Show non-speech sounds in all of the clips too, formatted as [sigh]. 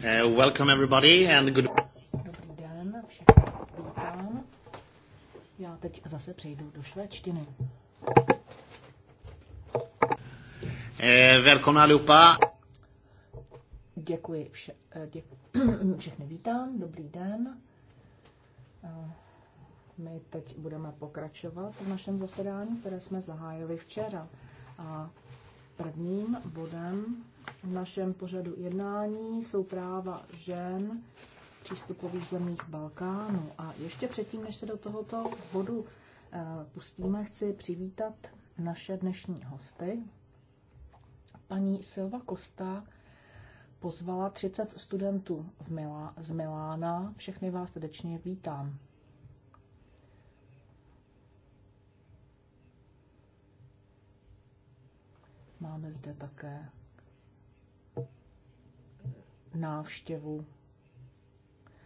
Uh, welcome everybody and good... Dobrý den, všechny vítám. Já teď zase přejdu do švédštiny. Eh, välkomna allihopa. Děkuji vše, eh, dě, [clears throat] všechny vítám, dobrý den. Eh, my teď budeme pokračovat v našem zasedání, které jsme zahájili včera. A Prvním bodem v našem pořadu jednání jsou práva žen v přístupových zemích Balkánu. A ještě předtím, než se do tohoto bodu eh, pustíme, chci přivítat naše dnešní hosty. Paní Silva Kosta pozvala 30 studentů v Milá, z Milána. Všechny vás srdečně vítám. Máme zde také návštěvu eh,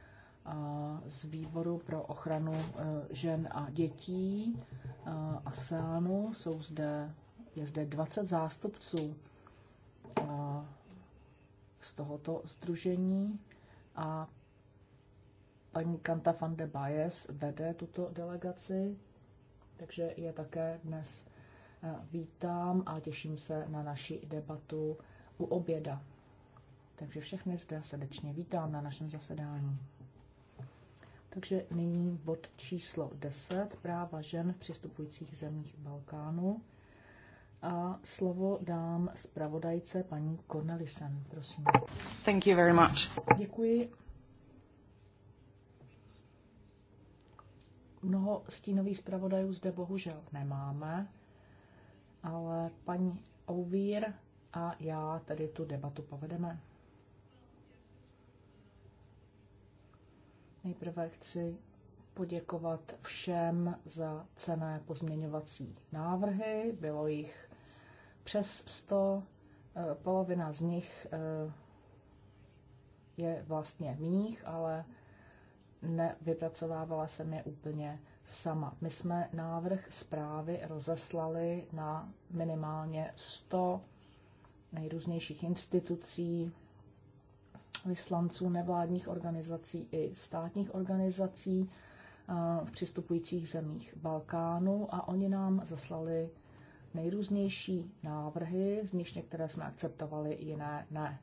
z výboru pro ochranu eh, žen a dětí eh, ASEANu. Jsou zde, je zde 20 zástupců z tohoto združení a paní Kanta van de Baez vede tuto delegaci, takže je také dnes vítám a těším se na naši debatu u oběda. Takže všechny zde srdečně vítám na našem zasedání. Takže nyní bod číslo 10, práva žen v přistupujících zemích Balkánu. A slovo dám zpravodajce paní Cornelisen, prosím. Thank you very much. Děkuji. Mnoho stínových zpravodajů zde bohužel nemáme, ale paní Ouvír a já tedy tu debatu povedeme. Nejprve chci poděkovat všem za cené pozměňovací návrhy. Bylo jich přes 100, eh, polovina z nich eh, je vlastně mých, ale nevypracovávala jsem je úplně sama. My jsme návrh zprávy rozeslali na minimálně 100 nejrůznějších institucí, vyslanců nevládních organizací i státních organizací eh, v přistupujících zemích Balkánu a oni nám zaslali nejrůznější návrhy, z nichž některé jsme akceptovali, jiné ne.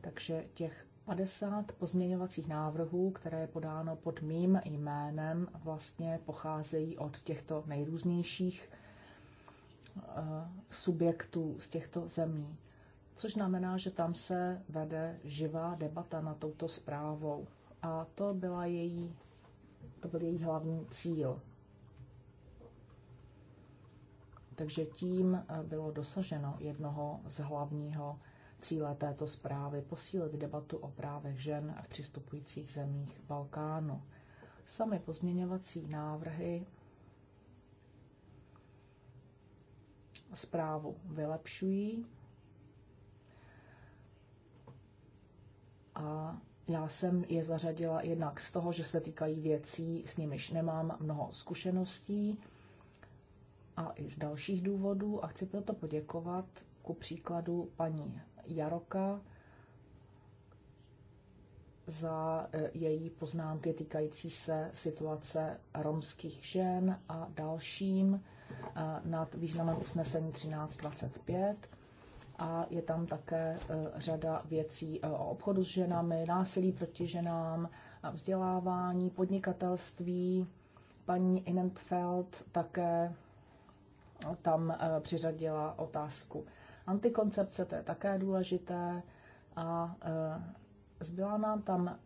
Takže těch 50 pozměňovacích návrhů, které je podáno pod mým jménem, vlastně pocházejí od těchto nejrůznějších eh, subjektů z těchto zemí. Což znamená, že tam se vede živá debata na touto zprávou. A to, byla její, to byl její hlavní cíl. Takže tím eh, bylo dosaženo jednoho z hlavního Cíle této zprávy posílit debatu o právech žen v přistupujících zemích Balkánu. Samy pozměňovací návrhy zprávu vylepšují a já jsem je zařadila jednak z toho, že se týkají věcí, s nimiž nemám mnoho zkušeností a i z dalších důvodů a chci proto poděkovat ku příkladu paní Jaroka za e, její poznámky týkající se situace romských žen a dalším e, nad významem usnesení 1325. A je tam také e, řada věcí o obchodu s ženami, násilí proti ženám, vzdělávání, podnikatelství. Paní Inentfeld také tam přiřadila otázku antikoncepce, to je také důležité. A eh, zbyla nám tam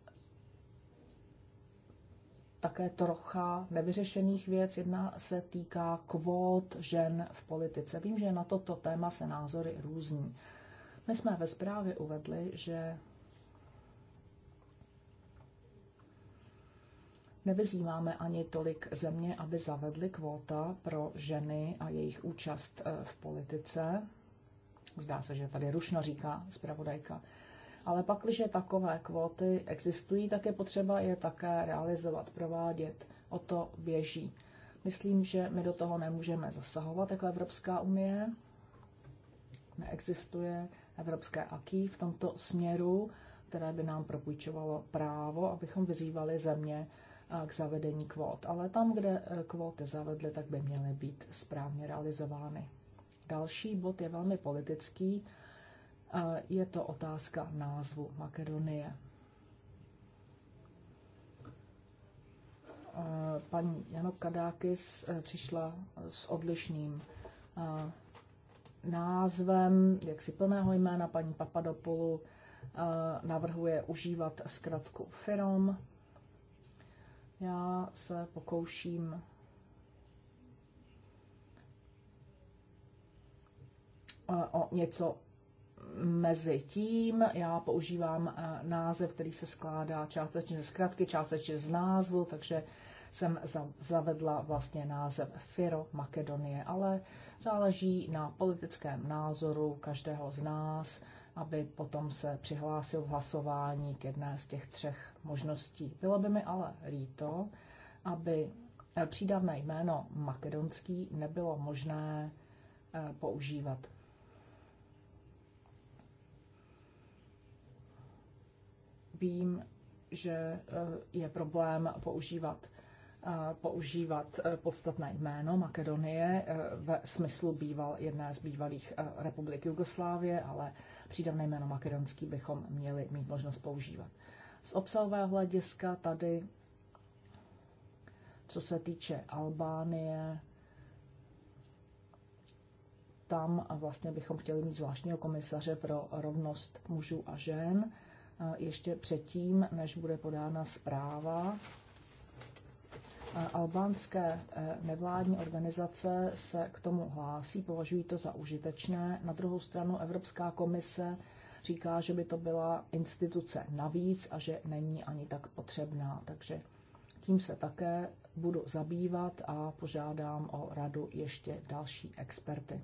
také trocha nevyřešených věc. Jedna se týká kvót žen v politice. Vím, že na toto téma se názory různí. My jsme ve zprávě uvedli, že Nevyzýváme ani tolik země, aby zavedly kvóta pro ženy a jejich účast eh, v politice. Zdá se, že tady rušno říká zpravodajka. Ale pak, když takové kvóty existují, tak je potřeba je také realizovat, provádět. O to běží. Myslím, že my do toho nemůžeme zasahovat jako Evropská unie. Neexistuje evropské aký v tomto směru, které by nám propůjčovalo právo, abychom vyzývali země eh, k zavedení kvót. Ale tam, kde eh, kvóty zavedly, tak by měly být správně realizovány. Další bod je velmi politický. Je to otázka názvu Makedonie. Paní Janok Kadákis e, přišla s odlišným e, názvem, jak si plného jména paní Papadopoulu e, navrhuje užívat zkratku FIROM. Já se pokouším Eh, o něco mezi tím. Já používám eh, název, který se skládá částečně ze zkratky, částečně z názvu, takže jsem zavedla vlastně název Firo Makedonie, ale záleží na politickém názoru každého z nás, aby potom se přihlásil v hlasování k jedné z těch třech možností. Bylo by mi ale líto, aby eh, přídavné jméno makedonský nebylo možné používat Vím, že eh, je problém používat eh, používat eh, podstatné jméno Makedonie ve smyslu býval jedné z bývalých republik Jugoslávie, ale přídavné jméno makedonský bychom měli mít možnost používat. Z obsahového hlediska tady, co se týče Albánie, tam vlastně bychom chtěli mít zvláštního komisaře pro rovnost mužů a žen ještě předtím, než bude podána zpráva. Eh, albánské eh, nevládní organizace se k tomu hlásí, považují to za užitečné. Na druhou stranu Evropská komise říká, že by to byla instituce navíc a že není ani tak potřebná. Takže tím se také budu zabývat a požádám o radu ještě další experty.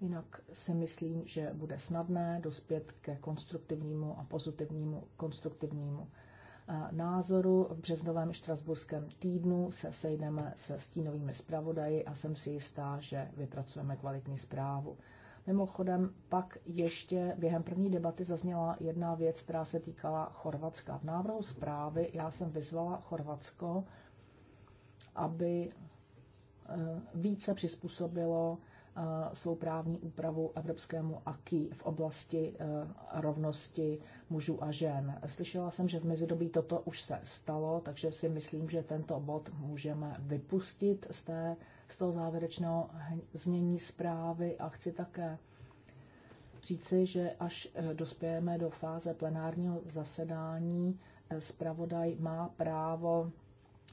Jinak si myslím, že bude snadné dospět ke konstruktivnímu a pozitivnímu konstruktivnímu eh, názoru. V březnovém štrasburském týdnu se sejdeme se stínovými zpravodaji a jsem si jistá, že vypracujeme kvalitní zprávu. Mimochodem, pak ještě během první debaty zazněla jedna věc, která se týkala Chorvatska. V návrhu zprávy já jsem vyzvala Chorvatsko, aby eh, více přizpůsobilo svou právní úpravu evropskému AKI v oblasti e, rovnosti mužů a žen. Slyšela jsem, že v mezidobí toto už se stalo, takže si myslím, že tento bod můžeme vypustit z, té, z toho závěrečného znění zprávy a chci také říci, že až e, dospějeme do fáze plenárního zasedání, e, zpravodaj má právo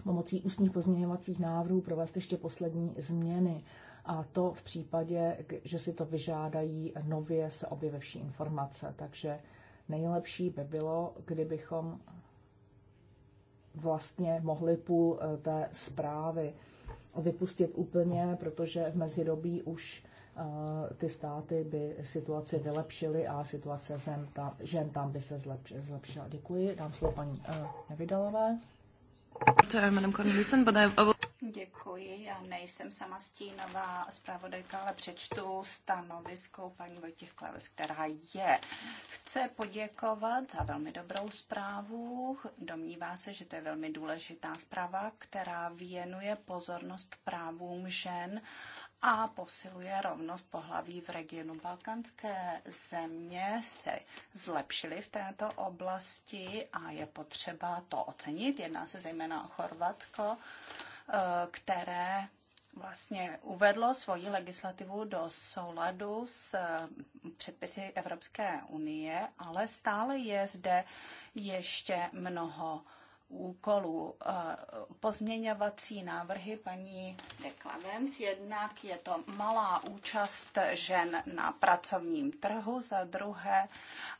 pomocí ústních pozměňovacích návrhů provést ještě poslední změny a to v případě, že si to vyžádají nově se objevivší informace. Takže nejlepší by bylo, kdybychom vlastně mohli půl eh, té zprávy vypustit úplně, protože v mezidobí už eh, ty státy by situaci vylepšily a situace zem tam, žen tam by se zlepšila. Děkuji. Dám slovo paní eh, Nevydalové. Děkuji. Já nejsem sama stínová zpravodajka, ale přečtu stanovisko paní Vojtěch Kleves, která je. Chce poděkovat za velmi dobrou zprávu. Domnívá se, že to je velmi důležitá zpráva, která věnuje pozornost právům žen a posiluje rovnost pohlaví v regionu. Balkanské země se zlepšily v této oblasti a je potřeba to ocenit. Jedná se zejména o Chorvatsko Eh, které vlastně uvedlo svoji legislativu do souladu s eh, předpisy Evropské unie, ale stále je zde ještě mnoho úkolů. Eh, pozměňovací návrhy paní de Clemens. Jednak je to malá účast žen na pracovním trhu za druhé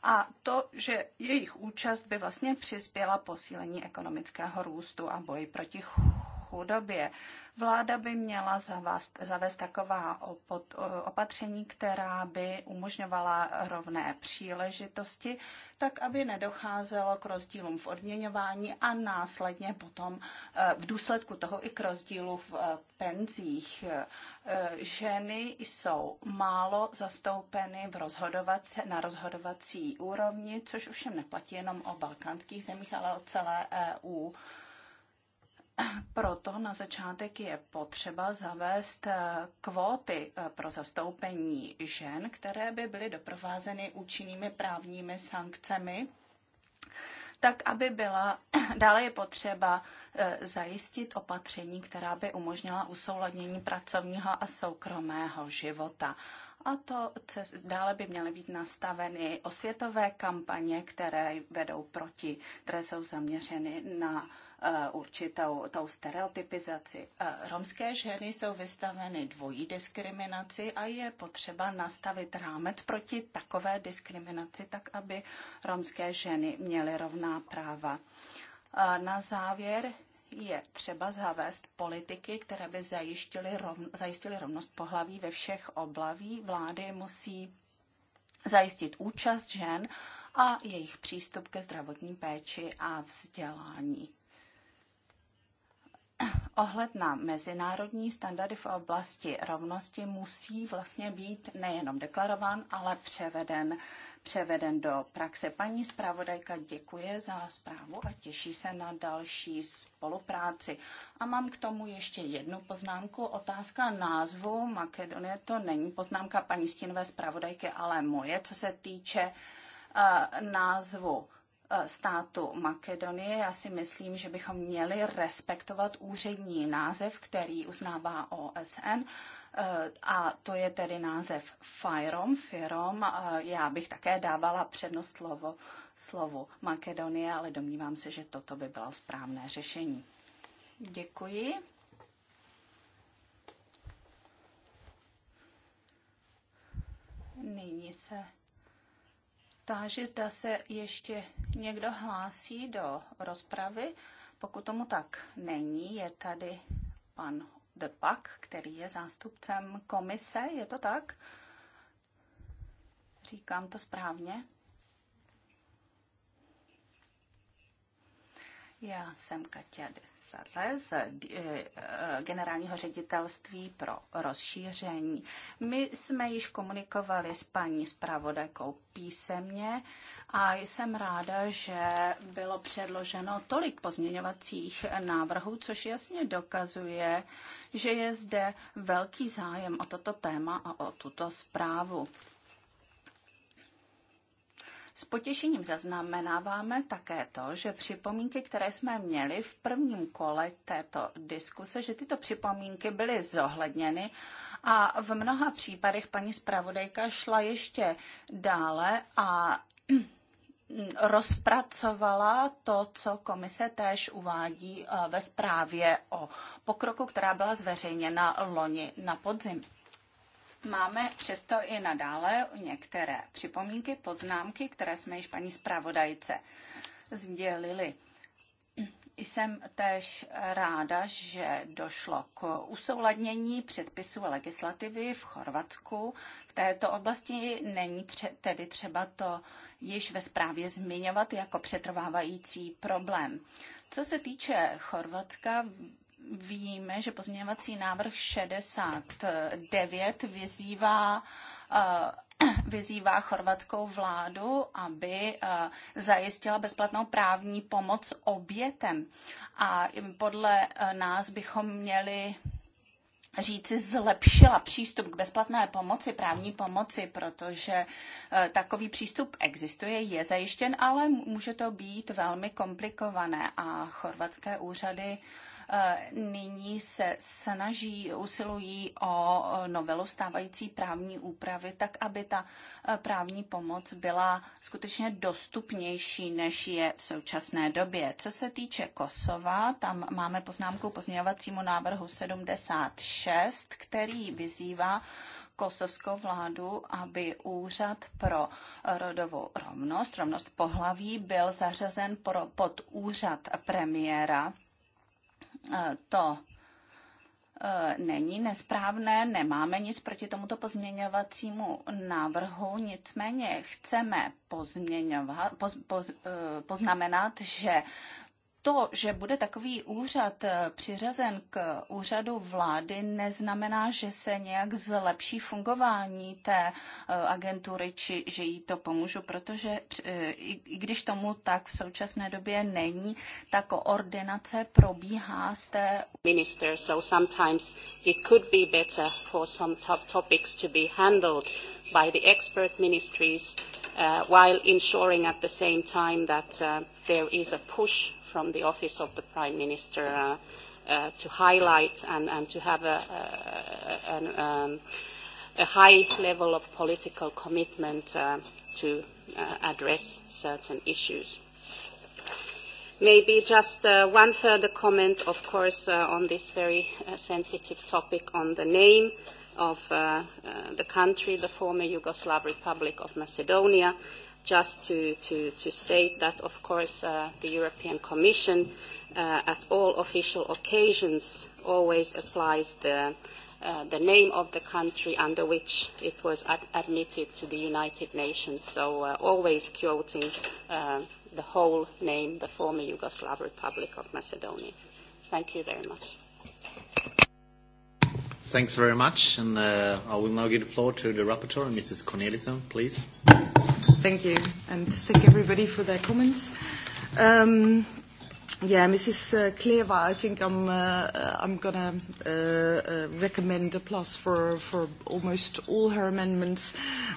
a to, že jejich účast by vlastně přispěla posílení ekonomického růstu a boji proti chudobě. Vláda by měla zavést, zavést taková opot, opatření, která by umožňovala rovné příležitosti, tak aby nedocházelo k rozdílům v odměňování a následně potom eh, v důsledku toho i k rozdílu v eh, penzích. Eh, ženy jsou málo zastoupeny v rozhodovací, na rozhodovací úrovni, což ovšem neplatí jenom o balkánských zemích, ale o celé EU. Proto na začátek je potřeba zavést eh, kvóty eh, pro zastoupení žen, které by byly doprovázeny účinnými právními sankcemi tak aby byla, [clears throat] dále je potřeba eh, zajistit opatření, která by umožnila usouladnění pracovního a soukromého života. A to dále by měly být nastaveny osvětové kampaně, které vedou proti, které jsou zaměřeny na Eh, určitou tou stereotypizaci. Eh, romské ženy jsou vystaveny dvojí diskriminaci a je potřeba nastavit rámec proti takové diskriminaci, tak aby romské ženy měly rovná práva. Eh, na závěr je třeba zavést politiky, které by rovn, zajistily rovnost pohlaví ve všech oblaví. Vlády musí zajistit účast žen a jejich přístup ke zdravotní péči a vzdělání ohled na mezinárodní standardy v oblasti rovnosti musí vlastně být nejenom deklarován, ale převeden, převeden do praxe. Paní zpravodajka děkuje za zprávu a těší se na další spolupráci. A mám k tomu ještě jednu poznámku. Otázka názvu Makedonie, to není poznámka paní Stinové zpravodajky, ale moje, co se týče uh, názvu Eh, státu Makedonie. Já si myslím, že bychom měli respektovat úřední název, který uznává OSN eh, a to je tedy název FIROM. FIROM, eh, já bych také dávala přednost slovo, slovu Makedonie, ale domnívám se, že toto by bylo správné řešení. Děkuji. Nyní se táži, zda se ještě někdo hlásí do rozpravy. Pokud tomu tak není, je tady pan Depak, který je zástupcem komise, je to tak? Říkám to správně? Já jsem Katia de Sadle z eh, eh, generálního ředitelství pro rozšíření. My jsme již komunikovali s paní zpravodajkou písemně a jsem ráda, že bylo předloženo tolik pozměňovacích návrhů, což jasně dokazuje, že je zde velký zájem o toto téma a o tuto zprávu. S potěšením zaznamenáváme také to, že připomínky, které jsme měli v prvním kole této diskuse, že tyto připomínky byly zohledněny a v mnoha případech paní zpravodajka šla ještě dále a [clears throat] rozpracovala to, co komise též uvádí eh, ve zprávě o pokroku, která byla zveřejněna loni na podzim. Máme přesto i nadále některé připomínky, poznámky, které jsme již paní zpravodajce sdělili. Jsem též ráda, že došlo k usouladnění předpisů a legislativy v Chorvatsku. V této oblasti není tře- tedy třeba to již ve zprávě zmiňovat jako přetrvávající problém. Co se týče Chorvatska, víme, že pozměňovací návrh 69 vyzývá eh, [clears throat] vyzývá chorvatskou vládu, aby eh, zajistila bezplatnou právní pomoc obětem. A podle eh, nás bychom měli říci, zlepšila přístup k bezplatné pomoci, právní pomoci, protože takový přístup existuje, je zajištěn, ale může to být velmi komplikované a chorvatské úřady uh, Eh, nyní se snaží, usilují o novelu stávající právní úpravy, tak aby ta eh, právní pomoc byla skutečně dostupnější, než je v současné době. Co se týče Kosova, tam máme poznámku pozměňovacímu návrhu 76, který vyzývá kosovskou vládu, aby úřad pro eh, rodovou rovnost, rovnost pohlaví, byl zařazen pod úřad premiéra E, to e, není nesprávné, nemáme nic proti tomuto pozměňovacímu návrhu, nicméně chceme pozměňovat, poz, poz, e, poznamenat, že to, že bude takový úřad eh, přiřazen k úřadu vlády, neznamená, že se nějak zlepší fungování té eh, agentury, či že jí to pomůžu, protože eh, i když tomu tak v současné době není, ta koordinace probíhá z té minister, so sometimes it could be better for some topics to be handled by the expert ministries uh, while ensuring at the same time that uh, there is a push from the office of the prime minister uh, uh, to highlight and, and to have a, a, an, um, a high level of political commitment uh, to uh, address certain issues. Maybe just uh, one further comment, of course, uh, on this very uh, sensitive topic on the name of uh, uh, the country, the former Yugoslav Republic of Macedonia, just to, to, to state that, of course, uh, the European Commission uh, at all official occasions always applies the, uh, the name of the country under which it was ad- admitted to the United Nations, so uh, always quoting uh, the whole name, the former Yugoslav Republic of Macedonia. Thank you very much. Thanks very much, and uh, I will now give the floor to the rapporteur, Mrs. Cornelissen, please. Thank you, and thank everybody for their comments. Um, yeah, Mrs. Uh, Kleva, I think I'm uh, uh, I'm gonna uh, uh, recommend a plus for for almost all her amendments.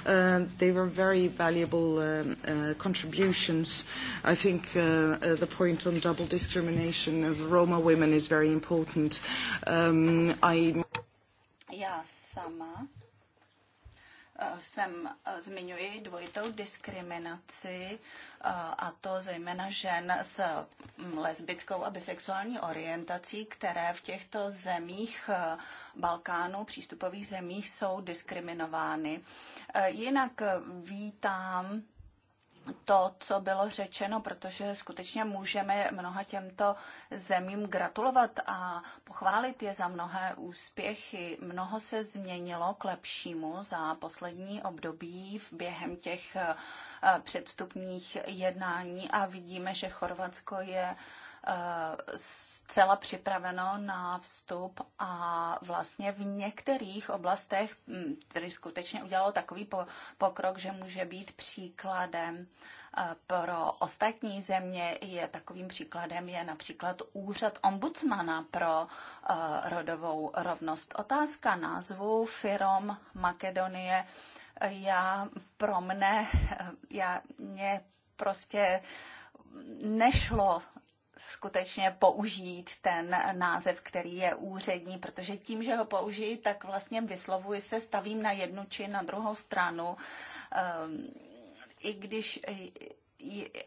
Uh, they were very valuable um, uh, contributions. I think uh, uh, the point on double discrimination of Roma women is very important. Um, I já sama jsem eh, eh, zmiňuji dvojitou diskriminaci, eh, a to zejména žen s mm, lesbickou a bisexuální orientací, které v těchto zemích Balkánu, přístupových zemích, jsou diskriminovány. Jinak vítám to, co bylo řečeno, protože skutečně můžeme mnoha těmto zemím gratulovat a pochválit je za mnohé úspěchy. Mnoho se změnilo k lepšímu za poslední období v během těch eh, předstupních jednání a vidíme, že Chorvatsko je uh, zcela připraveno na vstup a vlastně v některých oblastech, který hm, skutečně udělalo takový pokrok, že může být příkladem eh, pro ostatní země, je takovým příkladem je například úřad ombudsmana pro eh, rodovou rovnost. Otázka názvu Firom Makedonie já pro mne, eh, já mě prostě nešlo skutečně použít ten název, který je úřední, protože tím, že ho použiji, tak vlastně vyslovuji se, stavím na jednu či na druhou stranu. Ehm, I když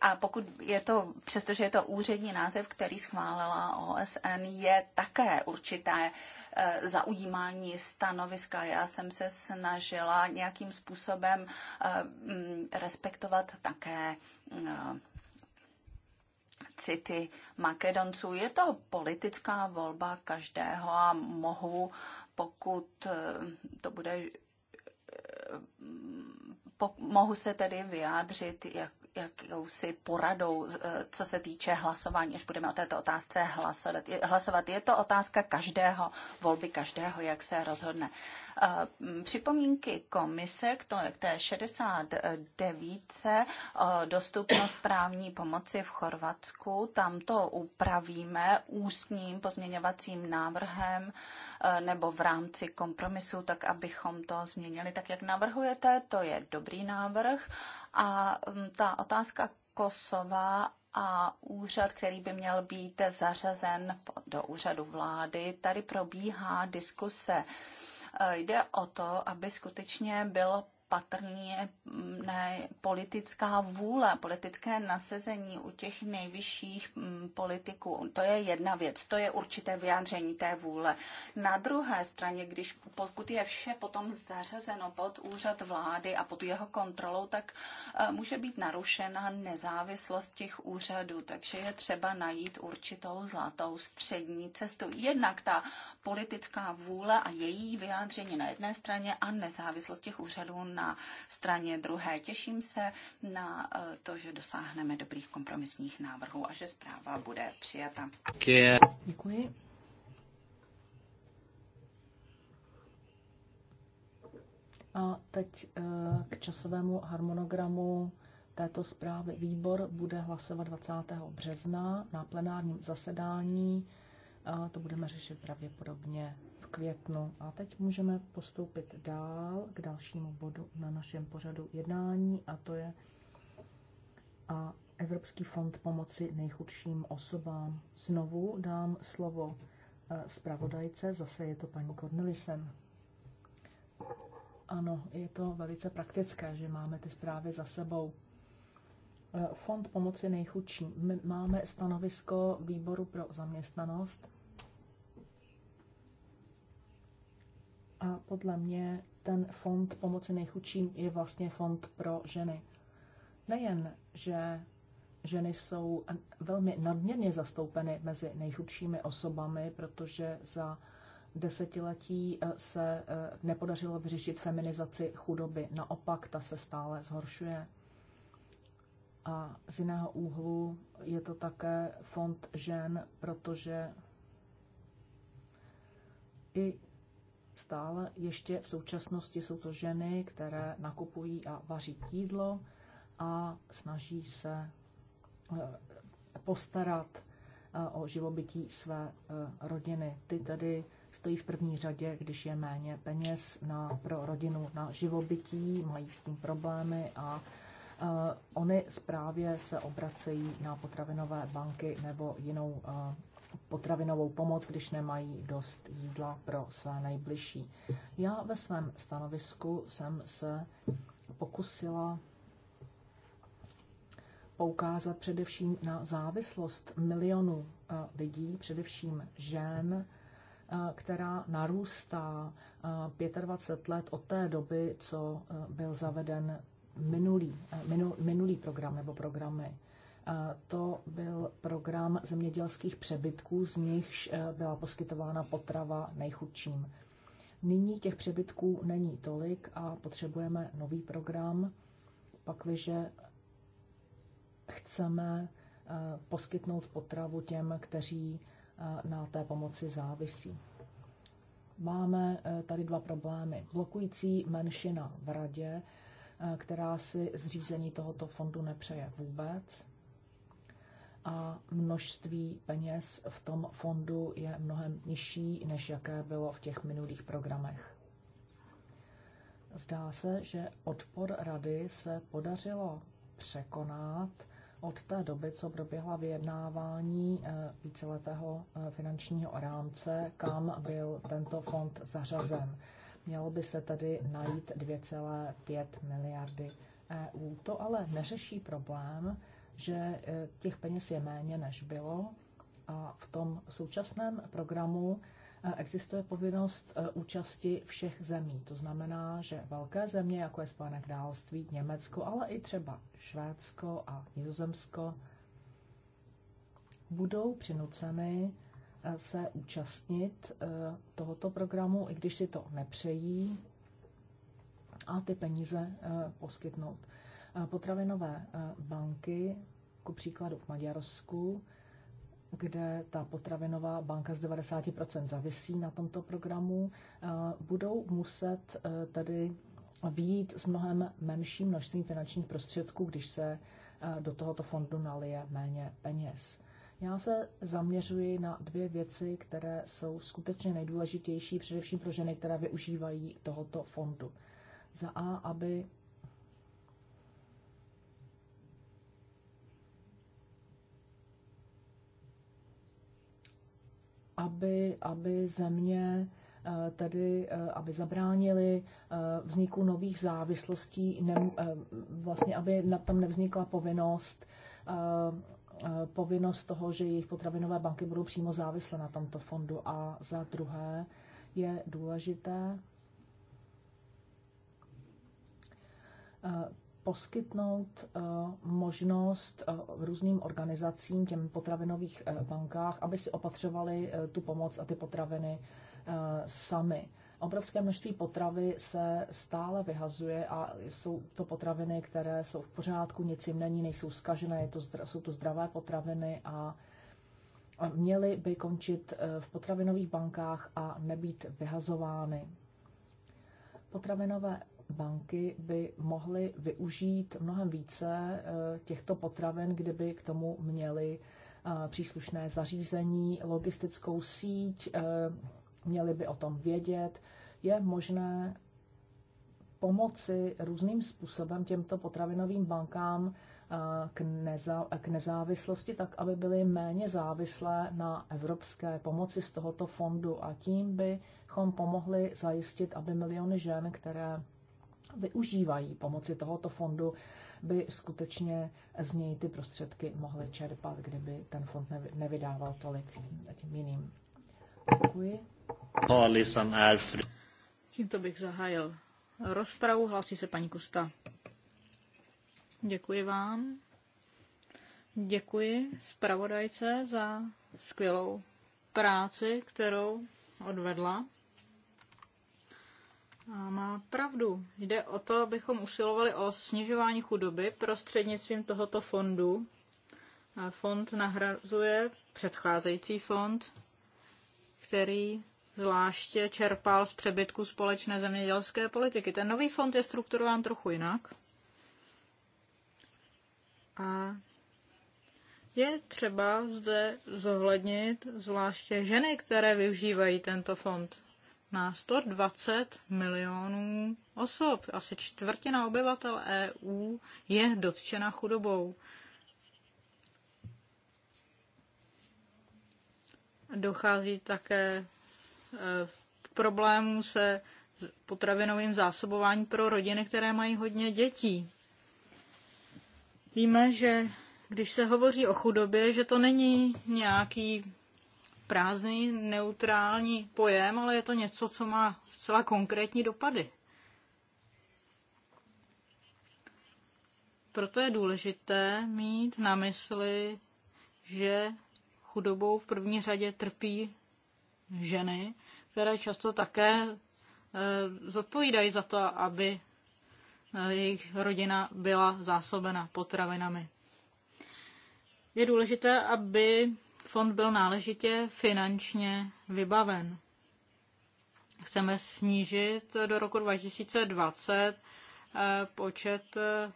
a pokud je to, přestože je to úřední název, který schválila OSN, je také určité eh, zaujímání stanoviska. Já jsem se snažila nějakým způsobem eh, mm, respektovat také eh, city Makedonců. Je to politická volba každého a mohu, pokud eh, to bude eh, mohu se tedy vyjádřit jak jakousi poradou, eh, co se týče hlasování, až budeme o této otázce hlasovat. Je to otázka každého, volby každého, jak se rozhodne. Eh, připomínky komise k, k té 69. Eh, dostupnost právní pomoci v Chorvatsku, tam to upravíme ústním pozměňovacím návrhem nebo v rámci kompromisu, tak abychom to změnili tak, jak navrhujete. To je dobrý návrh a mm, ta otázka Kosova a úřad, který by měl být zařazen do úřadu vlády, tady probíhá diskuse. E, jde o to, aby skutečně byl patrně mm, ne, politická vůle, politické nasazení u těch nejvyšších mm, politiků. To je jedna věc, to je určité vyjádření té vůle. Na druhé straně, když pokud je vše potom zařazeno pod úřad vlády a pod jeho kontrolou, tak eh, může být narušena nezávislost těch úřadů, takže je třeba najít určitou zlatou střední cestu. Jednak ta politická vůle a její vyjádření na jedné straně a nezávislost těch úřadů na na straně druhé. Těším se na eh, to, že dosáhneme dobrých kompromisních návrhů a že zpráva bude přijata. Děkuji. A teď eh, k časovému harmonogramu této zprávy. Výbor bude hlasovat 20. března na plenárním zasedání a to budeme řešit pravděpodobně v květnu. A teď můžeme postoupit dál k dalšímu bodu na našem pořadu jednání a to je a Evropský fond pomoci nejchudším osobám. Znovu dám slovo eh, zpravodajce, zase je to paní Cornelisen. Ano, je to velice praktické, že máme ty zprávy za sebou. Eh, fond pomoci nejchudším. My máme stanovisko výboru pro zaměstnanost. A podle mě ten fond pomoci nejchudším je vlastně fond pro ženy. Nejen, že ženy jsou velmi nadměrně zastoupeny mezi nejchudšími osobami, protože za desetiletí eh, se eh, nepodařilo vyřešit feminizaci chudoby. Naopak, ta se stále zhoršuje. A z jiného úhlu je to také fond žen, protože i stále ještě v současnosti jsou to ženy, které nakupují a vaří jídlo a snaží se eh, postarat eh, o živobytí své eh, rodiny. Ty tedy stojí v první řadě, když je méně peněz na, pro rodinu na živobytí, mají s tím problémy a Eh, oni zprávě se obracejí na potravinové banky nebo jinou eh, potravinovou pomoc, když nemají dost jídla pro své nejbližší. Já ve svém stanovisku jsem se pokusila poukázat především na závislost milionů eh, lidí, především žen, která narůstá 25 let od té doby, co byl zaveden minulý, eh, minul, minulý program nebo programy. Eh, to byl program zemědělských přebytků, z nichž eh, byla poskytována potrava nejchudším. Nyní těch přebytků není tolik a potřebujeme nový program, pakliže chceme poskytnout potravu těm, kteří na té pomoci závisí. Máme tady dva problémy. Blokující menšina v radě Eh, která si zřízení tohoto fondu nepřeje vůbec. A množství peněz v tom fondu je mnohem nižší, než jaké bylo v těch minulých programech. Zdá se, že odpor rady se podařilo překonat od té doby, co proběhla vyjednávání eh, víceletého eh, finančního rámce, kam byl tento fond zařazen. Mělo by se tedy najít 2,5 miliardy EU. To ale neřeší problém, že e, těch peněz je méně, než bylo. A v tom současném programu e, existuje povinnost e, účasti všech zemí. To znamená, že velké země, jako je Spojené království, Německo, ale i třeba Švédsko a Nizozemsko, budou přinuceny se účastnit eh, tohoto programu, i když si to nepřejí, a ty peníze eh, poskytnout. Eh, potravinové banky, ku příkladu v Maďarsku, kde ta potravinová banka z 90% zavisí na tomto programu, budou muset tedy být s mnohem menším množstvím finančních prostředků, když se do tohoto fondu nalije méně peněz. Já se zaměřuji na dvě věci, které jsou skutečně nejdůležitější, především pro ženy, které využívají tohoto fondu. Za A, aby aby, aby země eh, tedy, eh, aby zabránili eh, vzniku nových závislostí, ne, vlastně, aby tam nevznikla povinnost Eh, povinnost toho, že jejich potravinové banky budou přímo závislé na tomto fondu. A za druhé je důležité eh, poskytnout eh, možnost různým organizacím, těm potravinových bankách, aby si opatřovali tu pomoc a ty potraviny sami obrovské množství potravy se stále vyhazuje a jsou to potraviny, které jsou v pořádku, nic jim není, nejsou zkažené, je to, jsou to zdravé potraviny a měly by končit eh, v potravinových bankách a nebýt vyhazovány. Potravinové banky by mohly využít mnohem více eh, těchto potravin, kdyby k tomu měly eh, příslušné zařízení, logistickou síť, měli by o tom vědět. Je možné pomoci různým způsobem těmto potravinovým bankám eh, k, neza, k nezávislosti, tak aby byly méně závislé na evropské pomoci z tohoto fondu a tím bychom pomohli zajistit, aby miliony žen, které využívají pomoci tohoto fondu, by skutečně z něj ty prostředky mohly čerpat, kdyby ten fond nevydával tolik tím jiným Děkuji. Tímto bych zahájil rozpravu. Hlásí se paní Kusta. Děkuji vám. Děkuji zpravodajce za skvělou práci, kterou odvedla. A má pravdu. Jde o to, abychom usilovali o snižování chudoby prostřednictvím tohoto fondu. Fond nahrazuje předcházející fond který zvláště čerpal z přebytku společné zemědělské politiky. Ten nový fond je strukturován trochu jinak. A je třeba zde zohlednit zvláště ženy, které využívají tento fond na 120 milionů osob. Asi čtvrtina obyvatel EU je dotčena chudobou. Dochází také k e, problému se potravinovým zásobováním pro rodiny, které mají hodně dětí. Víme, že když se hovoří o chudobě, že to není nějaký prázdný, neutrální pojem, ale je to něco, co má zcela konkrétní dopady. Proto je důležité mít na mysli, že chudobou v první řadě trpí ženy, které často také eh, zodpovídají za to, aby eh, jejich rodina byla zásobena potravinami. Je důležité, aby fond byl náležitě finančně vybaven. Chceme snížit do roku 2020 eh, počet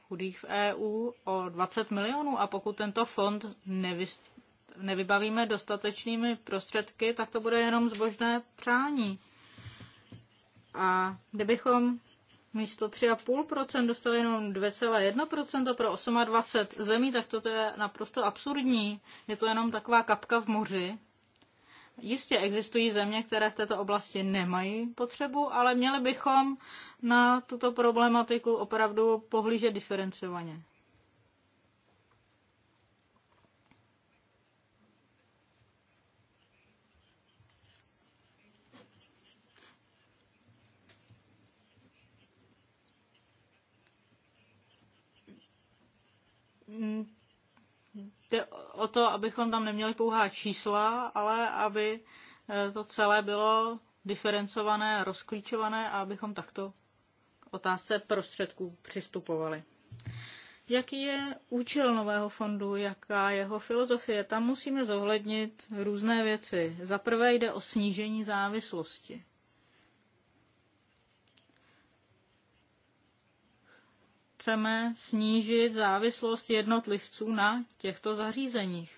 chudých v EU o 20 milionů a pokud tento fond nevystupuje, nevybavíme dostatečnými prostředky, tak to bude jenom zbožné přání. A kdybychom místo 3,5% dostali jenom 2,1% pro 28 zemí, tak to je naprosto absurdní. Je to jenom taková kapka v moři. Jistě existují země, které v této oblasti nemají potřebu, ale měli bychom na tuto problematiku opravdu pohlížet diferencovaně. Mm, jde o to, abychom tam neměli pouhá čísla, ale aby eh, to celé bylo diferencované, rozklíčované a abychom takto k otázce prostředků přistupovali. Jaký je účel nového fondu, jaká jeho filozofie? Tam musíme zohlednit různé věci. Za prvé jde o snížení závislosti. chceme snížit závislost jednotlivců na těchto zařízeních.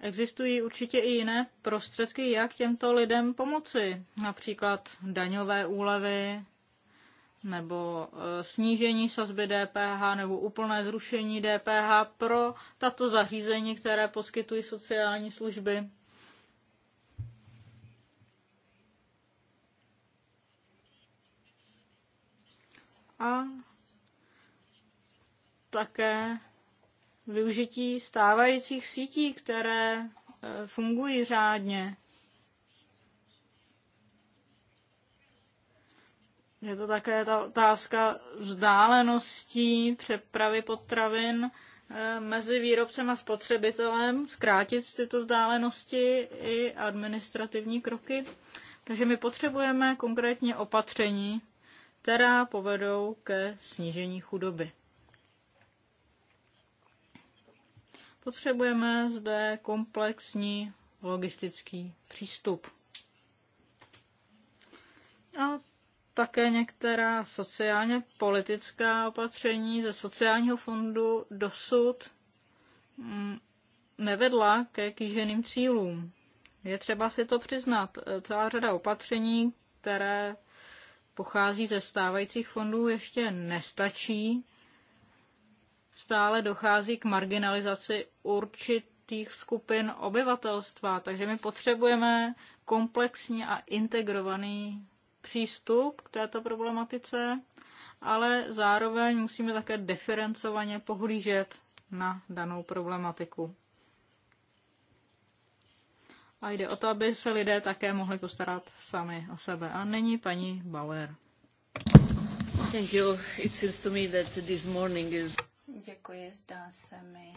Existují určitě i jiné prostředky, jak těmto lidem pomoci, například daňové úlevy nebo e, snížení sazby DPH nebo úplné zrušení DPH pro tato zařízení, které poskytují sociální služby. A také využití stávajících sítí, které eh, fungují řádně. Je to také ta otázka vzdáleností přepravy potravin eh, mezi výrobcem a spotřebitelem, zkrátit tyto vzdálenosti i administrativní kroky. Takže my potřebujeme konkrétně opatření, která povedou ke snížení chudoby. Potřebujeme zde komplexní logistický přístup. A také některá sociálně politická opatření ze sociálního fondu dosud mm, nevedla ke kýženým cílům. Je třeba si to přiznat. Celá řada opatření, které pochází ze stávajících fondů, ještě nestačí stále dochází k marginalizaci určitých skupin obyvatelstva, takže my potřebujeme komplexní a integrovaný přístup k této problematice, ale zároveň musíme také diferencovaně pohlížet na danou problematiku. A jde o to, aby se lidé také mohli postarat sami o sebe. A není paní Bauer. Thank you. It seems to me that this morning is... Děkuji, zdá se mi,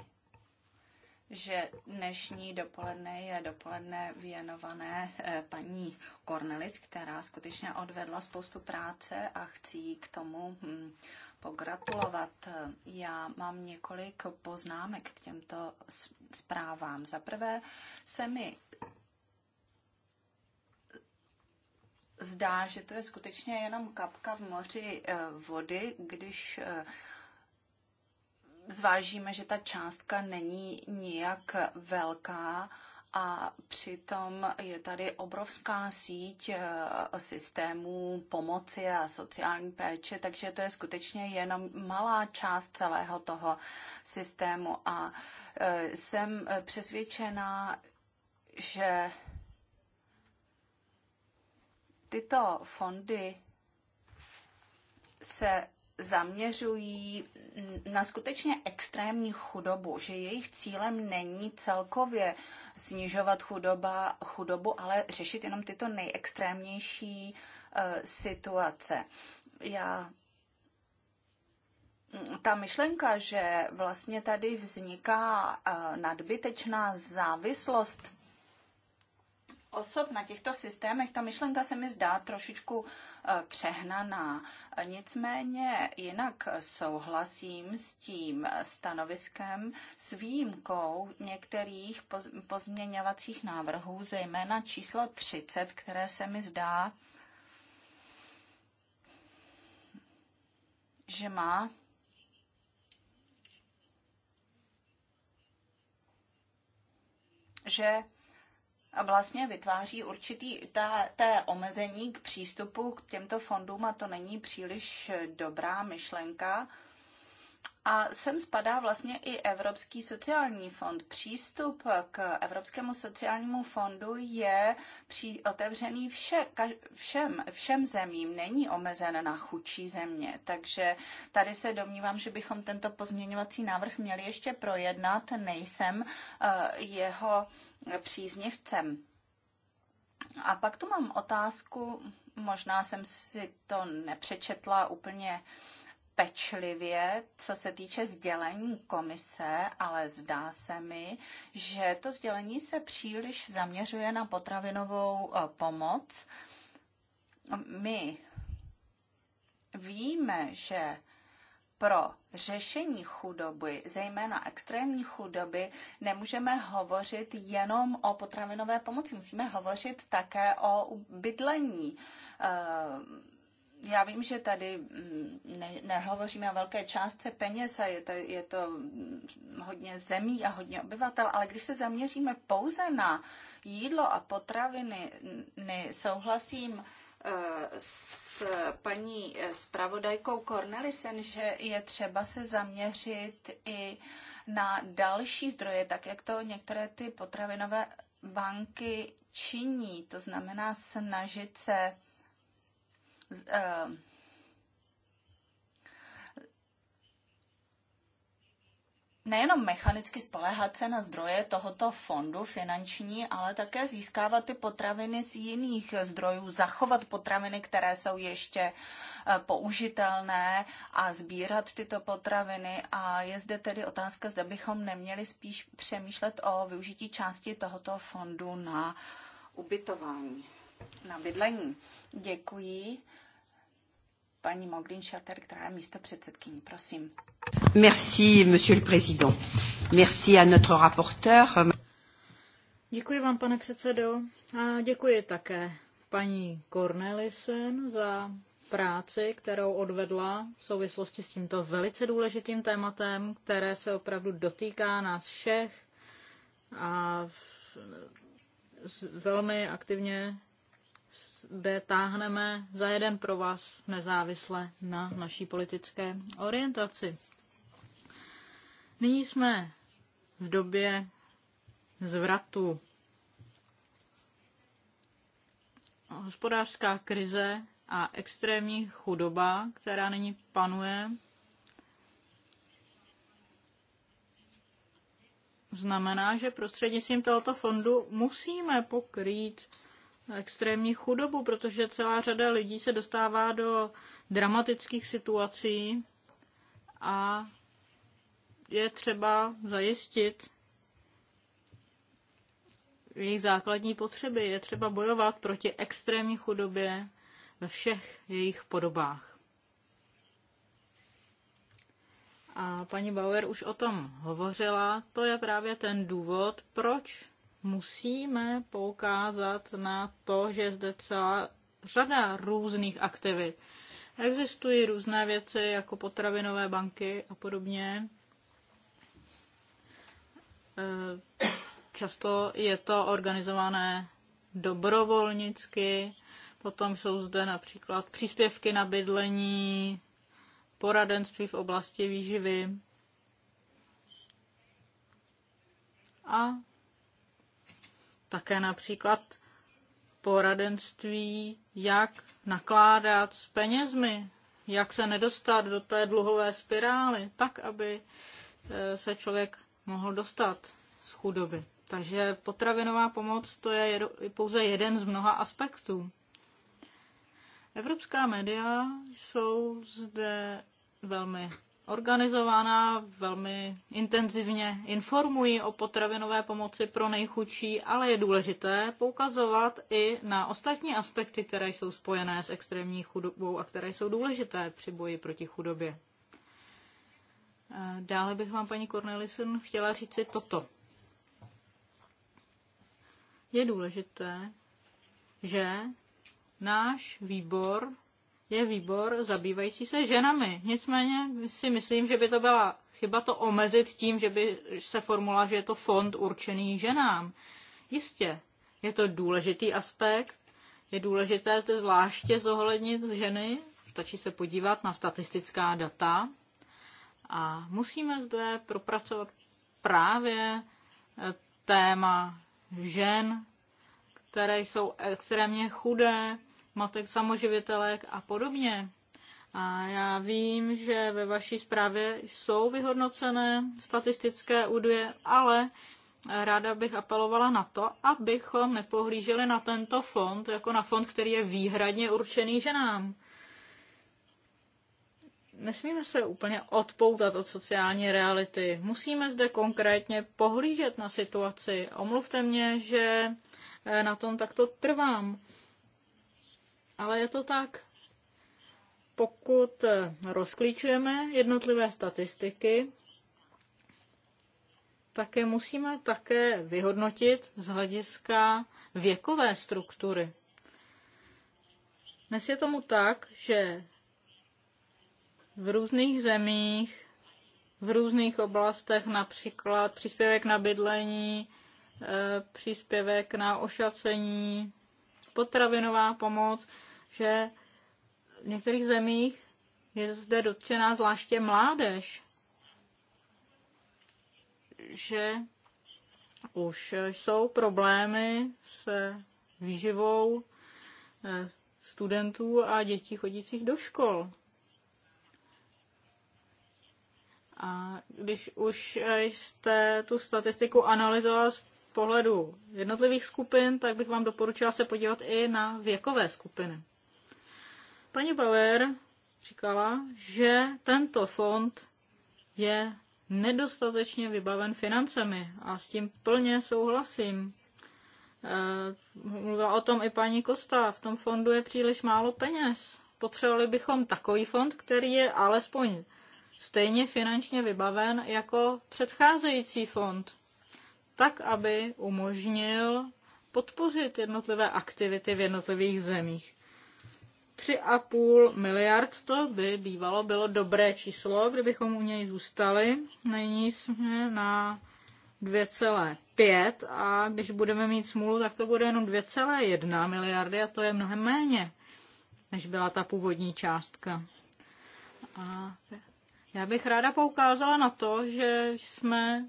že dnešní dopoledne je dopoledne věnované eh, paní Cornelis, která skutečně odvedla spoustu práce a chci jí k tomu hm, pogratulovat. Já mám několik poznámek k těmto zprávám. Za prvé se mi zdá, že to je skutečně jenom kapka v moři eh, vody, když eh, zvážíme, že ta částka není nijak velká a přitom je tady obrovská síť eh, systémů pomoci a sociální péče, takže to je skutečně jenom malá část celého toho systému a eh, jsem eh, přesvědčená, že tyto fondy se zaměřují na skutečně extrémní chudobu, že jejich cílem není celkově snižovat chudoba, chudobu, ale řešit jenom tyto nejextrémnější uh, situace. Já mm, ta myšlenka, že vlastně tady vzniká eh, nadbytečná závislost osob na těchto systémech, ta myšlenka se mi zdá trošičku eh, přehnaná. Nicméně jinak souhlasím s tím stanoviskem s výjimkou některých pozměňovacích návrhů, zejména číslo 30, které se mi zdá, že má že vlastně vytváří určitý ta, té omezení k přístupu k těmto fondům a to není příliš dobrá myšlenka. A sem spadá vlastně i Evropský sociální fond. Přístup k Evropskému sociálnímu fondu je při, otevřený vše, ka, všem, všem zemím, není omezen na chudší země. Takže tady se domnívám, že bychom tento pozměňovací návrh měli ještě projednat. Nejsem uh, jeho příznivcem. A pak tu mám otázku, možná jsem si to nepřečetla úplně pečlivě, co se týče sdělení komise, ale zdá se mi, že to sdělení se příliš zaměřuje na potravinovou e, pomoc. My víme, že pro řešení chudoby, zejména extrémní chudoby, nemůžeme hovořit jenom o potravinové pomoci. Musíme hovořit také o bydlení. Eh, já vím, že tady mm, ne, nehovoříme o velké částce peněz a je to, je to hodně zemí a hodně obyvatel, ale když se zaměříme pouze na jídlo a potraviny, souhlasím s eh, paní zpravodajkou Cornelisen, že je třeba se zaměřit i na další zdroje, tak jak to některé ty potravinové banky činí. To znamená snažit se eh, nejenom mechanicky spoléhat se na zdroje tohoto fondu finanční, ale také získávat ty potraviny z jiných zdrojů, zachovat potraviny, které jsou ještě e, použitelné a sbírat tyto potraviny. A je zde tedy otázka, zda bychom neměli spíš přemýšlet o využití části tohoto fondu na ubytování, na bydlení. Děkuji. Paní Moglin Šater, která je místo předsedkyní, prosím. Merci, monsieur le président. Merci à notre rapporteur. Děkuji vám, pane předsedo, a děkuji také paní Cornelisen za práci, kterou odvedla v souvislosti s tímto velice důležitým tématem, které se opravdu dotýká nás všech a velmi aktivně zde táhneme za jeden pro vás nezávisle na naší politické orientaci. Nyní jsme v době zvratu. Hospodářská krize a extrémní chudoba, která nyní panuje, znamená, že prostřednictvím tohoto fondu musíme pokrýt extrémní chudobu, protože celá řada lidí se dostává do dramatických situací a je třeba zajistit jejich základní potřeby. Je třeba bojovat proti extrémní chudobě ve všech jejich podobách. A paní Bauer už o tom hovořila. To je právě ten důvod, proč musíme poukázat na to, že zde celá řada různých aktivit. Existují různé věci, jako potravinové banky a podobně, Eh, často je to organizované dobrovolnicky, potom jsou zde například příspěvky na bydlení, poradenství v oblasti výživy. A také například poradenství, jak nakládat s penězmi, jak se nedostat do té dluhové spirály, tak, aby eh, se člověk mohl dostat z chudoby. Takže potravinová pomoc to je pouze jeden z mnoha aspektů. Evropská média jsou zde velmi organizovaná, velmi intenzivně informují o potravinové pomoci pro nejchudší, ale je důležité poukazovat i na ostatní aspekty, které jsou spojené s extrémní chudobou a které jsou důležité při boji proti chudobě. Dále bych vám, paní Cornelison, chtěla říci toto. Je důležité, že náš výbor je výbor zabývající se ženami. Nicméně si myslím, že by to byla chyba to omezit tím, že by se formula, že je to fond určený ženám. Jistě, je to důležitý aspekt. Je důležité zde zvláště zohlednit ženy. Stačí se podívat na statistická data a musíme zde propracovat právě eh, téma žen, které jsou extrémně chudé, matek samoživitelek a podobně. A já vím, že ve vaší zprávě jsou vyhodnocené statistické údaje, ale ráda bych apelovala na to, abychom nepohlíželi na tento fond jako na fond, který je výhradně určený ženám nesmíme se úplně odpoutat od sociální reality. Musíme zde konkrétně pohlížet na situaci. Omluvte mě, že eh, na tom takto trvám. Ale je to tak. Pokud eh, rozklíčujeme jednotlivé statistiky, také musíme také vyhodnotit z hlediska věkové struktury. Dnes je tomu tak, že v různých zemích, v různých oblastech, například příspěvek na bydlení, eh, příspěvek na ošacení, potravinová pomoc, že v některých zemích je zde dotčená zvláště mládež, že už jsou problémy s výživou eh, studentů a dětí chodících do škol. A když už jste tu statistiku analyzoval z pohledu jednotlivých skupin, tak bych vám doporučila se podívat i na věkové skupiny. Paní Bauer říkala, že tento fond je nedostatečně vybaven financemi a s tím plně souhlasím. Eh, mluvila o tom i paní Kosta, v tom fondu je příliš málo peněz. Potřebovali bychom takový fond, který je alespoň stejně finančně vybaven jako předcházející fond, tak aby umožnil podpořit jednotlivé aktivity v jednotlivých zemích. 3,5 miliard to by bývalo bylo dobré číslo, kdybychom u něj zůstali. Nyní jsme na 2,5 a když budeme mít smůlu, tak to bude jenom 2,1 miliardy a to je mnohem méně, než byla ta původní částka. A já bych ráda poukázala na to, že jsme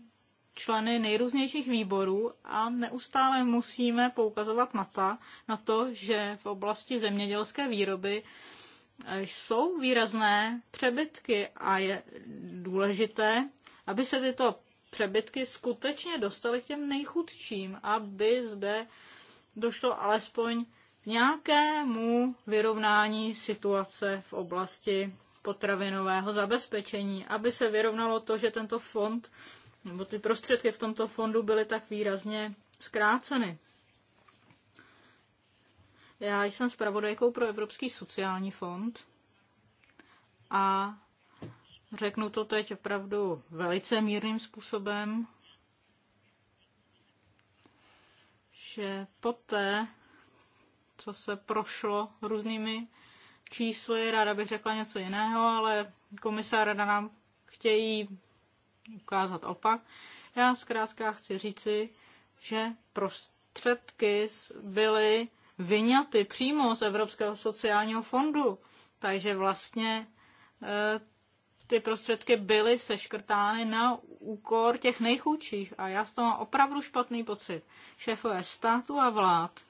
členy nejrůznějších výborů a neustále musíme poukazovat na, ta, na to, že v oblasti zemědělské výroby eh, jsou výrazné přebytky a je důležité, aby se tyto přebytky skutečně dostaly k těm nejchudším, aby zde došlo alespoň k nějakému vyrovnání situace v oblasti potravinového zabezpečení, aby se vyrovnalo to, že tento fond nebo ty prostředky v tomto fondu byly tak výrazně zkráceny. Já jsem zpravodajkou pro Evropský sociální fond a řeknu to teď opravdu velice mírným způsobem, že poté, co se prošlo různými čísly, ráda bych řekla něco jiného, ale komise rada nám chtějí ukázat opak. Já zkrátka chci říci, že prostředky byly vyňaty přímo z Evropského sociálního fondu, takže vlastně eh, ty prostředky byly seškrtány na úkor těch nejchudších a já z toho mám opravdu špatný pocit. Šéfové státu a vlád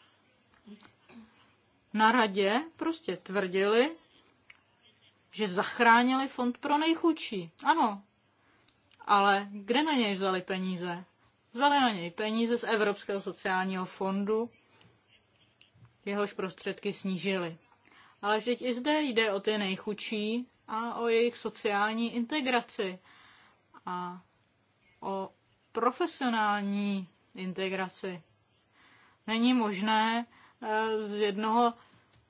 na radě prostě tvrdili, že zachránili fond pro nejchudší. Ano. Ale kde na něj vzali peníze? Vzali na něj peníze z Evropského sociálního fondu, jehož prostředky snížili. Ale vždyť i zde jde o ty nejchudší a o jejich sociální integraci a o profesionální integraci. Není možné Eh, z jednoho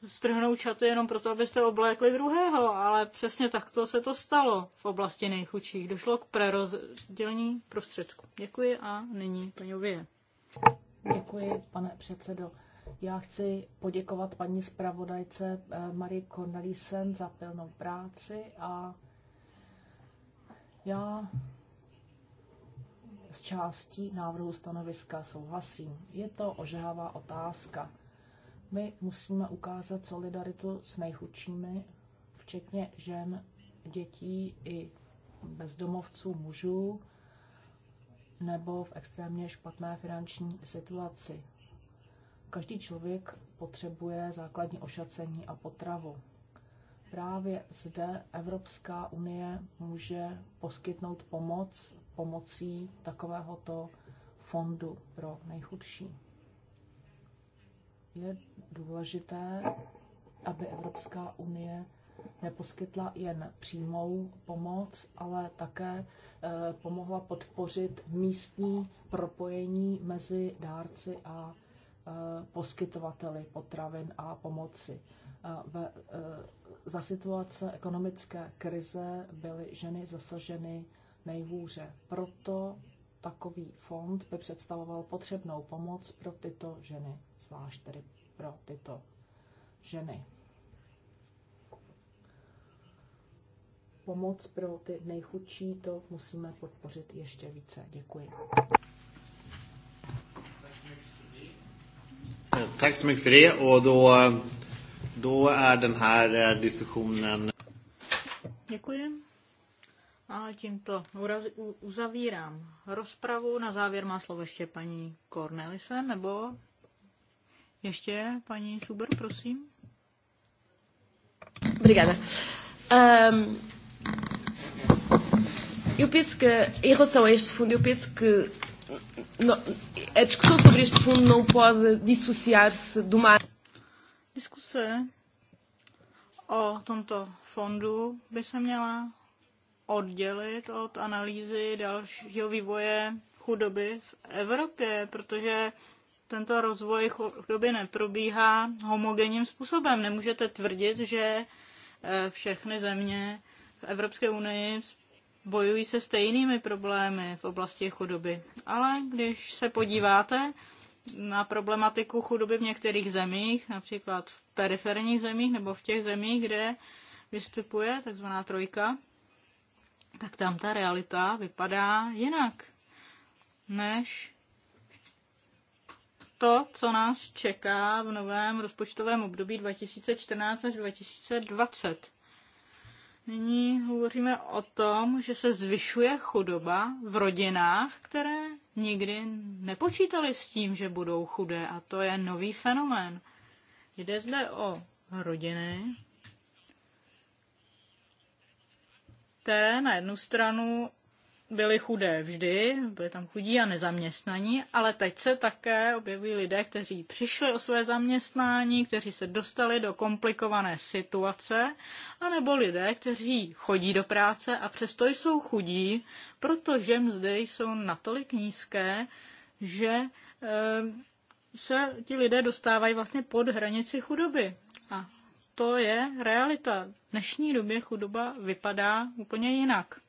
strhnou čaty jenom proto, abyste oblékli druhého, ale přesně takto se to stalo v oblasti nejchučích. Došlo k prerozdělní prostředku. Děkuji a nyní paní Ově. Děkuji, pane předsedo. Já chci poděkovat paní zpravodajce eh, Marie Cornelisen za pilnou práci a já s částí návrhu stanoviska souhlasím. Je to ožehavá otázka. My musíme ukázat solidaritu s nejchudšími, včetně žen, dětí i bezdomovců, mužů nebo v extrémně špatné finanční situaci. Každý člověk potřebuje základní ošacení a potravu. Právě zde Evropská unie může poskytnout pomoc pomocí takovéhoto fondu pro nejchudší. Je důležité, aby Evropská unie neposkytla jen přímou pomoc, ale také eh, pomohla podpořit místní propojení mezi dárci a eh, poskytovateli potravin a pomoci. Ve, eh, za situace ekonomické krize byly ženy zasaženy nejhůře. Proto takový fond by představoval potřebnou pomoc pro tyto ženy, zvlášť tedy pro tyto ženy. Pomoc pro ty nejchudší, to musíme podpořit ještě více. Děkuji. Tak så mycket för det. Och då, då är den här eh, diskussionen... Děkuji. A tímto uzavírám rozpravu. Na závěr má slovo ještě paní Cornelisen, nebo ještě paní Suber, prosím. Obrigada. Um, eu penso que, em relação a este fundo, eu penso que não, a discussão sobre este fundo não pode dissociar-se de uma. Discussão o tomto fondu by se měla oddělit od analýzy dalšího vývoje chudoby v Evropě, protože tento rozvoj chudoby neprobíhá homogenním způsobem. Nemůžete tvrdit, že eh, všechny země v Evropské unii bojují se stejnými problémy v oblasti chudoby. Ale když se podíváte na problematiku chudoby v některých zemích, například v periferních zemích nebo v těch zemích, kde vystupuje takzvaná trojka, tak tam ta realita vypadá jinak než to, co nás čeká v novém rozpočtovém období 2014 až 2020. Nyní hovoříme o tom, že se zvyšuje chudoba v rodinách, které nikdy nepočítali s tím, že budou chudé a to je nový fenomén. Jde zde o rodiny, které na jednu stranu byli chudé vždy, byly tam chudí a nezaměstnaní, ale teď se také objevují lidé, kteří přišli o své zaměstnání, kteří se dostali do komplikované situace, anebo lidé, kteří chodí do práce a přesto jsou chudí, protože mzdy jsou natolik nízké, že eh, se ti lidé dostávají vlastně pod hranici chudoby. A to je realita. V dnešní době chudoba vypadá úplně jinak.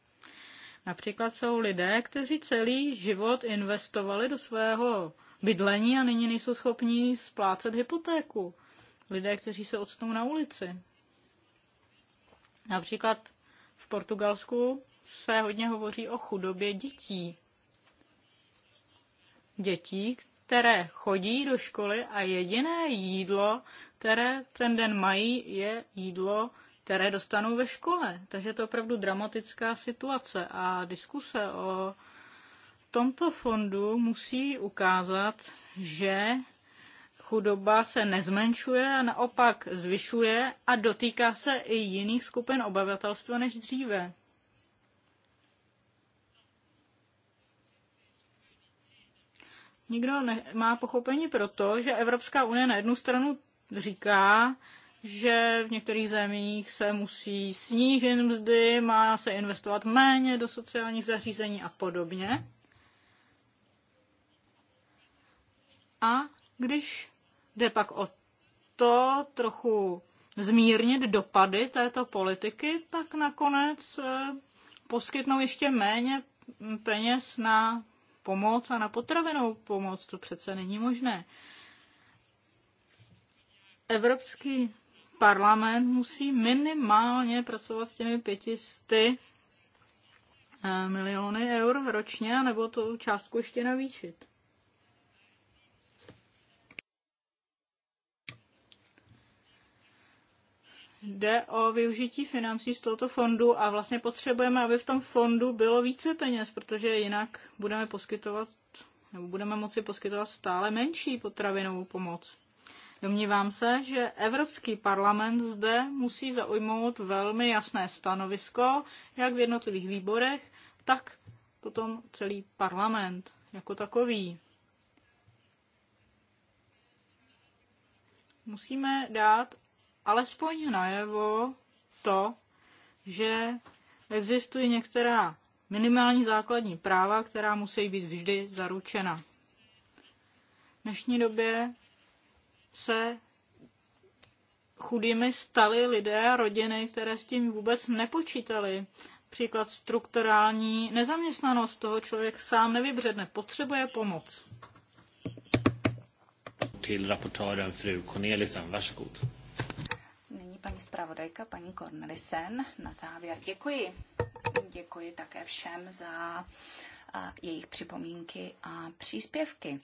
Například jsou lidé, kteří celý život investovali do svého bydlení a nyní nejsou schopni splácet hypotéku. Lidé, kteří se odstnou na ulici. Například v Portugalsku se hodně hovoří o chudobě dětí. Dětí, které chodí do školy a jediné jídlo, které ten den mají, je jídlo které dostanou ve škole. Takže to je opravdu dramatická situace a diskuse o tomto fondu musí ukázat, že chudoba se nezmenšuje a naopak zvyšuje a dotýká se i jiných skupin obyvatelstva než dříve. Nikdo nemá pochopení pro to, že Evropská unie na jednu stranu říká, že v některých zemích se musí snížit mzdy, má se investovat méně do sociálních zařízení a podobně. A když jde pak o to trochu zmírnit dopady této politiky, tak nakonec eh, poskytnou ještě méně peněz na pomoc a na potravinou pomoc. To přece není možné. Evropský parlament musí minimálně pracovat s těmi pětisty eh, miliony eur ročně, nebo tu částku ještě navýšit. Jde o využití financí z tohoto fondu a vlastně potřebujeme, aby v tom fondu bylo více peněz, protože jinak budeme poskytovat, nebo budeme moci poskytovat stále menší potravinovou pomoc. Domnívám se, že Evropský parlament zde musí zaujmout velmi jasné stanovisko, jak v jednotlivých výborech, tak potom celý parlament jako takový. Musíme dát alespoň najevo to, že existují některá minimální základní práva, která musí být vždy zaručena. V dnešní době se chudými stali lidé a rodiny, které s tím vůbec nepočítali. Příklad strukturální nezaměstnanost toho člověk sám nevybředne, potřebuje pomoc. Till rapportören fru Cornelisen, varsågod. Nyní paní zpravodajka, paní Cornelisen, na závěr děkuji. Děkuji také všem za jejich připomínky a příspěvky.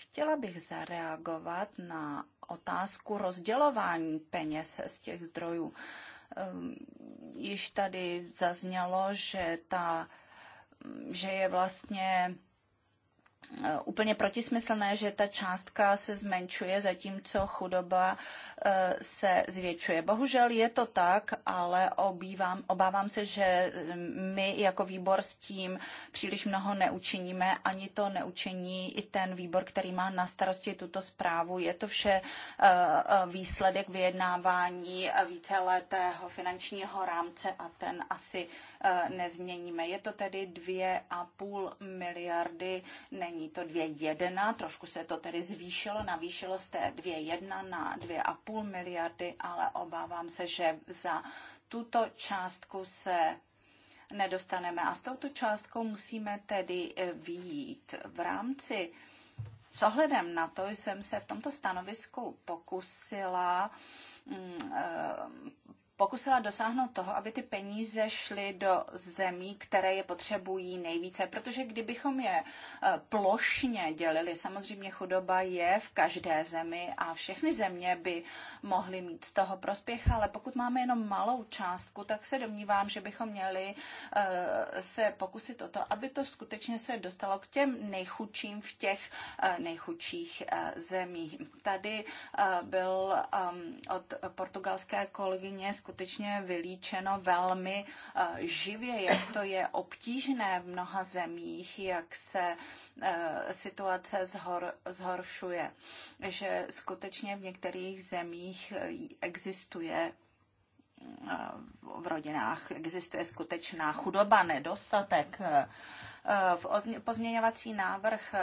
Chtěla bych zareagovat na otázku rozdělování peněz z těch zdrojů. Ehm, již tady zaznělo, že ta že je vlastně Eh, úplně protismyslné, že ta částka se zmenšuje, zatímco chudoba eh, se zvětšuje. Bohužel je to tak, ale obývám, obávám se, že mm, my jako výbor s tím příliš mnoho neučiníme, ani to neučiní i ten výbor, který má na starosti tuto zprávu. Je to vše eh, výsledek vyjednávání víceletého finančního rámce a ten asi nezměníme. Je to tedy 2,5 miliardy, není není to 2,1, trošku se to tedy zvýšilo, navýšilo z té 2,1 na 2,5 miliardy, ale obávám se, že za tuto částku se nedostaneme. A s touto částkou musíme tedy eh, výjít. V rámci s ohledem na to jsem se v tomto stanovisku pokusila mm, eh, pokusila dosáhnout toho, aby ty peníze šly do zemí, které je potřebují nejvíce. Protože kdybychom je e, plošně dělili, samozřejmě chudoba je v každé zemi a všechny země by mohly mít z toho prospěch, ale pokud máme jenom malou částku, tak se domnívám, že bychom měli e, se pokusit o to, aby to skutečně se dostalo k těm nejchudším v těch e, nejchudších zemích. Tady byl od portugalské kolegyně skutečně vylíčeno velmi eh, živě, jak to je obtížné v mnoha zemích, jak se eh, situace zhor, zhoršuje, že skutečně v některých zemích eh, existuje v rodinách existuje skutečná chudoba, nedostatek v pozměňovací návrh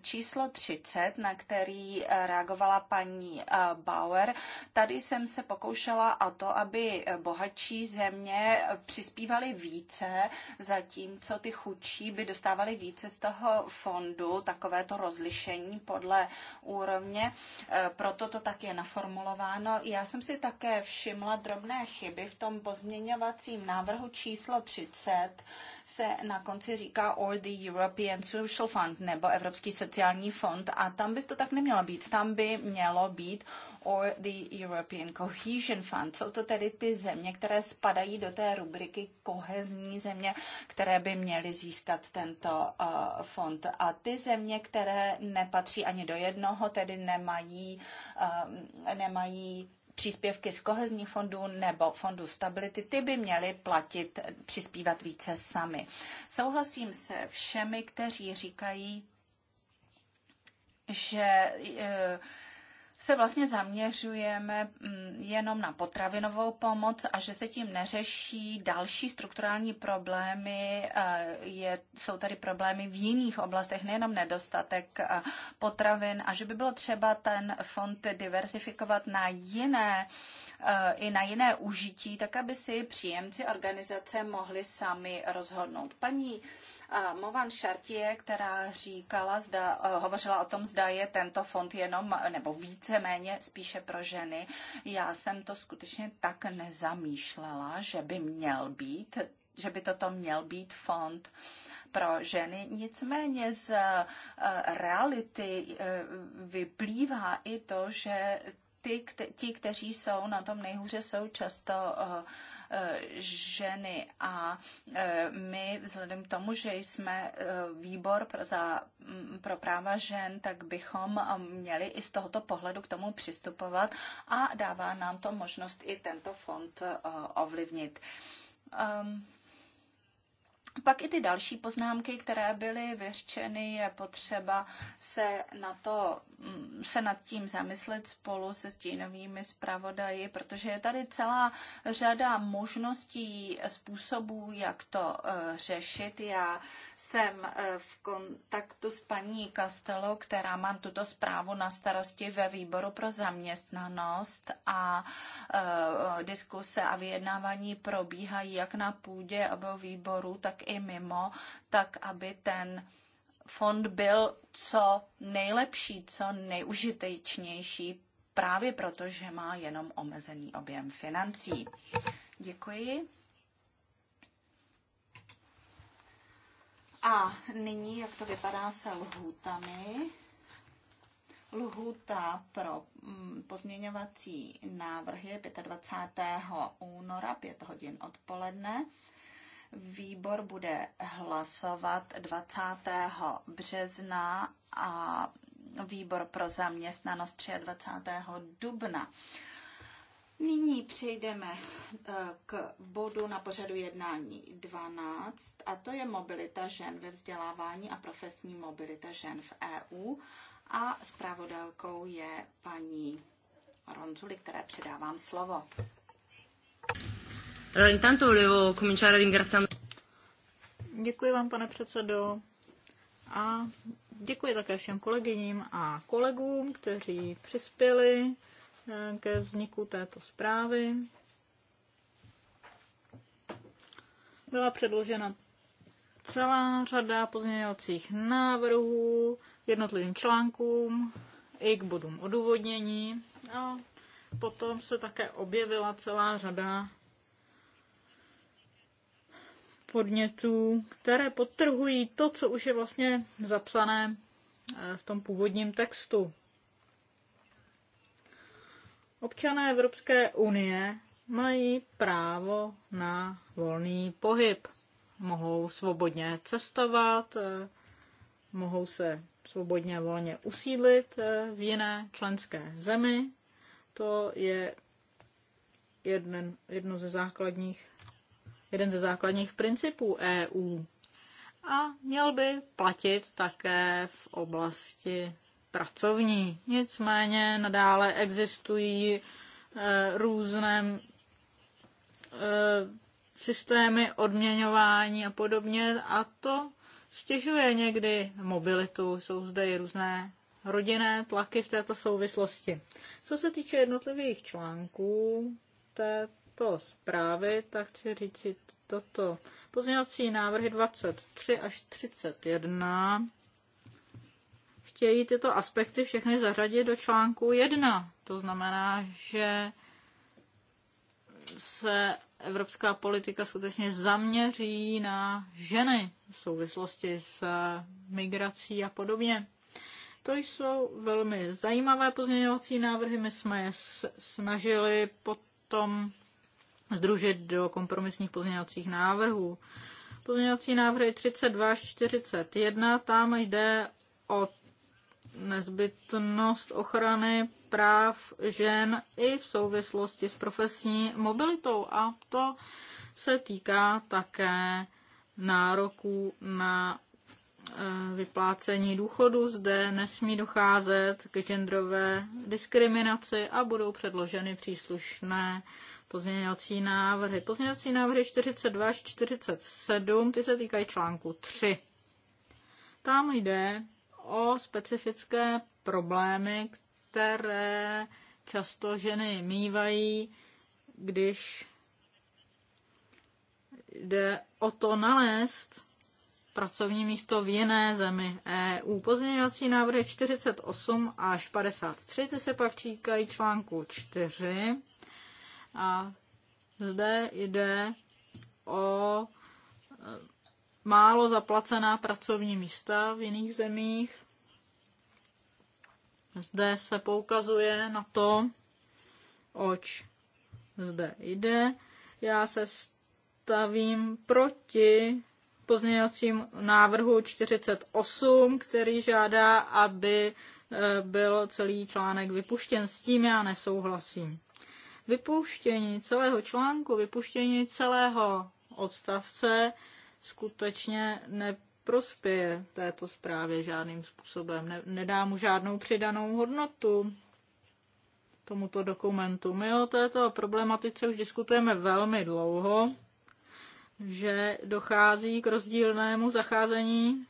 číslo 30, na který eh, reagovala paní eh, Bauer. Tady jsem se pokoušela o to, aby bohatší země přispívaly více, zatímco ty chudší by dostávaly více z toho fondu, takové to rozlišení podle úrovně. Eh, proto to tak je naformulováno. Já jsem si také všimla drobné chyby v tom pozměňovacím návrhu číslo 30 se na konci říká or the European Social Fund nebo Evropský sociální fond a tam by to tak nemělo být. Tam by mělo být or the European Cohesion Fund. Jsou to tedy ty země, které spadají do té rubriky kohezní země, které by měly získat tento uh, fond. A ty země, které nepatří ani do jednoho, tedy nemají, uh, nemají příspěvky z kohezních fondů nebo fondu stability, ty by měly platit, přispívat více sami. Souhlasím se všemi, kteří říkají, že eh, se vlastně zaměřujeme mm, jenom na potravinovou pomoc a že se tím neřeší další strukturální problémy. Eh, je, jsou tady problémy v jiných oblastech, nejenom nedostatek eh, potravin a že by bylo třeba ten fond diversifikovat na jiné eh, i na jiné užití, tak aby si příjemci organizace mohli sami rozhodnout. Paní Movan Chartier, která říkala, zda, eh, hovořila o tom, zda je tento fond jenom nebo víceméně spíše pro ženy. Já jsem to skutečně tak nezamýšlela, že by měl být, že by toto měl být fond pro ženy. Nicméně z eh, reality eh, vyplývá i to, že ty, kte, ti, kteří jsou na tom nejhůře, jsou často uh, ženy. A e, my vzhledem k tomu, že jsme e, výbor pro, za, pro práva žen, tak bychom e, měli i z tohoto pohledu k tomu přistupovat a dává nám to možnost i tento fond ovlivnit. Um, pak i ty další poznámky, které byly vyřčeny, je potřeba se na to se nad tím zamyslet spolu se stínovými zpravodaji, protože je tady celá řada možností, způsobů, jak to eh, řešit. Já jsem eh, v kontaktu s paní Castello, která mám tuto zprávu na starosti ve výboru pro zaměstnanost a eh, diskuse a vyjednávání probíhají jak na půdě obou výboru, tak i mimo, tak aby ten fond byl co nejlepší, co nejužitečnější, právě proto, že má jenom omezený objem financí. Děkuji. A nyní, jak to vypadá se lhůtami? Lhůta pro mm, pozměňovací návrhy 25. února 5 hodin odpoledne. Výbor bude hlasovat 20. března a výbor pro zaměstnanost 23. dubna. Nyní přejdeme eh, k bodu na pořadu jednání 12 a to je mobilita žen ve vzdělávání a profesní mobilita žen v EU a zpravodajkou je paní Ronzuli, které předávám slovo. Allora, intanto volevo cominciare ringraziando... Děkuji vám, pane předsedo. A děkuji také všem kolegyním a kolegům, kteří přispěli eh, ke vzniku této zprávy. Byla předložena celá řada pozměňovacích návrhů k jednotlivým článkům i k bodům odůvodnění. A potom se také objevila celá řada podnětů, které podtrhují to, co už je vlastně zapsané eh, v tom původním textu. Občané Evropské unie mají právo na volný pohyb. Mohou svobodně cestovat, eh, mohou se svobodně volně usídlit eh, v jiné členské zemi. To je jeden, jedno ze základních jeden ze základních principů EU a měl by platit také v oblasti pracovní. Nicméně nadále existují e, různé e, systémy odměňování a podobně a to stěžuje někdy mobilitu. Jsou zde i různé rodinné tlaky v této souvislosti. Co se týče jednotlivých článků této této zprávy, tak chci říct toto. Pozměňovací návrhy 23 až 31 chtějí tyto aspekty všechny zařadit do článku 1. To znamená, že se evropská politika skutečně zaměří na ženy v souvislosti s migrací a podobně. To jsou velmi zajímavé pozměňovací návrhy. My jsme je snažili potom združit do kompromisních pozměňovacích návrhů. Pozměňovací návrhy 32 až 41, tam jde o nezbytnost ochrany práv žen i v souvislosti s profesní mobilitou. A to se týká také nároků na e, vyplácení důchodu. Zde nesmí docházet k genderové diskriminaci a budou předloženy příslušné pozměňovací návrhy. Pozměňovací návrhy 42 až 47, ty se týkají článku 3. Tam jde o specifické problémy, které často ženy mývají, když jde o to nalézt pracovní místo v jiné zemi EU. Pozměňovací návrhy 48 až 53, ty se pak týkají článku 4. A zde jde o eh, málo zaplacená pracovní místa v jiných zemích. Zde se poukazuje na to, oč zde jde. Já se stavím proti pozměňovacím návrhu 48, který žádá, aby eh, byl celý článek vypuštěn. S tím já nesouhlasím. Vypuštění celého článku, vypuštění celého odstavce skutečně neprospěje této zprávě žádným způsobem, ne, nedá mu žádnou přidanou hodnotu tomuto dokumentu. My o této problematice už diskutujeme velmi dlouho, že dochází k rozdílnému zacházení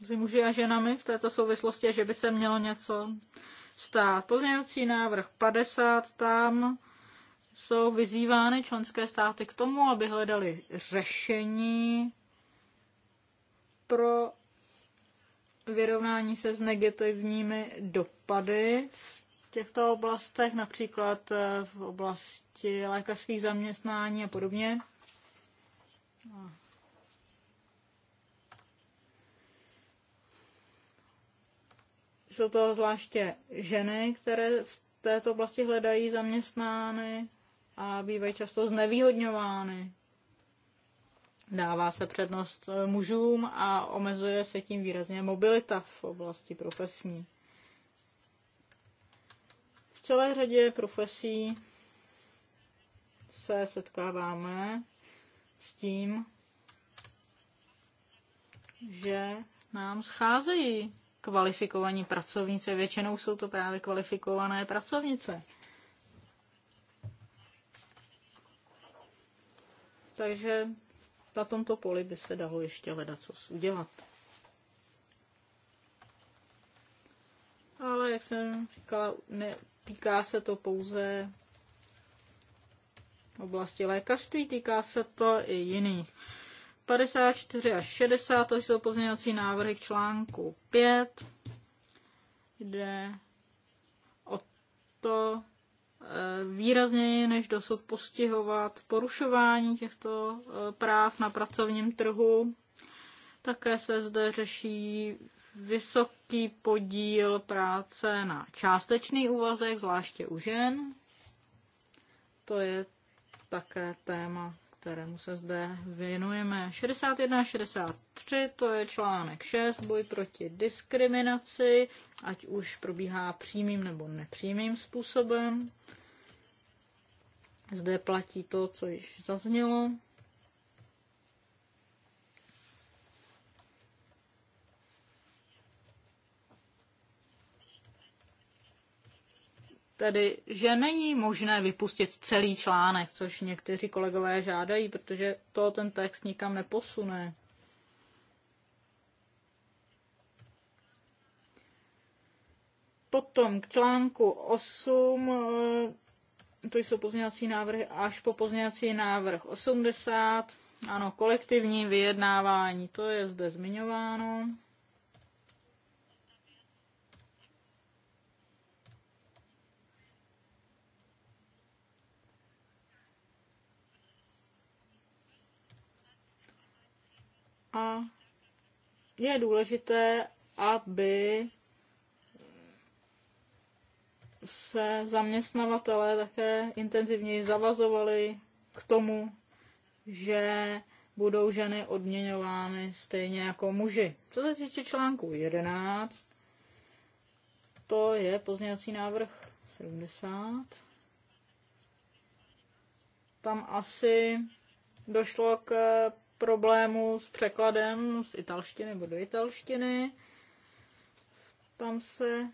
s muži a ženami v této souvislosti že by se mělo něco stát. Pozměňovací návrh 50 tam jsou vyzývány členské státy k tomu, aby hledali řešení pro vyrovnání se s negativními dopady v těchto oblastech, například eh, v oblasti lékařských zaměstnání a podobně. Jsou to zvláště ženy, které v této oblasti hledají zaměstnány, a bývají často znevýhodňovány. Dává se přednost eh, mužům a omezuje se tím výrazně mobilita v oblasti profesní. V celé řadě profesí se setkáváme s tím, že nám scházejí kvalifikovaní pracovnice. Většinou jsou to právě kvalifikované pracovnice. Takže na tomto poli by se dalo ještě hledat co udělat. Ale jak jsem říkala, týká se to pouze oblasti lékařství, týká se to i jiných. 54 až 60, to jsou pozměňovací návrhy k článku 5, kde o to, Eh, výrazněji než dosud postihovat porušování těchto eh, práv na pracovním trhu. Také se zde řeší vysoký podíl práce na částečný úvazek, zvláště u žen. To je také téma kterému se zde věnujeme. 61 63, to je článek 6, boj proti diskriminaci, ať už probíhá přímým nebo nepřímým způsobem. Zde platí to, co již zaznělo. tedy, že není možné vypustit celý článek, což někteří kolegové žádají, protože to ten text nikam neposune. Potom k článku 8, eh, to jsou pozměňovací návrhy až po pozměňovací návrh 80. Ano, kolektivní vyjednávání, to je zde zmiňováno. A je důležité, aby se zaměstnavatelé také intenzivněji zavazovali k tomu, že budou ženy odměňovány stejně jako muži. Co se týče článku 11, to je pozměňovací návrh 70. Tam asi došlo k problémů s překladem z italštiny nebo do italštiny. Tam se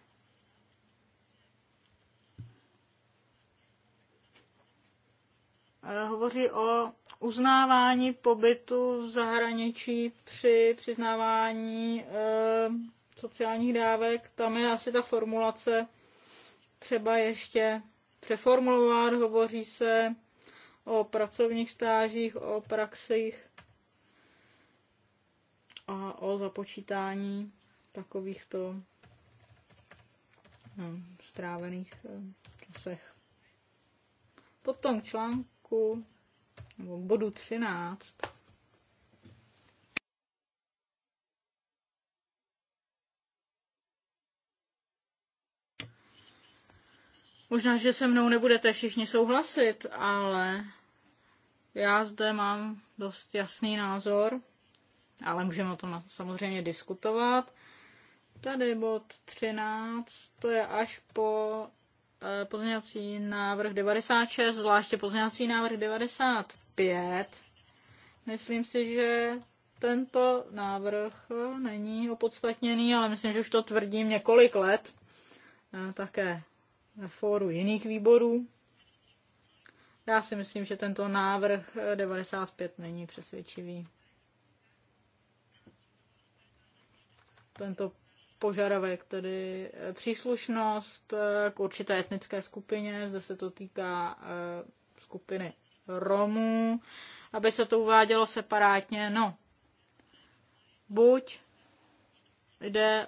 eh, hovoří o uznávání pobytu v zahraničí při přiznávání e, sociálních dávek. Tam je asi ta formulace třeba ještě přeformulovat. Hovoří se o pracovních stážích, o praxích a o započítání takovýchto no, strávených eh, časech. Potom k článku nebo k bodu 13 Možná, že se mnou nebudete všichni souhlasit, ale já zde mám dost jasný názor ale můžeme o tom samozřejmě diskutovat. Tady bod 13, to je až po eh, pozměňovací návrh 96, zvláště pozměňovací návrh 95. Myslím si, že tento návrh není opodstatněný, ale myslím, že už to tvrdím několik let, eh, také na fóru jiných výborů. Já si myslím, že tento návrh 95 není přesvědčivý. tento požadavek, tedy eh, příslušnost eh, k určité etnické skupině, zde se to týká eh, skupiny Romů, aby se to uvádělo separátně, no, buď jde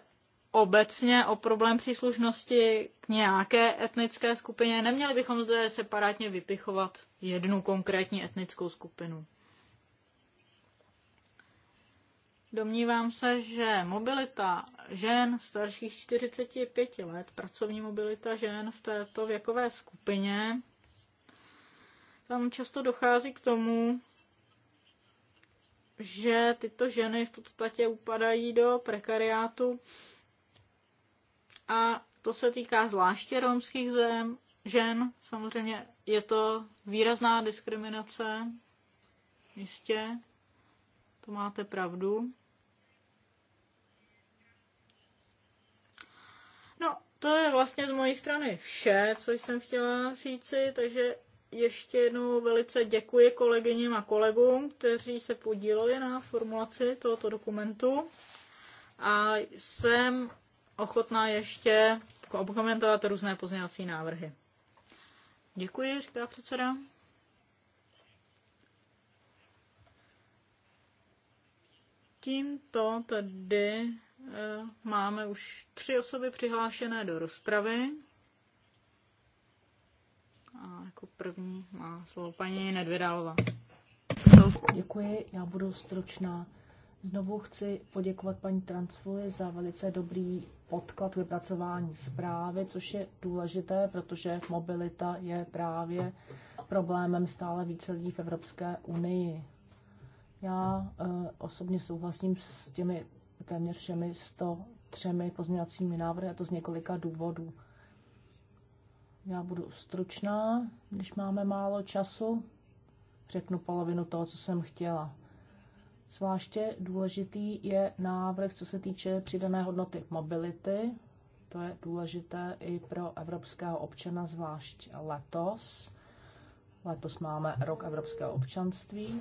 obecně o problém příslušnosti k nějaké etnické skupině, neměli bychom zde separátně vypichovat jednu konkrétní etnickou skupinu. Domnívám se, že mobilita žen starších 45 let, pracovní mobilita žen v této věkové skupině, tam často dochází k tomu, že tyto ženy v podstatě upadají do prekariátu a to se týká zvláště romských zem, žen. Samozřejmě je to výrazná diskriminace, jistě, to máte pravdu. To je vlastně z mojí strany vše, co jsem chtěla říci, takže ještě jednou velice děkuji kolegyním a kolegům, kteří se podíleli na formulaci tohoto dokumentu a jsem ochotná ještě obkomentovat jako různé pozměňovací návrhy. Děkuji, říká předseda. Tímto tedy Eh, máme už tři osoby přihlášené do rozpravy. A jako první má slovo paní Nedvědálova. Děkuji, já budu stručná. Znovu chci poděkovat paní Transfuli za velice dobrý podklad vypracování zprávy, což je důležité, protože mobilita je právě problémem stále více lidí v Evropské unii. Já e, osobně souhlasím s těmi téměř všemi 103 pozměňovacími návrhy, a to z několika důvodů. Já budu stručná, když máme málo času. Řeknu polovinu toho, co jsem chtěla. Zvláště důležitý je návrh, co se týče přidané hodnoty mobility. To je důležité i pro evropského občana, zvlášť letos. Letos máme rok evropského občanství.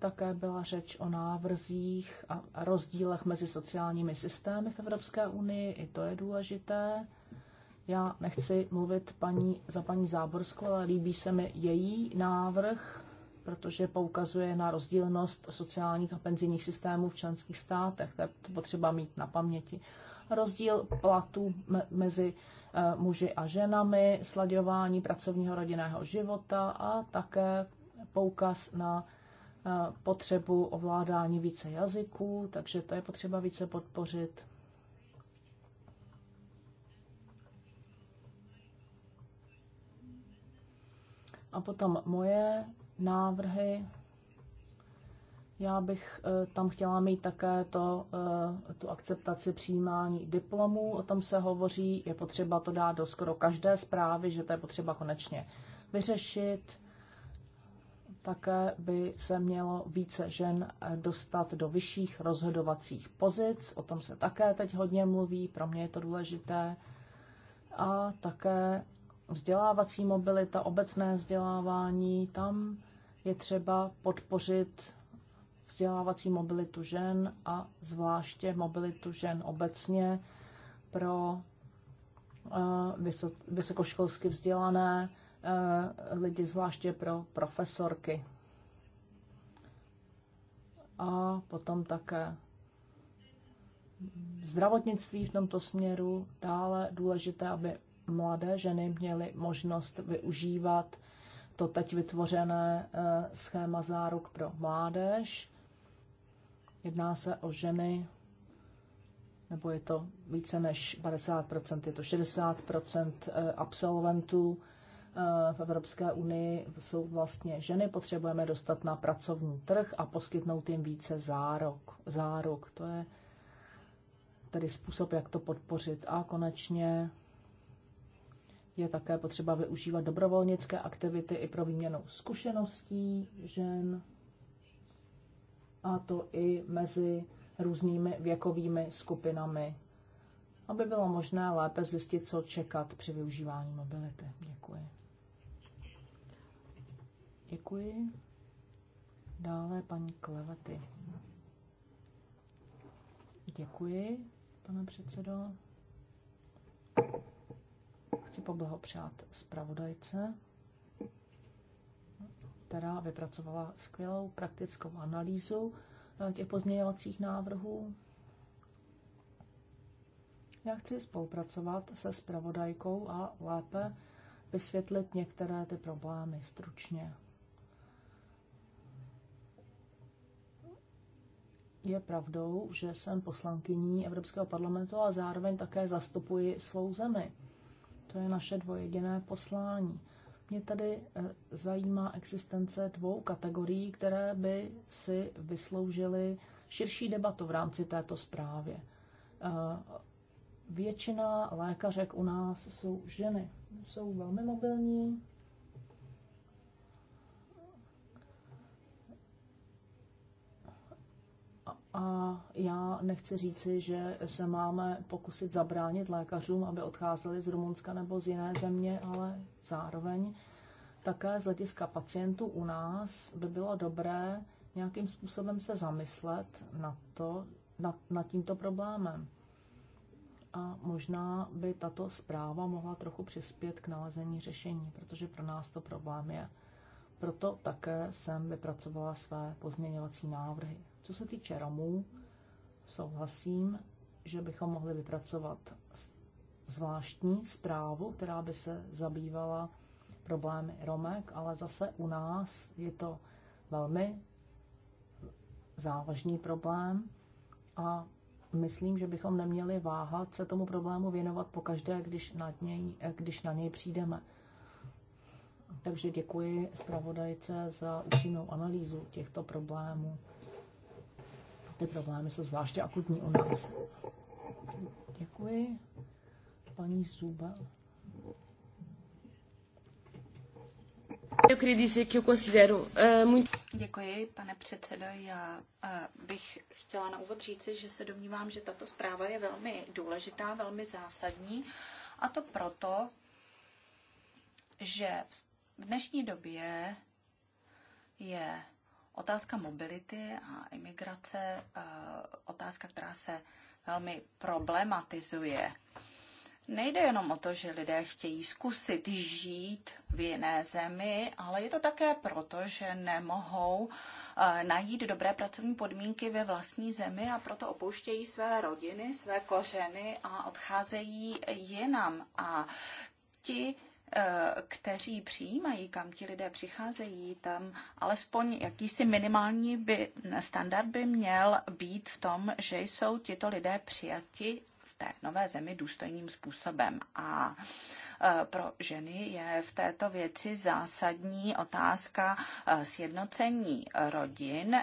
Také byla řeč o návrzích a rozdílech mezi sociálními systémy v Evropské unii, i to je důležité. Já nechci mluvit paní, za paní Záborskou, ale líbí se mi její návrh, protože poukazuje na rozdílnost sociálních a penzijních systémů v členských státech. To je potřeba mít na paměti. Rozdíl platů me mezi eh, muži a ženami, sladěvání pracovního rodinného života a také poukaz na Eh, potřebu ovládání více jazyků, takže to je potřeba více podpořit. A potom moje návrhy. Já bych eh, tam chtěla mít také to, eh, tu akceptaci přijímání diplomů, o tom se hovoří, je potřeba to dát do skoro každé zprávy, že to je potřeba konečně vyřešit také by se mělo více žen eh, dostat do vyšších rozhodovacích pozic, o tom se také teď hodně mluví, pro mě je to důležité. A také vzdělávací mobilita, obecné vzdělávání, tam je třeba podpořit vzdělávací mobilitu žen a zvláště mobilitu žen obecně pro eh, vysokoškolsky vzdělané Eh, lidi, zvláště pro profesorky. A potom také zdravotnictví v tomto směru. Dále důležité, aby mladé ženy měly možnost využívat to teď vytvořené eh, schéma záruk pro mládež. Jedná se o ženy, nebo je to více než 50%, je to 60% eh, absolventů Eh, v Evropské unii jsou vlastně ženy, potřebujeme dostat na pracovní trh a poskytnout jim více zárok. zárok. To je tedy způsob, jak to podpořit. A konečně je také potřeba využívat dobrovolnické aktivity i pro výměnu zkušeností žen, a to i mezi různými věkovými skupinami, aby bylo možné lépe zjistit, co čekat při využívání mobility. Děkuji. Děkuji. Dále paní Klevety. Děkuji, pane předsedo. Chci poblahopřát zpravodajce, která vypracovala skvělou praktickou analýzu eh, těch pozměňovacích návrhů. Já chci spolupracovat se zpravodajkou a lépe vysvětlit některé ty problémy stručně. Je pravdou, že jsem poslankyní Evropského parlamentu a zároveň také zastupuji svou zemi. To je naše dvojediné poslání. Mě tady eh, zajímá existence dvou kategorií, které by si vysloužily širší debatu v rámci této zprávy. Eh, většina lékařek u nás jsou ženy. Jsou velmi mobilní, A já nechci říci, že se máme pokusit zabránit lékařům, aby odcházeli z Rumunska nebo z jiné země, ale zároveň také z hlediska pacientů u nás by bylo dobré nějakým způsobem se zamyslet na to, na nad tímto problémem. A možná by tato zpráva mohla trochu přispět k nalezení řešení, protože pro nás to problém je. Proto také jsem vypracovala své pozměňovací návrhy. Co se týče Romů, souhlasím, že bychom mohli vypracovat zvláštní zprávu, která by se zabývala problémy Romek, ale zase u nás je to velmi závažný problém a myslím, že bychom neměli váhat se tomu problému věnovat pokaždé, když, nad něj, když na něj přijdeme. Takže děkuji zpravodajce za účinnou analýzu těchto problémů ty problémy jsou zvláště akutní u nás. Děkuji. Paní Zuba. Eh, Děkuji, pane předsedo. Já eh, bych chtěla na úvod říci, že se domnívám, že tato zpráva je velmi důležitá, velmi zásadní. A to proto, že v dnešní době je Otázka mobility a imigrace, eh, otázka, která se velmi problematizuje. Nejde jenom o to, že lidé chtějí zkusit žít v jiné zemi, ale je to také proto, že nemohou eh, najít dobré pracovní podmínky ve vlastní zemi a proto opouštějí své rodiny, své kořeny a odcházejí jinam. A ti Eh, kteří přijímají, kam ti lidé přicházejí, tam alespoň jakýsi minimální by, standard by měl být v tom, že jsou tito lidé přijati v té nové zemi důstojným způsobem. A eh, pro ženy je v této věci zásadní otázka eh, sjednocení rodin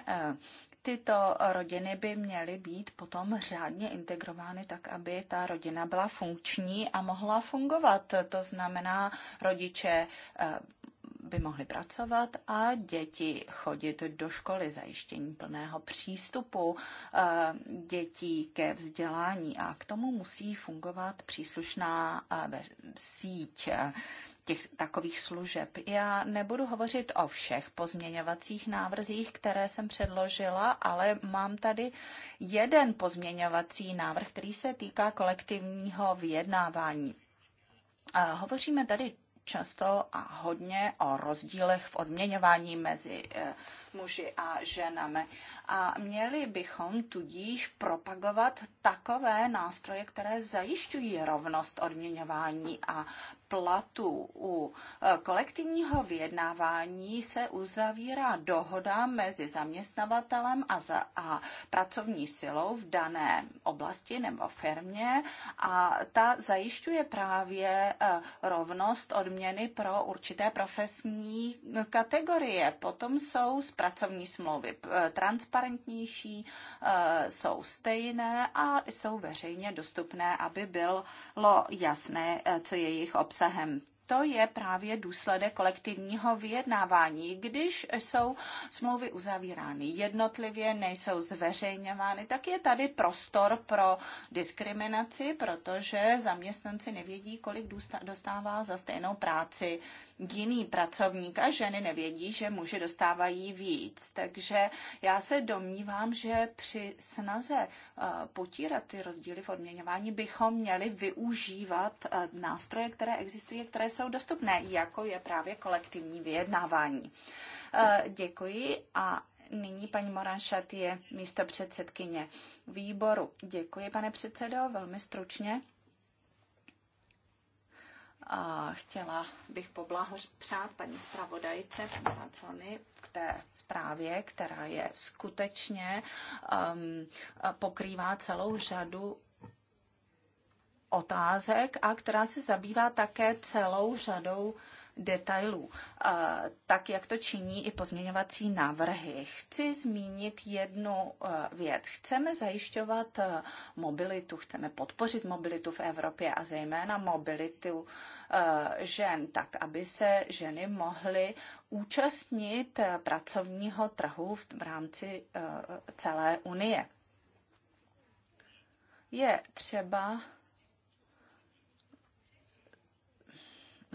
tyto rodiny by měly být potom řádně integrovány tak, aby ta rodina byla funkční a mohla fungovat. To znamená, rodiče eh, by mohli pracovat a děti chodit do školy, zajištění plného přístupu eh, dětí ke vzdělání. A k tomu musí fungovat příslušná eh, síť těch takových služeb. Já nebudu hovořit o všech pozměňovacích návrzích, které jsem předložila, ale mám tady jeden pozměňovací návrh, který se týká kolektivního vyjednávání. A hovoříme tady často a hodně o rozdílech v odměňování mezi eh, muži a ženami. A měli bychom tudíž propagovat takové nástroje, které zajišťují rovnost odměňování a platu U e, kolektivního vyjednávání se uzavírá dohoda mezi zaměstnavatelem a, za, a pracovní silou v dané oblasti nebo firmě a ta zajišťuje právě e, rovnost odměny pro určité profesní kategorie. Potom jsou pracovní smlouvy eh, transparentnější, eh, jsou stejné a jsou veřejně dostupné, aby bylo jasné, eh, co je jejich obsahem. To je právě důsledek kolektivního vyjednávání. Když jsou smlouvy uzavírány jednotlivě, nejsou zveřejňovány, tak je tady prostor pro diskriminaci, protože zaměstnanci nevědí, kolik dostává za stejnou práci jiný pracovník a ženy nevědí, že muži dostávají víc. Takže já se domnívám, že při snaze eh, potírat ty rozdíly v odměňování bychom měli využívat eh, nástroje, které existují, které jsou dostupné, jako je právě kolektivní vyjednávání. Eh, děkuji a nyní paní Moranšat je místo předsedkyně výboru. Děkuji, pane předsedo, velmi stručně. A chtěla bych poblahopřát paní zpravodajce Bracony k té zprávě, která je skutečně um, pokrývá celou řadu otázek a která se zabývá také celou řadou detailů, tak jak to činí i pozměňovací návrhy. Chci zmínit jednu e, věc. Chceme zajišťovat e, mobilitu, chceme podpořit mobilitu v Evropě a zejména mobilitu e, žen, tak aby se ženy mohly účastnit pracovního trhu v rámci celé Unie. Je třeba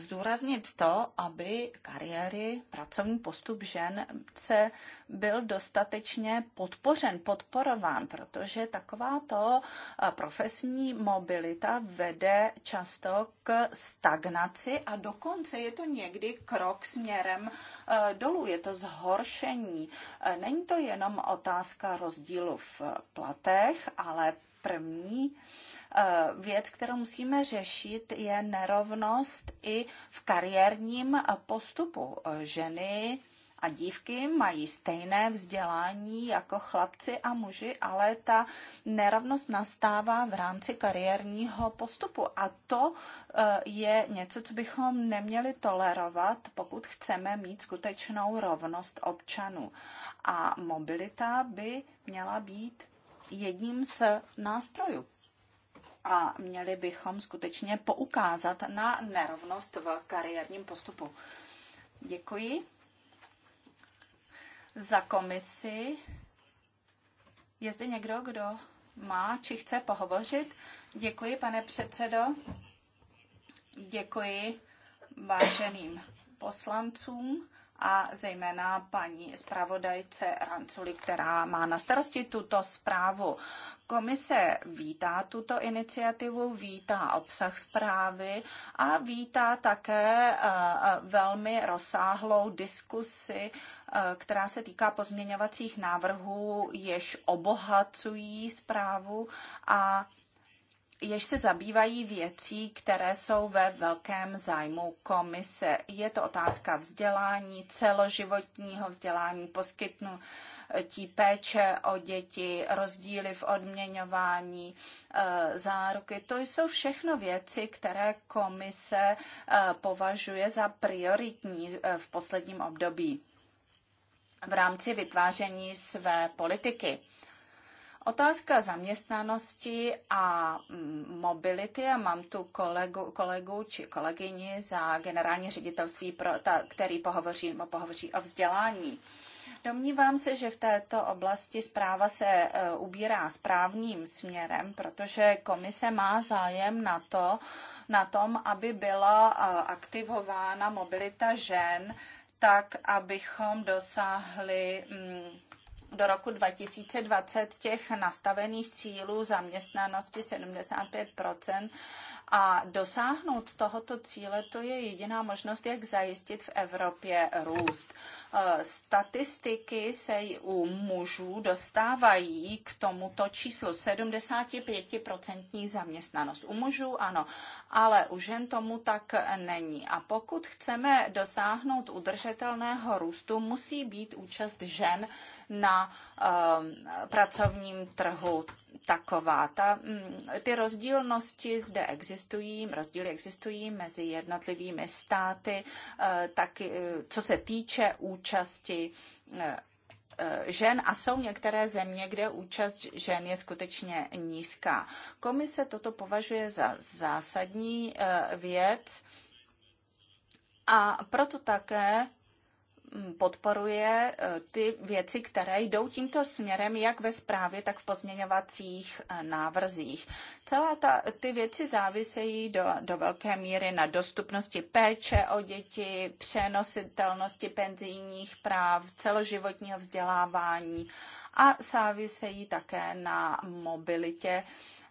zdůraznit to, aby kariéry, pracovní postup žen se byl dostatečně podpořen, podporován, protože takováto eh, profesní mobilita vede často k stagnaci a dokonce je to někdy krok směrem eh, dolů, je to zhoršení. Eh, není to jenom otázka rozdílu v platech, ale první Eh, věc, kterou musíme řešit, je nerovnost i v kariérním eh, postupu. Eh, ženy a dívky mají stejné vzdělání jako chlapci a muži, ale ta nerovnost nastává v rámci kariérního postupu a to je něco, co bychom neměli tolerovat, pokud chceme mít skutečnou rovnost občanů. A mobilita by měla být jedním z nástrojů a měli bychom skutečně poukázat na nerovnost v kariérním postupu. Děkuji. Za komisi je zde někdo, kdo má či chce pohovořit? Děkuji, pane předsedo. Děkuji váženým poslancům a zejména paní zpravodajce Ranculi, která má na starosti tuto zprávu. Komise vítá tuto iniciativu, vítá obsah zprávy a vítá také eh, eh, velmi rozsáhlou diskusi, eh, která se týká pozměňovacích návrhů, jež obohacují zprávu a jež se zabývají věcí, které jsou ve velkém zájmu komise. Je to otázka vzdělání, celoživotního vzdělání, poskytnutí péče o děti, rozdíly v odměňování, eh, záruky. To jsou všechno věci, které komise eh, považuje za prioritní eh, v posledním období v rámci vytváření své politiky. Otázka zaměstnanosti a mm, mobility, a mám tu kolegu, kolegu či kolegyni za generální ředitelství, pro ta, který pohovoří, pohovoří o vzdělání. Domnívám se, že v této oblasti zpráva se e, ubírá správným směrem, protože komise má zájem na, to, na tom, aby byla e, aktivována mobilita žen tak, abychom dosáhli mm, do roku 2020 těch nastavených cílů zaměstnanosti 75 a dosáhnout tohoto cíle, to je jediná možnost, jak zajistit v Evropě růst. Eh, statistiky se u mužů dostávají k tomuto číslu 75% zaměstnanost. U mužů ano, ale u žen tomu tak není. A pokud chceme dosáhnout udržitelného růstu, musí být účast žen na ehm, pracovním trhu taková. Ta, mm, ty rozdílnosti zde existují, rozdíly existují mezi jednotlivými státy, eh, tak eh, co se týče účasti eh, žen a jsou některé země, kde účast žen je skutečně nízká. Komise toto považuje za zásadní věc a proto také Mm, podporuje eh, ty věci, které jdou tímto směrem, jak ve zprávě, tak v pozměňovacích eh, návrzích. Celá ta, ty věci závisejí do, do velké míry na dostupnosti péče o děti, přenositelnosti penzijních práv, celoživotního vzdělávání a závisejí také na mobilitě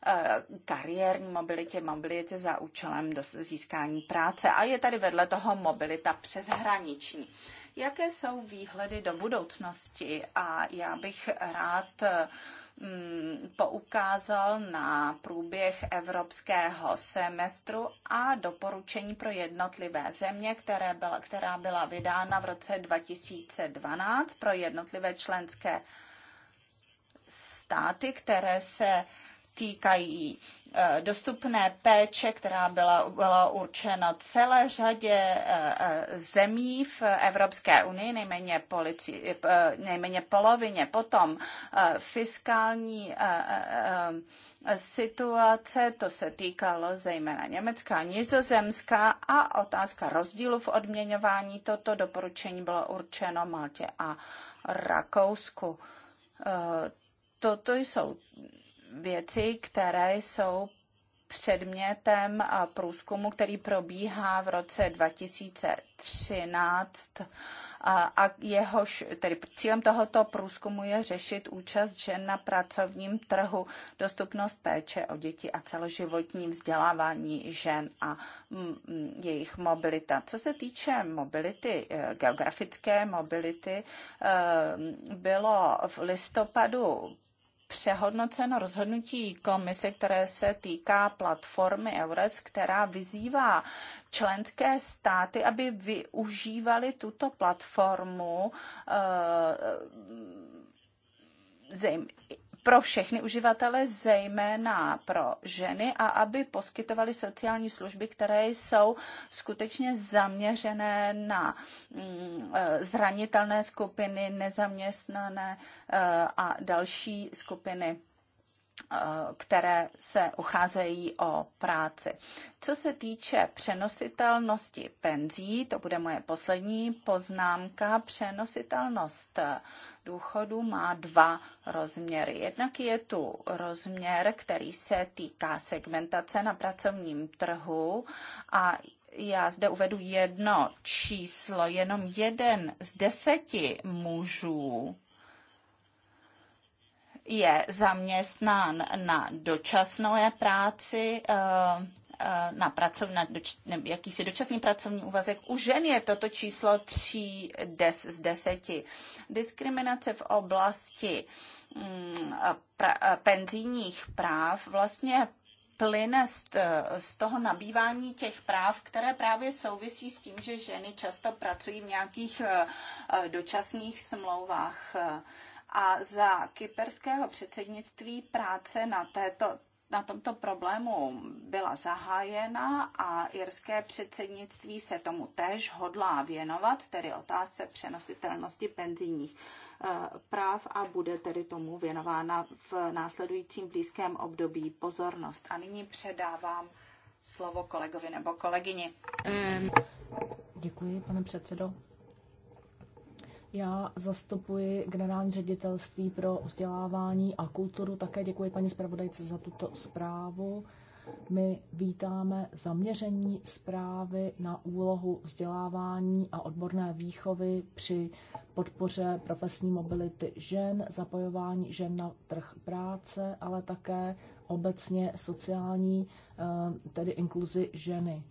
eh, kariérní mobilitě, mobilitě za účelem získání práce. A je tady vedle toho mobilita přeshraniční. Jaké jsou výhledy do budoucnosti? A já bych rád mm, poukázal na průběh evropského semestru a doporučení pro jednotlivé země, které byla, která byla vydána v roce 2012 pro jednotlivé členské státy, které se týkají eh, dostupné péče, která byla, byla určena celé řadě eh, eh, zemí v Evropské unii, nejméně, polici, nejméně polovině. Potom fiskální situace, to se týkalo zejména Německa, Nizozemská a otázka rozdílu v odměňování. Toto doporučení bylo určeno Maltě a Rakousku. Toto jsou věci, které jsou předmětem průzkumu, který probíhá v roce 2013 a jehož, tedy cílem tohoto průzkumu je řešit účast žen na pracovním trhu, dostupnost péče o děti a celoživotní vzdělávání žen a mm, mm, jejich mobilita. Co se týče mobility, e, geografické mobility, e, bylo v listopadu přehodnoceno rozhodnutí komise, které se týká platformy EURES, která vyzývá členské státy, aby využívali tuto platformu eh, zejm, pro všechny uživatele, zejména pro ženy, a aby poskytovali sociální služby, které jsou skutečně zaměřené na mm, eh, zranitelné skupiny, nezaměstnané eh, a další skupiny Eh, které se ucházejí o práci. Co se týče přenositelnosti penzí, to bude moje poslední poznámka, přenositelnost důchodu má dva rozměry. Jednak je tu rozměr, který se týká segmentace na pracovním trhu a já zde uvedu jedno číslo, jenom jeden z deseti mužů je zaměstnán na dočasné práci, eh, eh, na, pracovní, na doč, ne, jakýsi dočasný pracovní úvazek. U žen je toto číslo 3 des, z 10. Diskriminace v oblasti mm, pra, eh, penzijních práv vlastně plyne z, z toho nabývání těch práv, které právě souvisí s tím, že ženy často pracují v nějakých dočasných smlouvách a za kyperského předsednictví práce na této na tomto problému byla zahájena a irské předsednictví se tomu též hodlá věnovat, tedy otázce přenositelnosti penzijních eh, práv a bude tedy tomu věnována v následujícím blízkém období pozornost. A nyní předávám slovo kolegovi nebo kolegyni. Děkuji, pane předsedo. Já zastupuji generální ředitelství pro vzdělávání a kulturu. Také děkuji paní zpravodajce za tuto zprávu. My vítáme zaměření zprávy na úlohu vzdělávání a odborné výchovy při podpoře profesní mobility žen, zapojování žen na trh práce, ale také obecně sociální, eh, tedy inkluzi ženy.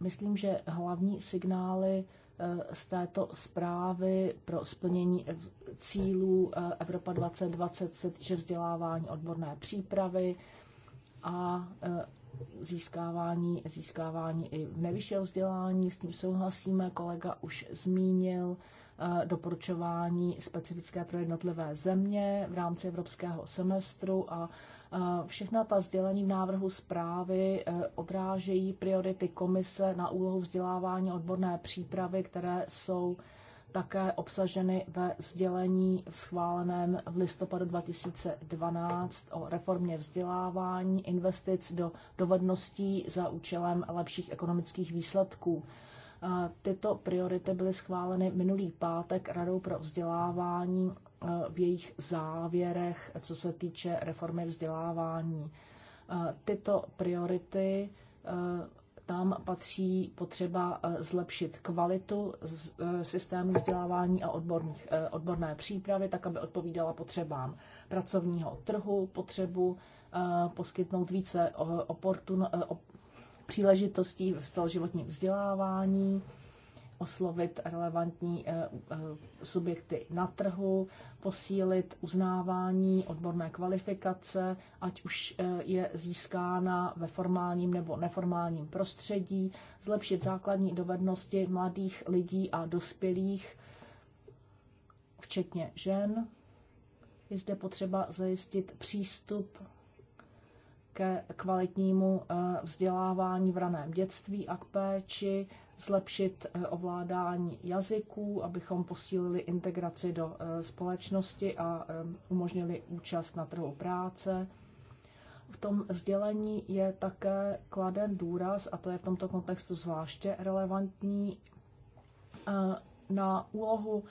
Myslím, že hlavní signály Eh, z této zprávy pro splnění cílů eh, Evropa 2020 se týče vzdělávání odborné přípravy a eh, získávání, získávání i nejvyššího vzdělání. S tím souhlasíme, kolega už zmínil doporučování specifické pro jednotlivé země v rámci evropského semestru a Eh, všechna ta sdělení v návrhu zprávy eh, odrážejí priority komise na úlohu vzdělávání odborné přípravy, které jsou také obsaženy ve sdělení schváleném v listopadu 2012 o reformě vzdělávání, investic do dovedností za účelem lepších ekonomických výsledků. Tyto priority byly schváleny minulý pátek Radou pro vzdělávání e, v jejich závěrech, co se týče reformy vzdělávání. E, tyto priority e, tam patří potřeba zlepšit kvalitu systému vzdělávání a odborných, odborné přípravy, tak aby odpovídala potřebám pracovního trhu, potřebu poskytnout více oportun, příležitostí v celoživotním vzdělávání, oslovit relevantní eh, eh, subjekty na trhu, posílit uznávání odborné kvalifikace, ať už eh, je získána ve formálním nebo neformálním prostředí, zlepšit základní dovednosti mladých lidí a dospělých, včetně žen. Je zde potřeba zajistit přístup ke kvalitnímu eh, vzdělávání v raném dětství a k péči, zlepšit eh, ovládání jazyků, abychom posílili integraci do eh, společnosti a umožnili účast na trhu práce. V tom sdělení je také kladen důraz, a to je v tomto kontextu zvláště relevantní, na úlohu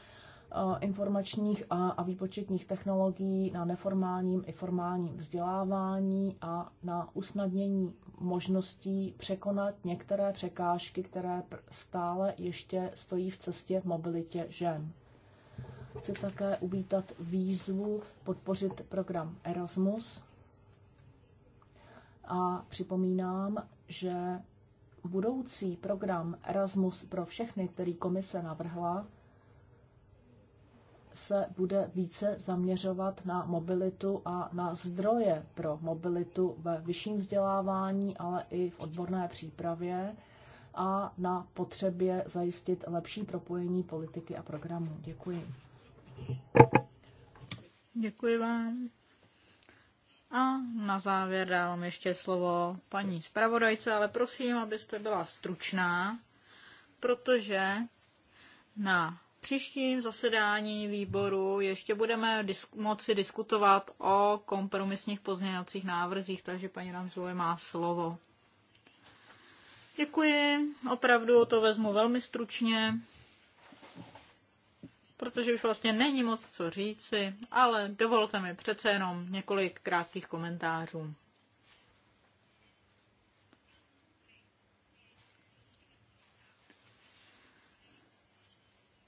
Eh, informačních a, a výpočetních technologií na neformálním i formálním vzdělávání a na usnadnění možností překonat některé překážky, které stále ještě stojí v cestě v mobilitě žen. Chci také uvítat výzvu podpořit program Erasmus a připomínám, že budoucí program Erasmus pro všechny, který komise navrhla, se bude více zaměřovat na mobilitu a na zdroje pro mobilitu ve vyšším vzdělávání, ale i v odborné přípravě a na potřebě zajistit lepší propojení politiky a programů. Děkuji. Děkuji vám. A na závěr dávám ještě slovo paní zpravodajce, ale prosím, abyste byla stručná, protože na příštím zasedání výboru ještě budeme disk- moci diskutovat o kompromisních pozměňovacích návrzích, takže paní Ranzule má slovo. Děkuji, opravdu to vezmu velmi stručně, protože už vlastně není moc co říci, ale dovolte mi přece jenom několik krátkých komentářů.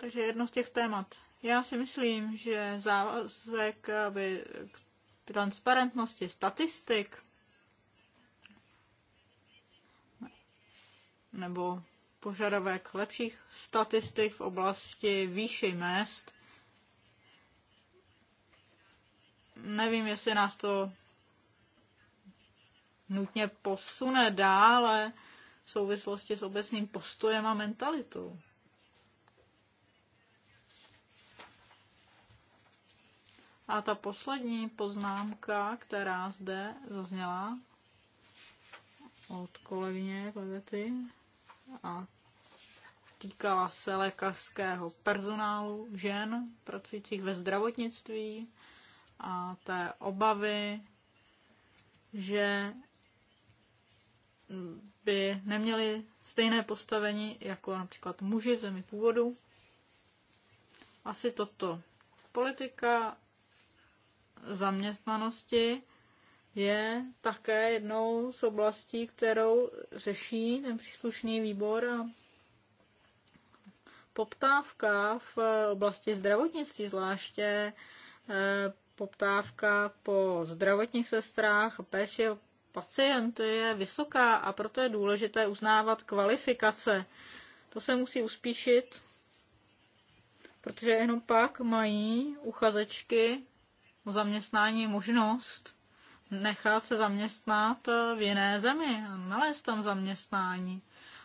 Takže jedno z těch témat. Já si myslím, že závazek aby k transparentnosti statistik nebo požadavek lepších statistik v oblasti výši mest. Nevím, jestli nás to nutně posune dále v souvislosti s obecným postojem a mentalitou. A ta poslední poznámka, která zde zazněla od kolegyně Klevety a týkala se lékařského personálu žen pracujících ve zdravotnictví a té obavy, že by neměli stejné postavení jako například muži v zemi původu. Asi toto. Politika zaměstnanosti je také jednou z oblastí, kterou řeší ten příslušný výbor a poptávka v oblasti zdravotnictví, zvláště eh, poptávka po zdravotních sestrách a péči o pacienty je vysoká a proto je důležité uznávat kvalifikace. To se musí uspíšit, protože jenom pak mají uchazečky zaměstnání možnost nechat se zaměstnat eh, v jiné zemi, nalézt tam zaměstnání.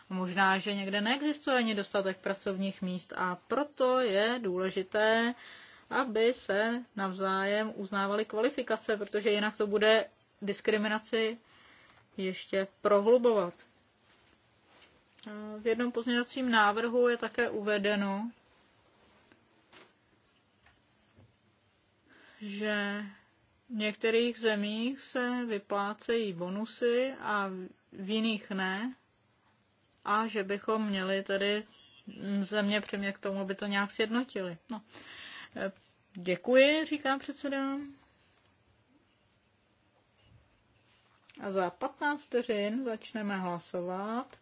Možná, že někde neexistuje ani dostatek pracovních míst a proto je důležité, aby se navzájem uznávaly kvalifikace, protože jinak to bude diskriminaci ještě prohlubovat. Eh, v jednom pozměňovacím návrhu je také uvedeno, že v některých zemích se vyplácejí bonusy a v jiných ne. A že bychom měli tedy země přimě k tomu, aby to nějak sjednotili. No. E, děkuji, říká předseda. A za 15 vteřin začneme hlasovat.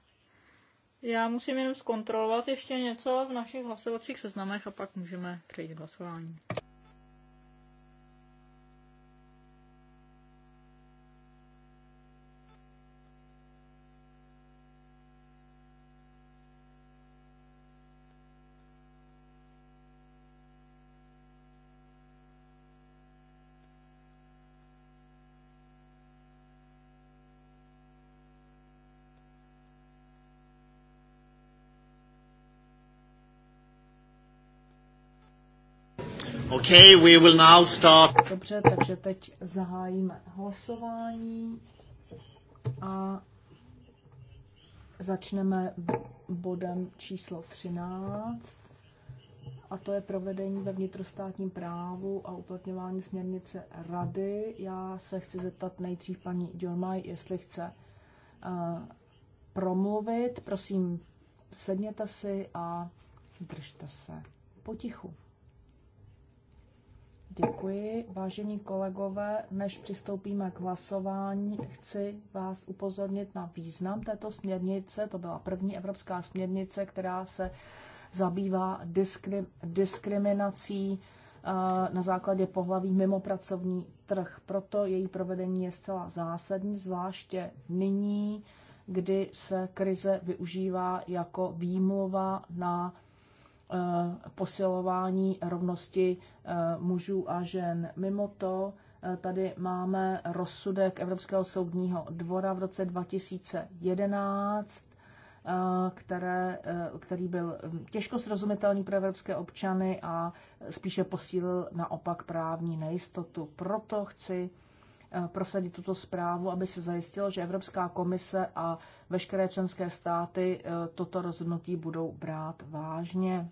Já musím jenom zkontrolovat ještě něco v našich hlasovacích seznamech a pak můžeme přejít k hlasování. Okay, we will now start. Dobře, takže teď zahájíme hlasování a začneme bodem číslo 13 a to je provedení ve vnitrostátním právu a uplatňování směrnice rady. Já se chci zeptat nejdřív paní Dělmaj, jestli chce uh, promluvit. Prosím, sedněte si a držte se potichu. Děkuji. Vážení kolegové, než přistoupíme k hlasování, chci vás upozornit na význam této směrnice. To byla první evropská směrnice, která se zabývá diskrim, diskriminací eh, na základě pohlaví mimo pracovní trh. Proto její provedení je zcela zásadní, zvláště nyní, kdy se krize využívá jako výmluva na Eh, posilování rovnosti eh, mužů a žen. Mimo to eh, tady máme rozsudek Evropského soudního dvora v roce 2011, které, který byl hm, těžko srozumitelný pro evropské občany a spíše posílil naopak právní nejistotu. Proto chci prosadit tuto zprávu, aby se zajistilo, že Evropská komise a veškeré členské státy toto rozhodnutí budou brát vážně.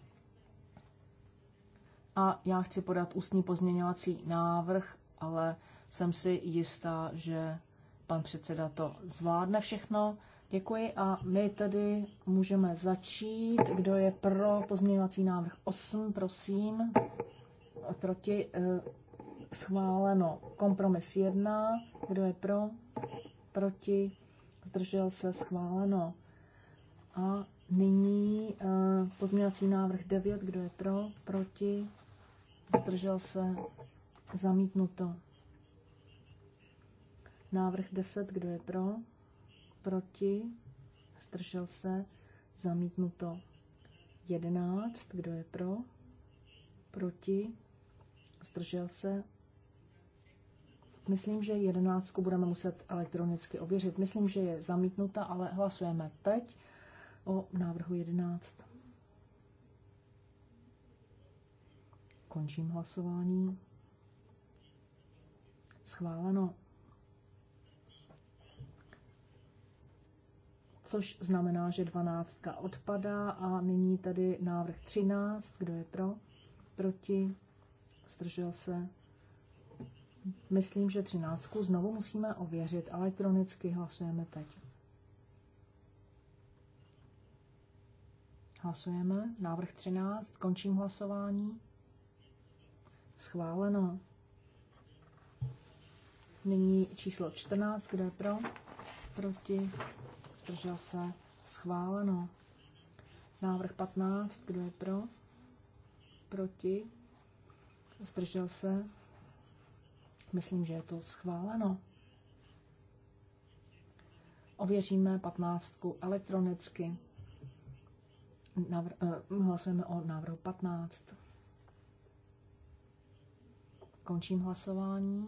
A já chci podat ústní pozměňovací návrh, ale jsem si jistá, že pan předseda to zvládne všechno. Děkuji a my tedy můžeme začít. Kdo je pro pozměňovací návrh 8, prosím. Proti eh, schváleno kompromis 1. Kdo je pro? Proti? Zdržel se schváleno. A nyní eh, pozměňovací návrh 9. Kdo je pro? Proti? zdržel se, zamítnuto. Návrh 10, kdo je pro, proti, zdržel se, zamítnuto. 11, kdo je pro, proti, zdržel se. Myslím, že jedenáctku budeme muset elektronicky ověřit. Myslím, že je zamítnuta, ale hlasujeme teď o návrhu 11. Končím hlasování. Schváleno. Což znamená, že dvanáctka odpadá a nyní tady návrh 13. Kdo je pro? Proti? Zdržel se? Myslím, že třináctku znovu musíme ověřit. Elektronicky hlasujeme teď. Hlasujeme. Návrh 13. Končím hlasování. Schváleno. Nyní číslo 14, kde je pro, proti, zdržel se, schváleno. Návrh 15, kdo je pro, proti, zdržel se, myslím, že je to schváleno. Ověříme 15 elektronicky. Navr- eh, hlasujeme o návrhu 15. Končím hlasování.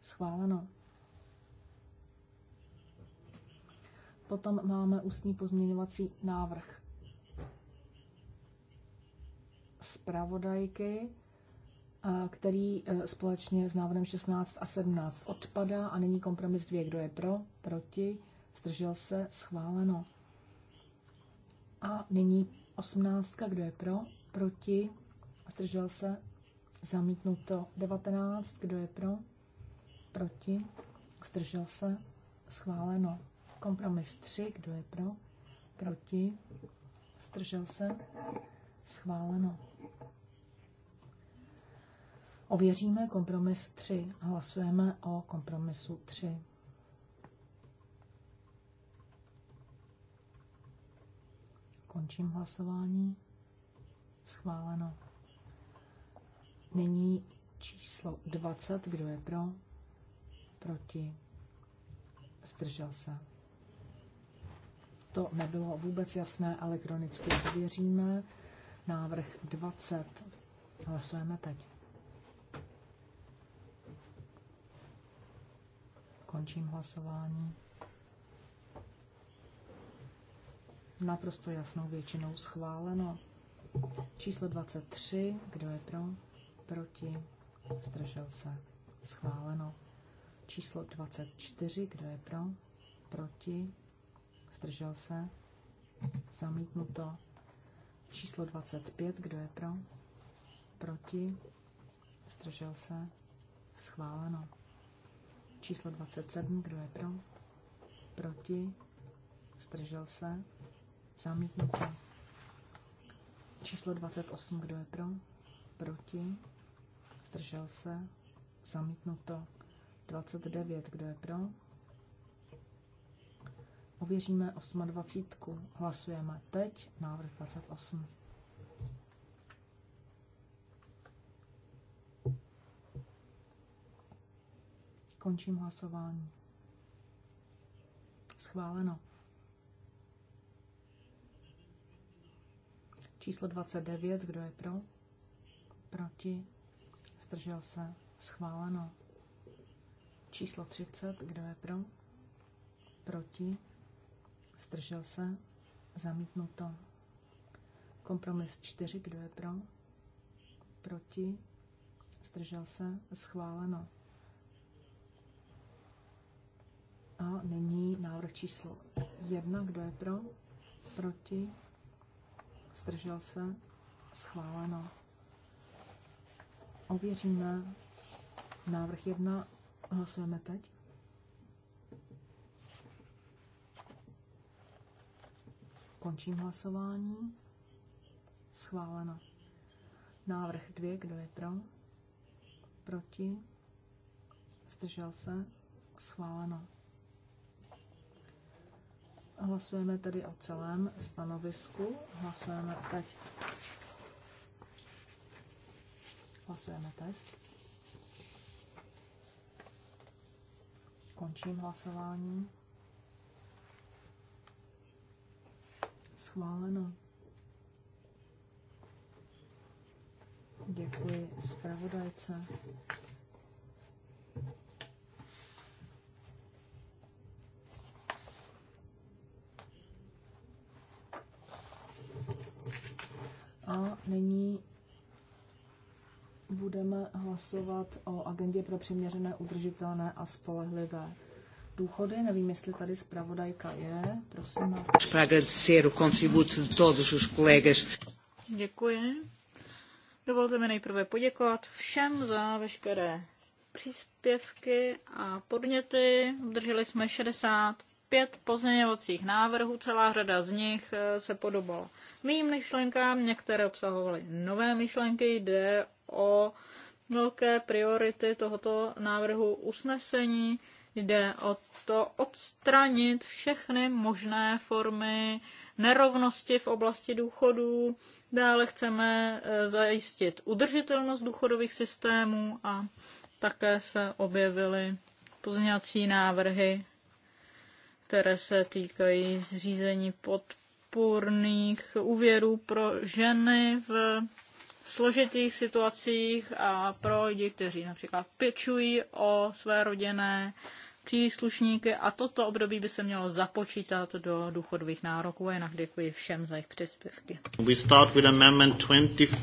Schváleno. Potom máme ústní pozměňovací návrh zpravodajky, který e, společně s návrhem 16 a 17 odpadá a není kompromis dvě, Kdo je pro, proti, zdržel se, schváleno. A nyní 18. Kdo je pro, proti, zdržel se, Zamítnuto 19. Kdo je pro? Proti? Zdržel se? Schváleno. Kompromis 3. Kdo je pro? Proti? Zdržel se? Schváleno. Ověříme kompromis 3. Hlasujeme o kompromisu 3. Končím hlasování. Schváleno. Nyní číslo 20. Kdo je pro? Proti? Zdržel se. To nebylo vůbec jasné, elektronicky ověříme. Návrh 20. Hlasujeme teď. Končím hlasování. Naprosto jasnou většinou schváleno. Číslo 23. Kdo je pro? proti, zdržel se, schváleno. Číslo 24, kdo je pro, proti, zdržel se, zamítnuto. Číslo 25, kdo je pro, proti, zdržel se, schváleno. Číslo 27, kdo je pro, proti, zdržel se, zamítnuto. Číslo 28, kdo je pro, proti, Zdržel se? Zamítnuto. 29. Kdo je pro? Ověříme 28. Hlasujeme teď. Návrh 28. Končím hlasování. Schváleno. Číslo 29. Kdo je pro? Proti? Zdržel se? Schváleno. Číslo 30. Kdo je pro? Proti? Zdržel se? Zamítnuto. Kompromis 4. Kdo je pro? Proti? Zdržel se? Schváleno. A nyní návrh číslo 1. Kdo je pro? Proti? Zdržel se? Schváleno. Ověříme návrh 1. Hlasujeme teď. Končím hlasování. Schváleno. Návrh 2. Kdo je pro? Proti? Zdržel se? Schváleno. Hlasujeme tedy o celém stanovisku. Hlasujeme teď Hlasujeme teď. Končím hlasování. Schváleno. Děkuji zpravodajce. A nyní budeme hlasovat o agendě pro přiměřené, udržitelné a spolehlivé důchody. Nevím, jestli tady zpravodajka je. Prosím. Para agradecer o contributo de todos os colegas. Děkuji. Dovolte mi nejprve poděkovat všem za veškeré příspěvky a podněty. Obdrželi jsme 65 pozměňovacích návrhů, celá řada z nich eh, se podobala mým myšlenkám, některé obsahovaly nové myšlenky, jde o velké priority tohoto návrhu usnesení. Jde o to odstranit všechny možné formy nerovnosti v oblasti důchodů. Dále chceme e, zajistit udržitelnost důchodových systémů a také se objevily pozměňovací návrhy, které se týkají zřízení podpůrných úvěrů pro ženy v složitých situacích a pro lidi, kteří například pečují o své rodinné příslušníky a toto období by se mělo započítat do důchodových nároků a jinak děkuji všem za jejich příspěvky. We start with amendment 24.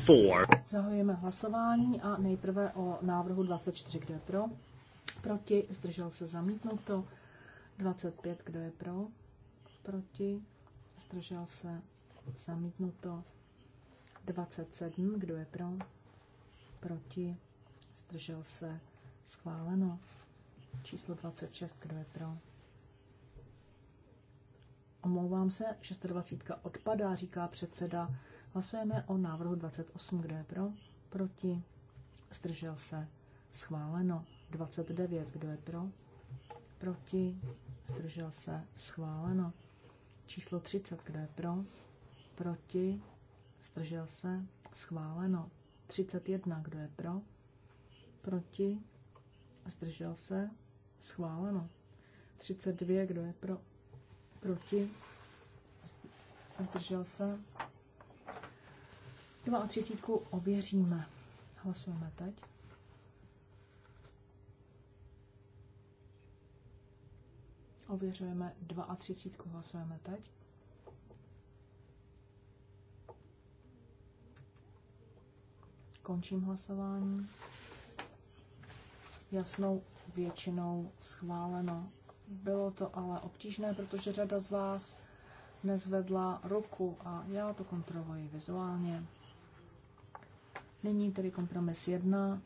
Zahajujeme hlasování a nejprve o návrhu 24, kdo je pro, proti, zdržel se zamítnuto, 25, kdo je pro, proti, zdržel se zamítnuto, 27. Kdo je pro? Proti? Zdržel se? Schváleno. Číslo 26. Kdo je pro? Omlouvám se, 26. odpadá, říká předseda. Hlasujeme o návrhu 28. Kdo je pro? Proti? Zdržel se? Schváleno. 29. Kdo je pro? Proti? Zdržel se? Schváleno. Číslo 30. Kdo je pro? Proti? Zdržel se? Schváleno. 31. Kdo je pro? Proti? Zdržel se? Schváleno. 32. Kdo je pro? Proti? Zdržel se? 32. Ověříme. Hlasujeme teď. Ověřujeme 32. Hlasujeme teď. Končím hlasování. Jasnou většinou schváleno. Bylo to ale obtížné, protože řada z vás nezvedla ruku a já to kontroluji vizuálně. Nyní tedy kompromis 1.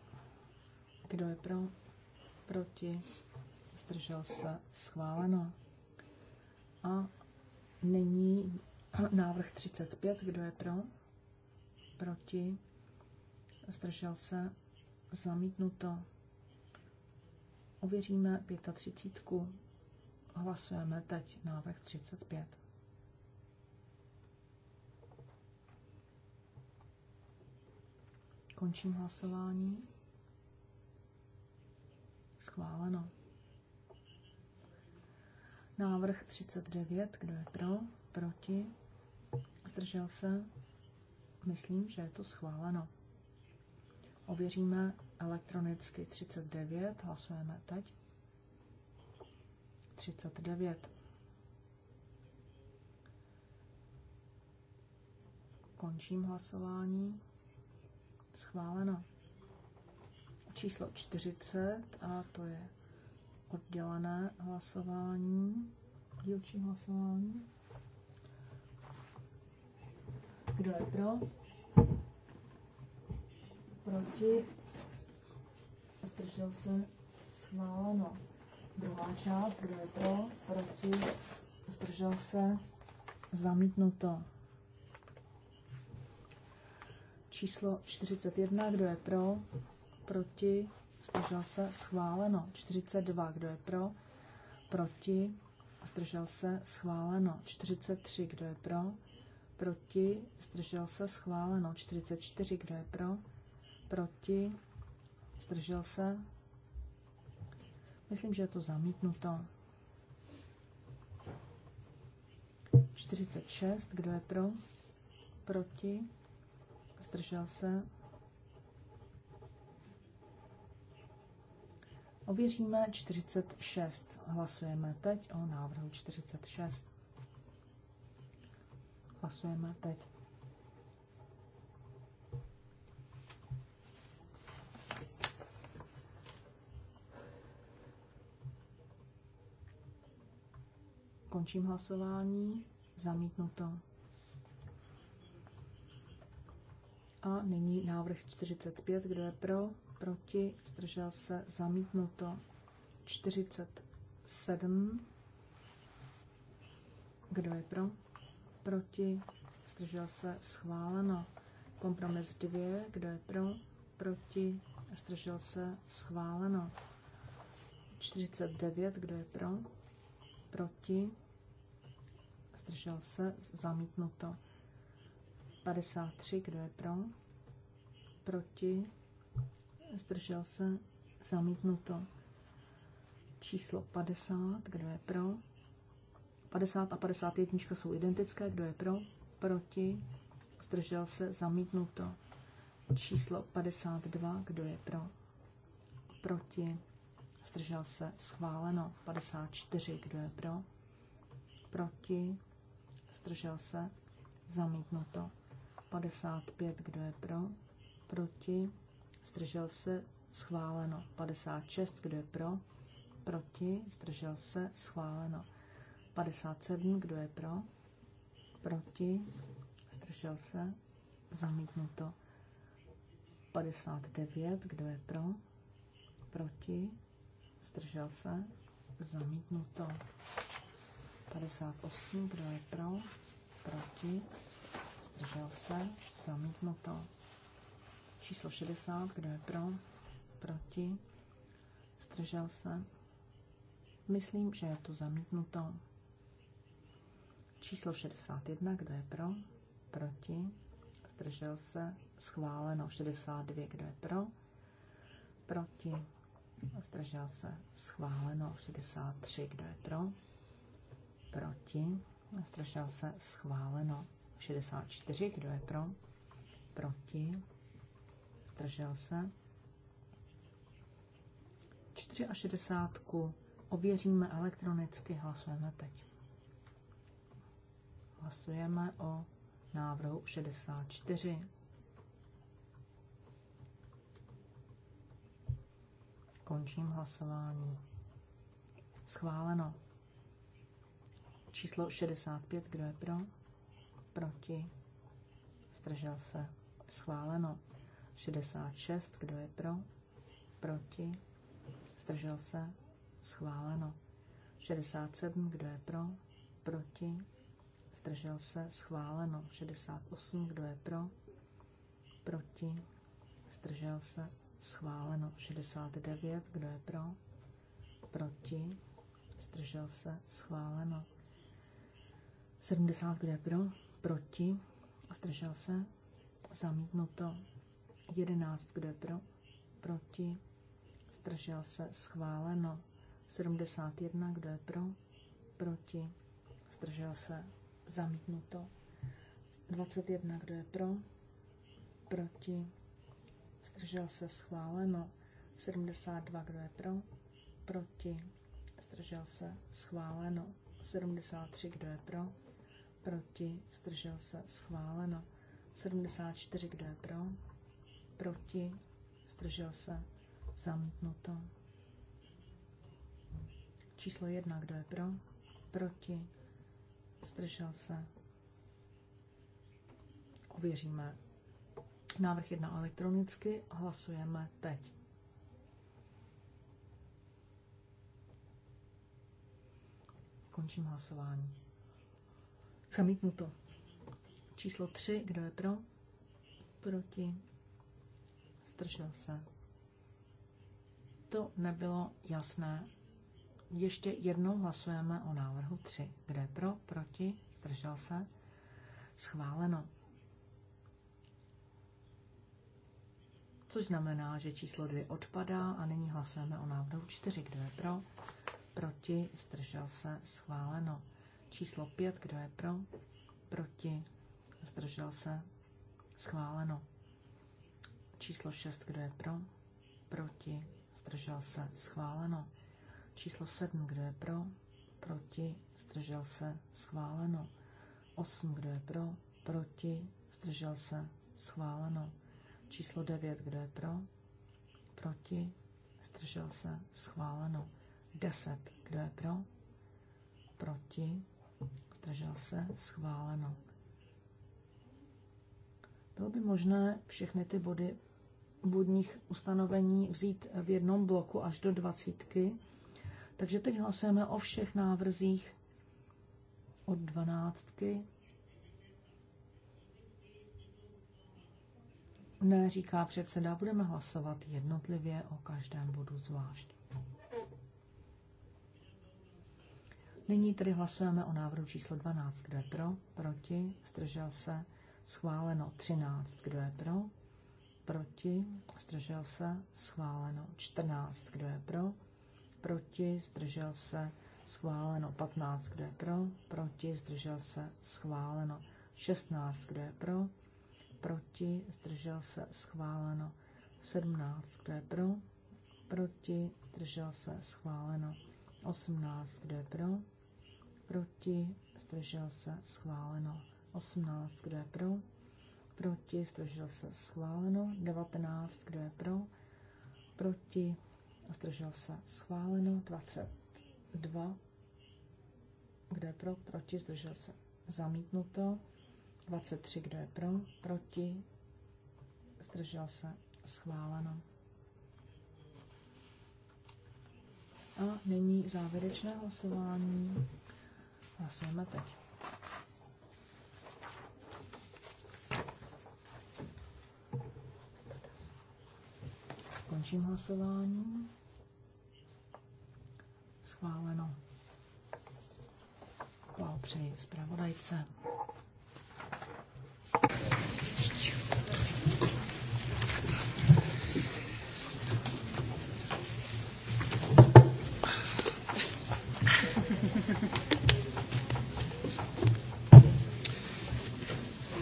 Kdo je pro? Proti? Zdržel se? Schváleno. A nyní návrh 35. Kdo je pro? Proti? zdržel se, zamítnuto. Ověříme 35. Hlasujeme teď návrh 35. Končím hlasování. Schváleno. Návrh 39. Kdo je pro? Proti? Zdržel se? Myslím, že je to schváleno. Ověříme elektronicky 39, hlasujeme teď. 39. Končím hlasování. Schváleno. Číslo 40 a to je oddělené hlasování, dílčí hlasování. Kdo je pro? proti, zdržel se, schváleno. Druhá část, kdo je pro, proti, zdržel se, zamítnuto. Číslo 41, kdo je pro, proti, zdržel se, schváleno. 42, kdo je pro, proti, zdržel se, schváleno. 43, kdo je pro, proti, zdržel se, schváleno. 44, kdo je pro, proti, zdržel se. Myslím, že je to zamítnuto. 46, kdo je pro, proti, zdržel se. Ověříme 46. Hlasujeme teď o návrhu 46. Hlasujeme teď. Končím hlasování. Zamítnuto. A nyní návrh 45. Kdo je pro? Proti? Zdržel se? Zamítnuto. 47. Kdo je pro? Proti? Zdržel se? Schváleno. Kompromis 2. Kdo je pro? Proti? Zdržel se? Schváleno. 49. Kdo je pro? proti, zdržel se, zamítnuto. 53, kdo je pro, proti, zdržel se, zamítnuto. Číslo 50, kdo je pro, 50 a 51 jsou identické, kdo je pro, proti, zdržel se, zamítnuto. Číslo 52, kdo je pro, proti, Zdržel se schváleno 54. Kdo je pro? Proti? Zdržel se zamítnuto 55. Kdo je pro? Proti? Zdržel se schváleno 56. Kdo je pro? Proti? Zdržel se schváleno 57. Kdo je pro? Proti? Zdržel se zamítnuto 59. Kdo je pro? Proti? zdržel se, zamítnuto. 58, kdo je pro, proti, zdržel se, zamítnuto. Číslo 60, kdo je pro, proti, zdržel se. Myslím, že je to zamítnuto. Číslo 61, kdo je pro, proti, zdržel se, schváleno. 62, kdo je pro, proti, Zdržel se schváleno 63. Kdo je pro? Proti. Zdržel se schváleno 64. Kdo je pro? Proti. Zdržel se. 64. Ověříme elektronicky. Hlasujeme teď. Hlasujeme o návrhu 64. Končím hlasování. Schváleno. Číslo 65, kdo je pro? Proti. Zdržel se. Schváleno. 66, kdo je pro? Proti. Zdržel se. Schváleno. 67, kdo je pro? Proti. Zdržel se. Schváleno. 68, kdo je pro? Proti. Zdržel se. Schváleno 69. Kdo je pro? Proti? Zdržel se? Schváleno. 70. Kdo je pro? Proti? Zdržel se? Zamítnuto. 11. Kdo je pro? Proti? Zdržel se? Schváleno. 71. Kdo je pro? Proti? Zdržel se? Zamítnuto. 21. Kdo je pro? Proti? Zdržel se schváleno. 72, kdo je pro? Proti. Zdržel se schváleno. 73, kdo je pro? Proti. Zdržel se schváleno. 74, kdo je pro? Proti. Zdržel se zamítnuto. Číslo 1, kdo je pro? Proti. Zdržel se. Ověříme návrh jedna elektronicky. Hlasujeme teď. Končím hlasování. Zamítnuto. Číslo 3. Kdo je pro? Proti? Zdržel se. To nebylo jasné. Ještě jednou hlasujeme o návrhu 3. Kde je pro? Proti? Zdržel se? Schváleno. což znamená, že číslo 2 odpadá a nyní hlasujeme o návrhu 4. Kdo je pro? Proti? Zdržel se? Schváleno. Číslo 5. Kdo je pro? Proti? Zdržel se? Schváleno. Číslo 6. Kdo je pro? Proti? Zdržel se? Schváleno. Číslo 7. Kdo je pro? Proti? Zdržel se? Schváleno. 8. Kdo je pro? Proti? Zdržel se? Schváleno. Číslo 9, kdo je pro? Proti? Zdržel se? Schváleno. 10, kdo je pro? Proti? Zdržel se? Schváleno. Bylo by možné všechny ty body vodních ustanovení vzít v jednom bloku až do dvacítky. Takže teď hlasujeme o všech návrzích od dvanáctky Ne, říká předseda, budeme hlasovat jednotlivě o každém bodu zvlášť. Nyní tedy hlasujeme o návrhu číslo 12. Kdo je pro? Proti? Zdržel se? Schváleno 13. Kdo je pro? Proti? Zdržel se? Schváleno 14. Kdo je pro? Proti? Zdržel se? Schváleno 15. Kdo je pro? Proti? Zdržel se? Schváleno 16. Kdo je pro? proti, zdržel se, schváleno. 17, kdo je pro, proti, zdržel se, schváleno. 18, kdo je pro, proti, zdržel se, schváleno. 18, kdo je pro, proti, zdržel se, schváleno. 19, kdo je pro, proti, zdržel se, schváleno. 22, kdo je pro, proti, zdržel se, zamítnuto. 23, kdo je pro, proti, zdržel se, schváleno. A nyní závěrečné hlasování. Hlasujeme teď. Končím hlasování. Schváleno. Blahopřeji zpravodajce.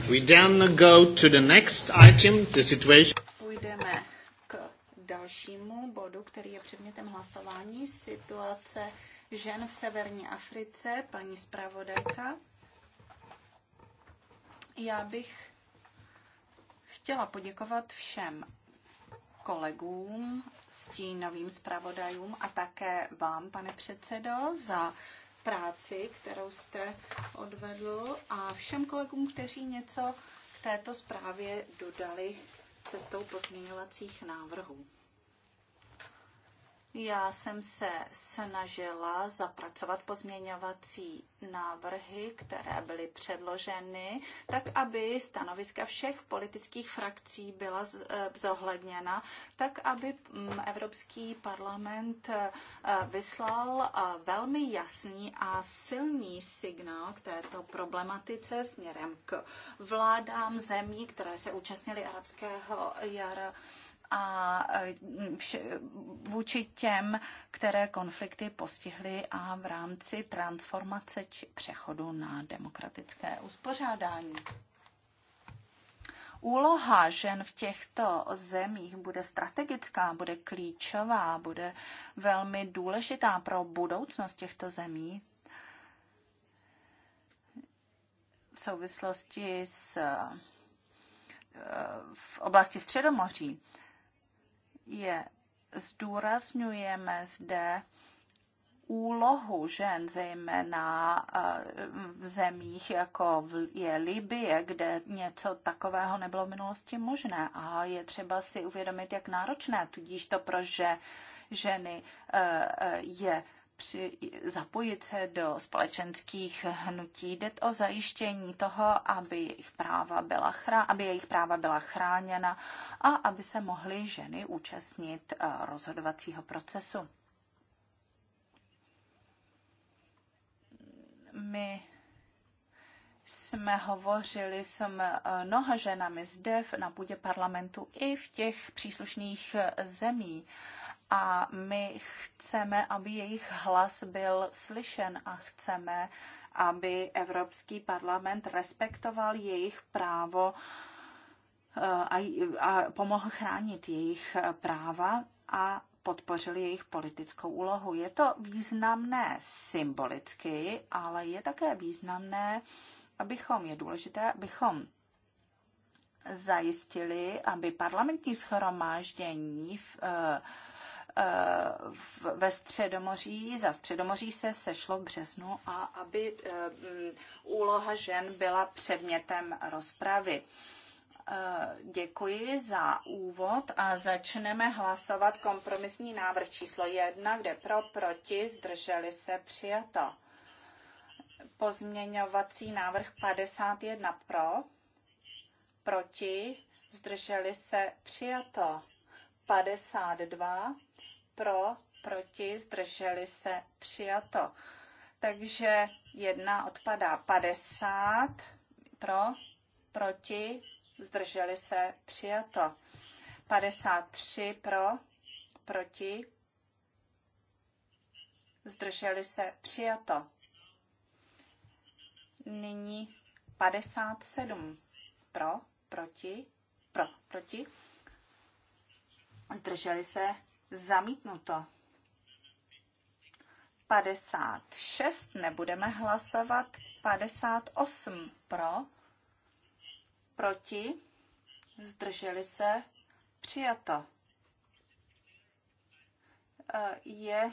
We then go to the next item, the situation. Půjdeme k dalšímu bodu, který je předmětem hlasování, situace žen v severní Africe, paní zpravodajka. Já bych chtěla poděkovat všem kolegům, stínovým zpravodajům a také vám, pane předsedo, za práci, kterou jste odvedl a všem kolegům, kteří něco k této zprávě dodali cestou pozměňovacích návrhů. Já jsem se snažila zapracovat pozměňovací návrhy, které byly předloženy, tak aby stanoviska všech politických frakcí byla eh, zohledněna, tak aby mm, Evropský parlament eh, vyslal eh, velmi jasný a silný signál k této problematice směrem k vládám zemí, které se účastnily arabského jara a e, vůči těm, které konflikty postihly a v rámci transformace či přechodu na demokratické uspořádání. Úloha žen v těchto zemích bude strategická, bude klíčová, bude velmi důležitá pro budoucnost těchto zemí, v souvislosti s e, v oblasti Středomoří je zdůrazňujeme zde úlohu žen, zejména eh, v zemích, jako je Libie, kde něco takového nebylo v minulosti možné. A je třeba si uvědomit, jak náročné tudíž to pro že, ženy eh, eh, je při, zapojit se do společenských hnutí. Jde o zajištění toho, aby jejich práva byla, chra, aby jejich práva byla chráněna a aby se mohly ženy účastnit eh, rozhodovacího procesu. My jsme hovořili s eh, mnoha ženami zde na půdě parlamentu i v těch příslušných eh, zemích a my chceme, aby jejich hlas byl slyšen a chceme, aby Evropský parlament respektoval jejich právo eh, a, a pomohl chránit jejich eh, práva a podpořil jejich politickou úlohu. Je to významné symbolicky, ale je také významné, abychom, je důležité, abychom zajistili, aby parlamentní schromáždění v, eh, ve Středomoří, za Středomoří se sešlo v březnu a aby eh, úloha žen byla předmětem rozpravy eh, děkuji za úvod a začneme hlasovat kompromisní návrh číslo jedna, kde pro, proti, zdrželi se, přijato. Pozměňovací návrh 51 pro, proti, zdrželi se, přijato. 52 pro, proti, zdrželi se, přijato. Takže jedna odpadá 50, pro, proti, zdrželi se, přijato. 53 pro, proti, zdrželi se, přijato. Nyní 57 pro, proti, pro, proti, zdrželi se, Zamítnuto. 56 nebudeme hlasovat. 58 pro, proti, zdrželi se, přijato. E, je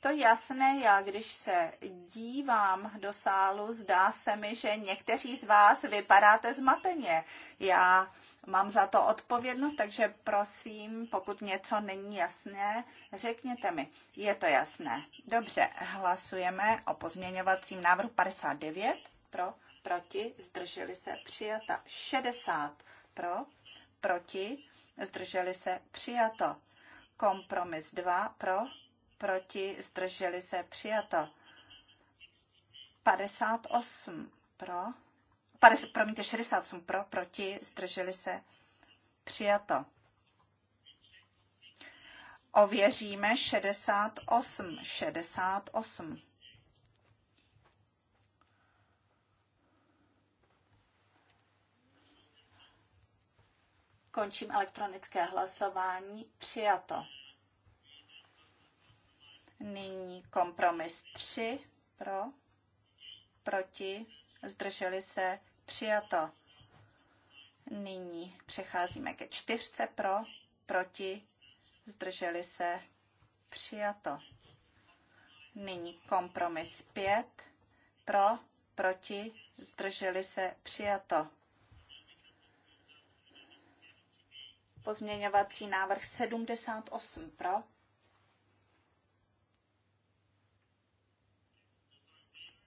to jasné, já když se dívám do sálu, zdá se mi, že někteří z vás vypadáte zmateně. Já mám za to odpovědnost, takže prosím, pokud něco není jasné, řekněte mi. Je to jasné. Dobře, hlasujeme o pozměňovacím návrhu 59 pro, proti, zdrželi se, přijata 60 pro, proti, zdrželi se, přijato. Kompromis 2 pro, proti, zdrželi se, přijato. 58 pro, 50, promiňte, 68 pro, proti, zdrželi se, přijato. Ověříme 68, 68. Končím elektronické hlasování. Přijato. Nyní kompromis 3 pro, proti, zdrželi se, Přijato. Nyní přecházíme ke čtyřce pro, proti, zdrželi se, přijato. Nyní kompromis pět. pro, proti, zdrželi se, přijato. Pozměňovací návrh 78 pro.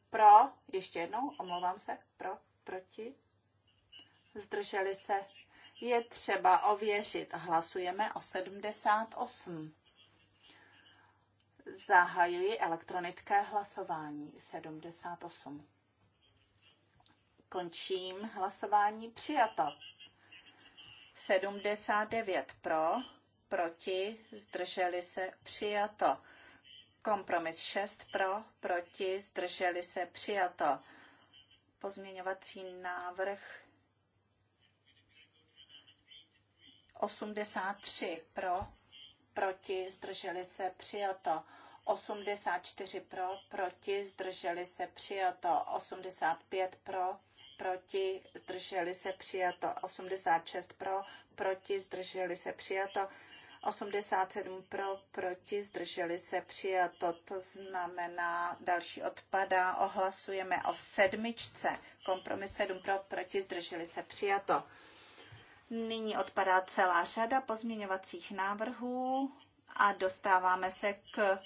Pro, ještě jednou, omlouvám se, pro Proti? Zdrželi se? Je třeba ověřit. Hlasujeme o 78. Zahajuji elektronické hlasování 78. Končím hlasování přijato. 79 pro, proti, zdrželi se, přijato. Kompromis 6 pro, proti, zdrželi se, přijato pozměňovací návrh 83 pro, proti, zdrželi se, přijato. 84 pro, proti, zdrželi se, přijato. 85 pro, proti, zdrželi se, přijato. 86 pro, proti, zdrželi se, přijato. 87 pro, proti, zdrželi se přijato. To znamená, další odpadá. Ohlasujeme o sedmičce. Kompromis 7 pro, proti, zdrželi se přijato. Nyní odpadá celá řada pozměňovacích návrhů a dostáváme se k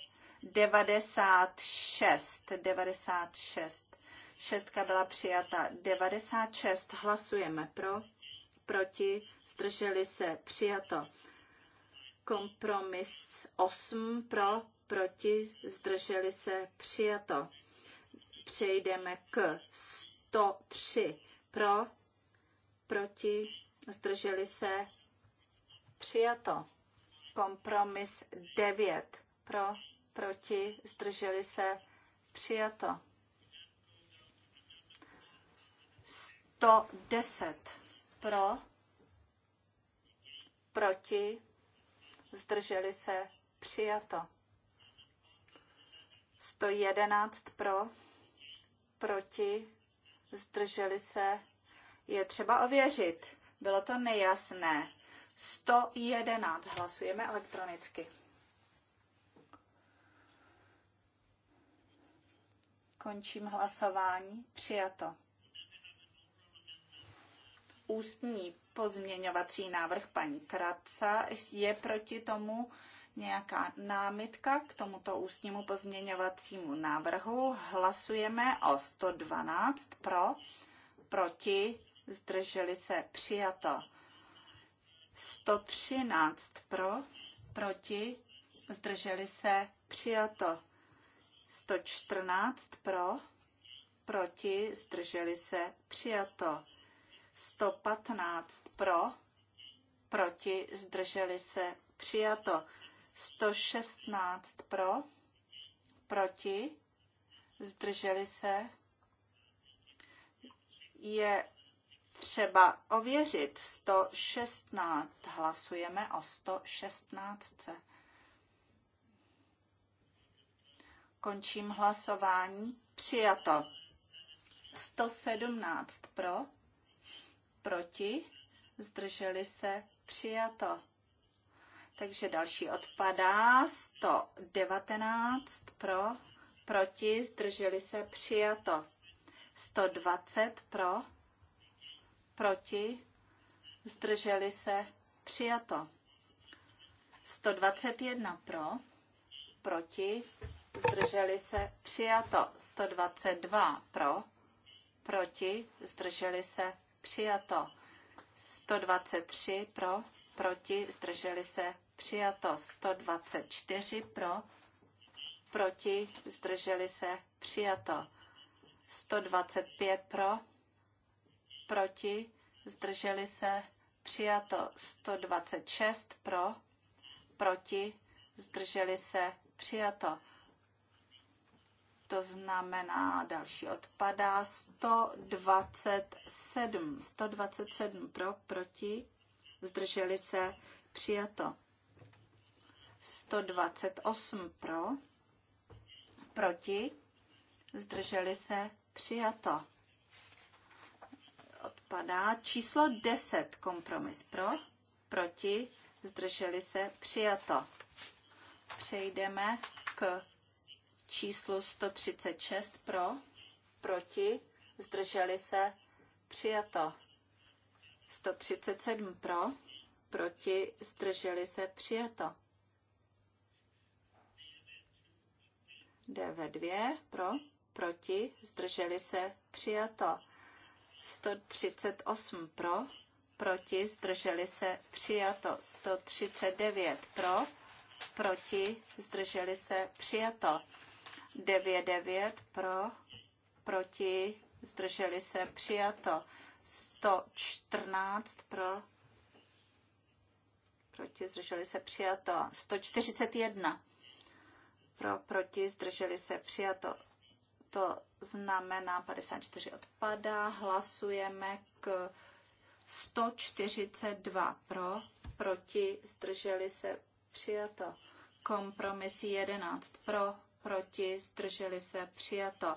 96. 96. Šestka byla přijata. 96 hlasujeme pro, proti, zdrželi se přijato. Kompromis 8 pro, proti, zdrželi se, přijato. Přejdeme k 103 pro, proti, zdrželi se, přijato. Kompromis 9 pro, proti, zdrželi se, přijato. 110 pro, proti, zdrželi se, přijato. 111 pro, proti, zdrželi se, je třeba ověřit. Bylo to nejasné. 111 hlasujeme elektronicky. Končím hlasování. Přijato. Ústní Pozměňovací návrh paní Kratsa. je proti tomu nějaká námitka k tomuto ústnímu pozměňovacímu návrhu. Hlasujeme o 112 pro, proti, zdrželi se přijato. 113 pro, proti, zdrželi se přijato. 114 pro, proti, zdrželi se přijato. 115 pro, proti, zdrželi se, přijato. 116 pro, proti, zdrželi se. Je třeba ověřit 116. Hlasujeme o 116. Končím hlasování. Přijato. 117 pro proti, zdrželi se, přijato. Takže další odpadá, 119 pro, proti, zdrželi se, přijato. 120 pro, proti, zdrželi se, přijato. 121 pro, proti, zdrželi se, přijato. 122 pro, proti, zdrželi se, přijato. 123 pro, proti, zdrželi se, přijato. 124 pro, proti, zdrželi se, přijato. 125 pro, proti, zdrželi se, přijato. 126 pro, proti, zdrželi se, přijato to znamená, další odpadá 127. 127 pro, proti, zdrželi se, přijato. 128 pro, proti, zdrželi se, přijato. Odpadá číslo 10, kompromis pro, proti, zdrželi se, přijato. Přejdeme k číslu 136 pro, proti, zdrželi se, přijato. 137 pro, proti, zdrželi se, přijato. DV2 pro, proti, zdrželi se, přijato. 138 pro, proti, zdrželi se, přijato. 139 pro, proti, zdrželi se, přijato. 99 pro, proti, zdrželi se, přijato. 114 pro, proti, zdrželi se, přijato. 141 pro, proti, zdrželi se, přijato. To znamená, 54 odpadá, hlasujeme k 142 pro, proti, zdrželi se, přijato. Kompromis 11 pro, proti, zdrželi se, přijato.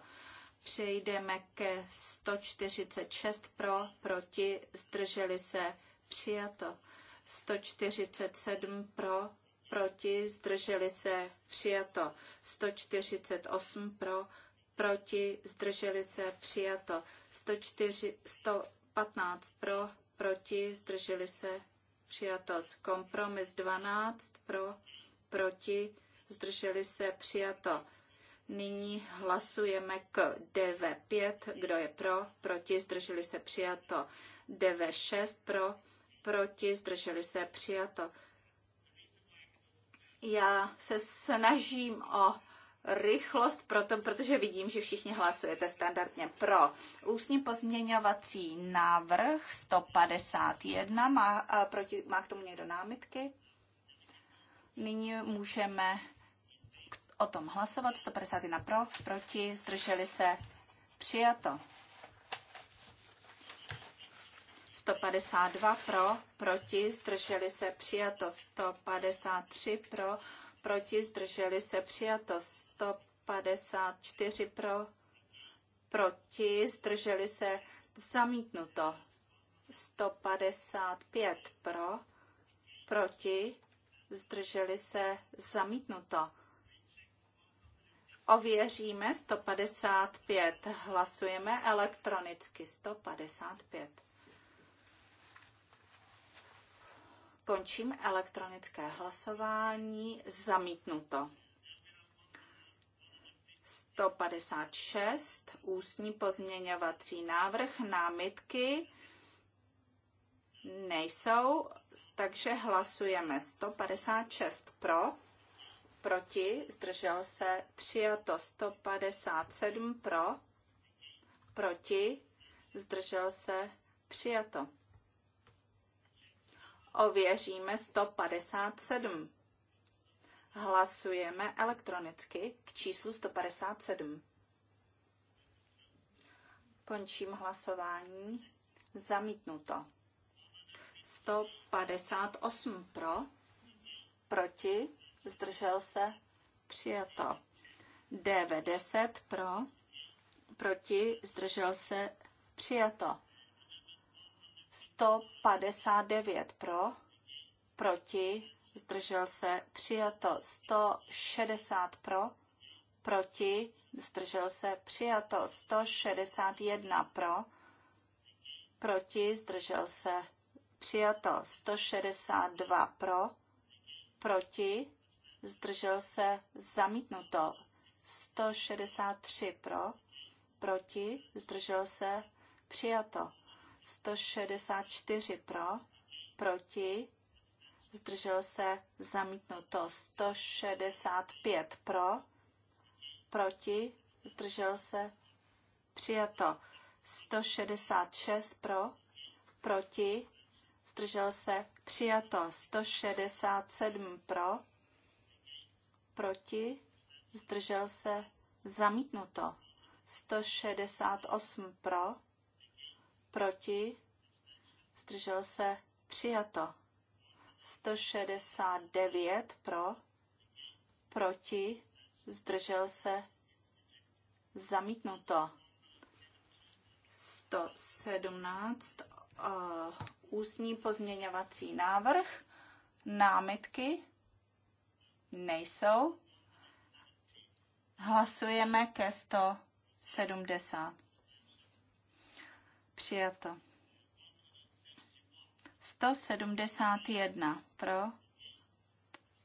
Přejdeme ke 146 pro, proti, zdrželi se, přijato. 147 pro, proti, zdrželi se, přijato. 148 pro, proti, zdrželi se, přijato. 104, 115 pro, proti, zdrželi se, přijato. Kompromis 12 pro, proti, zdrželi se, přijato. Nyní hlasujeme k DV5, kdo je pro, proti, zdrželi se, přijato. DV6 pro, proti, zdrželi se, přijato. Já se snažím o rychlost, proto, protože vidím, že všichni hlasujete standardně pro. Ústní pozměňovací návrh 151. Má, proti, má k tomu někdo námitky? Nyní můžeme o tom hlasovat. 151 pro, proti, zdrželi se, přijato. 152 pro, proti, zdrželi se, přijato. 153 pro, proti, zdrželi se, přijato. 154 pro, proti, zdrželi se, zamítnuto. 155 pro, proti, zdrželi se, zamítnuto. Ověříme 155. Hlasujeme elektronicky 155. Končím elektronické hlasování. Zamítnuto. 156. Ústní pozměňovací návrh. Námitky nejsou, takže hlasujeme 156 pro, proti, zdržel se, přijato 157 pro, proti, zdržel se, přijato. Ověříme 157. Hlasujeme elektronicky k číslu 157. Končím hlasování. Zamítnuto. 158 pro, proti, zdržel se, přijato. DV10 pro, proti, zdržel se, přijato. 159 pro, proti, zdržel se, přijato. 160 pro, proti, zdržel se, přijato. 161 pro, proti, zdržel se, přijato. 162 pro, proti, zdržel se, zamítnuto. 163 pro, proti, zdržel se, přijato. 164 pro, proti, zdržel se, zamítnuto. 165 pro, proti, zdržel se, přijato. 166 pro, proti, zdržel se, přijato. 167 pro, proti, zdržel se, zamítnuto. 168 pro, proti, zdržel se, přijato. 169 pro, proti, zdržel se, zamítnuto. 117 uh, eh, ústní pozměňovací návrh, námitky, nejsou. Hlasujeme ke 170. Přijato. 171 pro,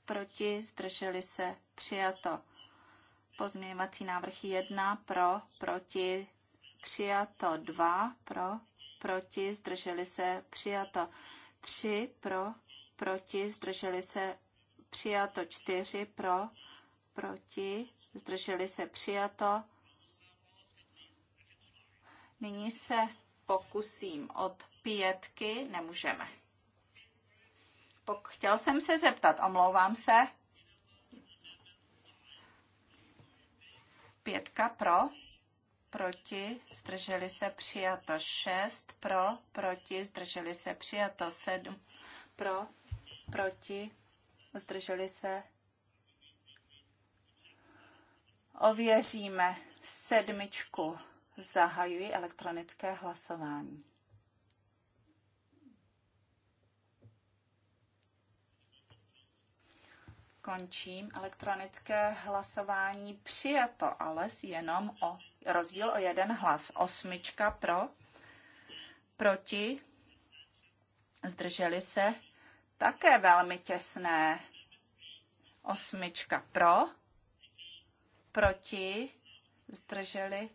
proti, zdrželi se, přijato. Pozměňovací návrh 1 pro, proti, přijato 2 pro, proti, zdrželi se, přijato 3 pro, proti, zdrželi se, přijato 4 pro, proti, zdrželi se přijato. Nyní se pokusím od pětky, nemůžeme. chtěl jsem se zeptat, omlouvám se. Pětka pro, proti, zdrželi se přijato šest pro, proti, zdrželi se přijato sedm pro, proti, zdrželi se. Ověříme sedmičku. Zahajuji elektronické hlasování. končím elektronické hlasování. Přijato ale jenom o rozdíl o jeden hlas. Osmička pro, proti, zdrželi se, také velmi těsné. Osmička pro, proti, zdrželi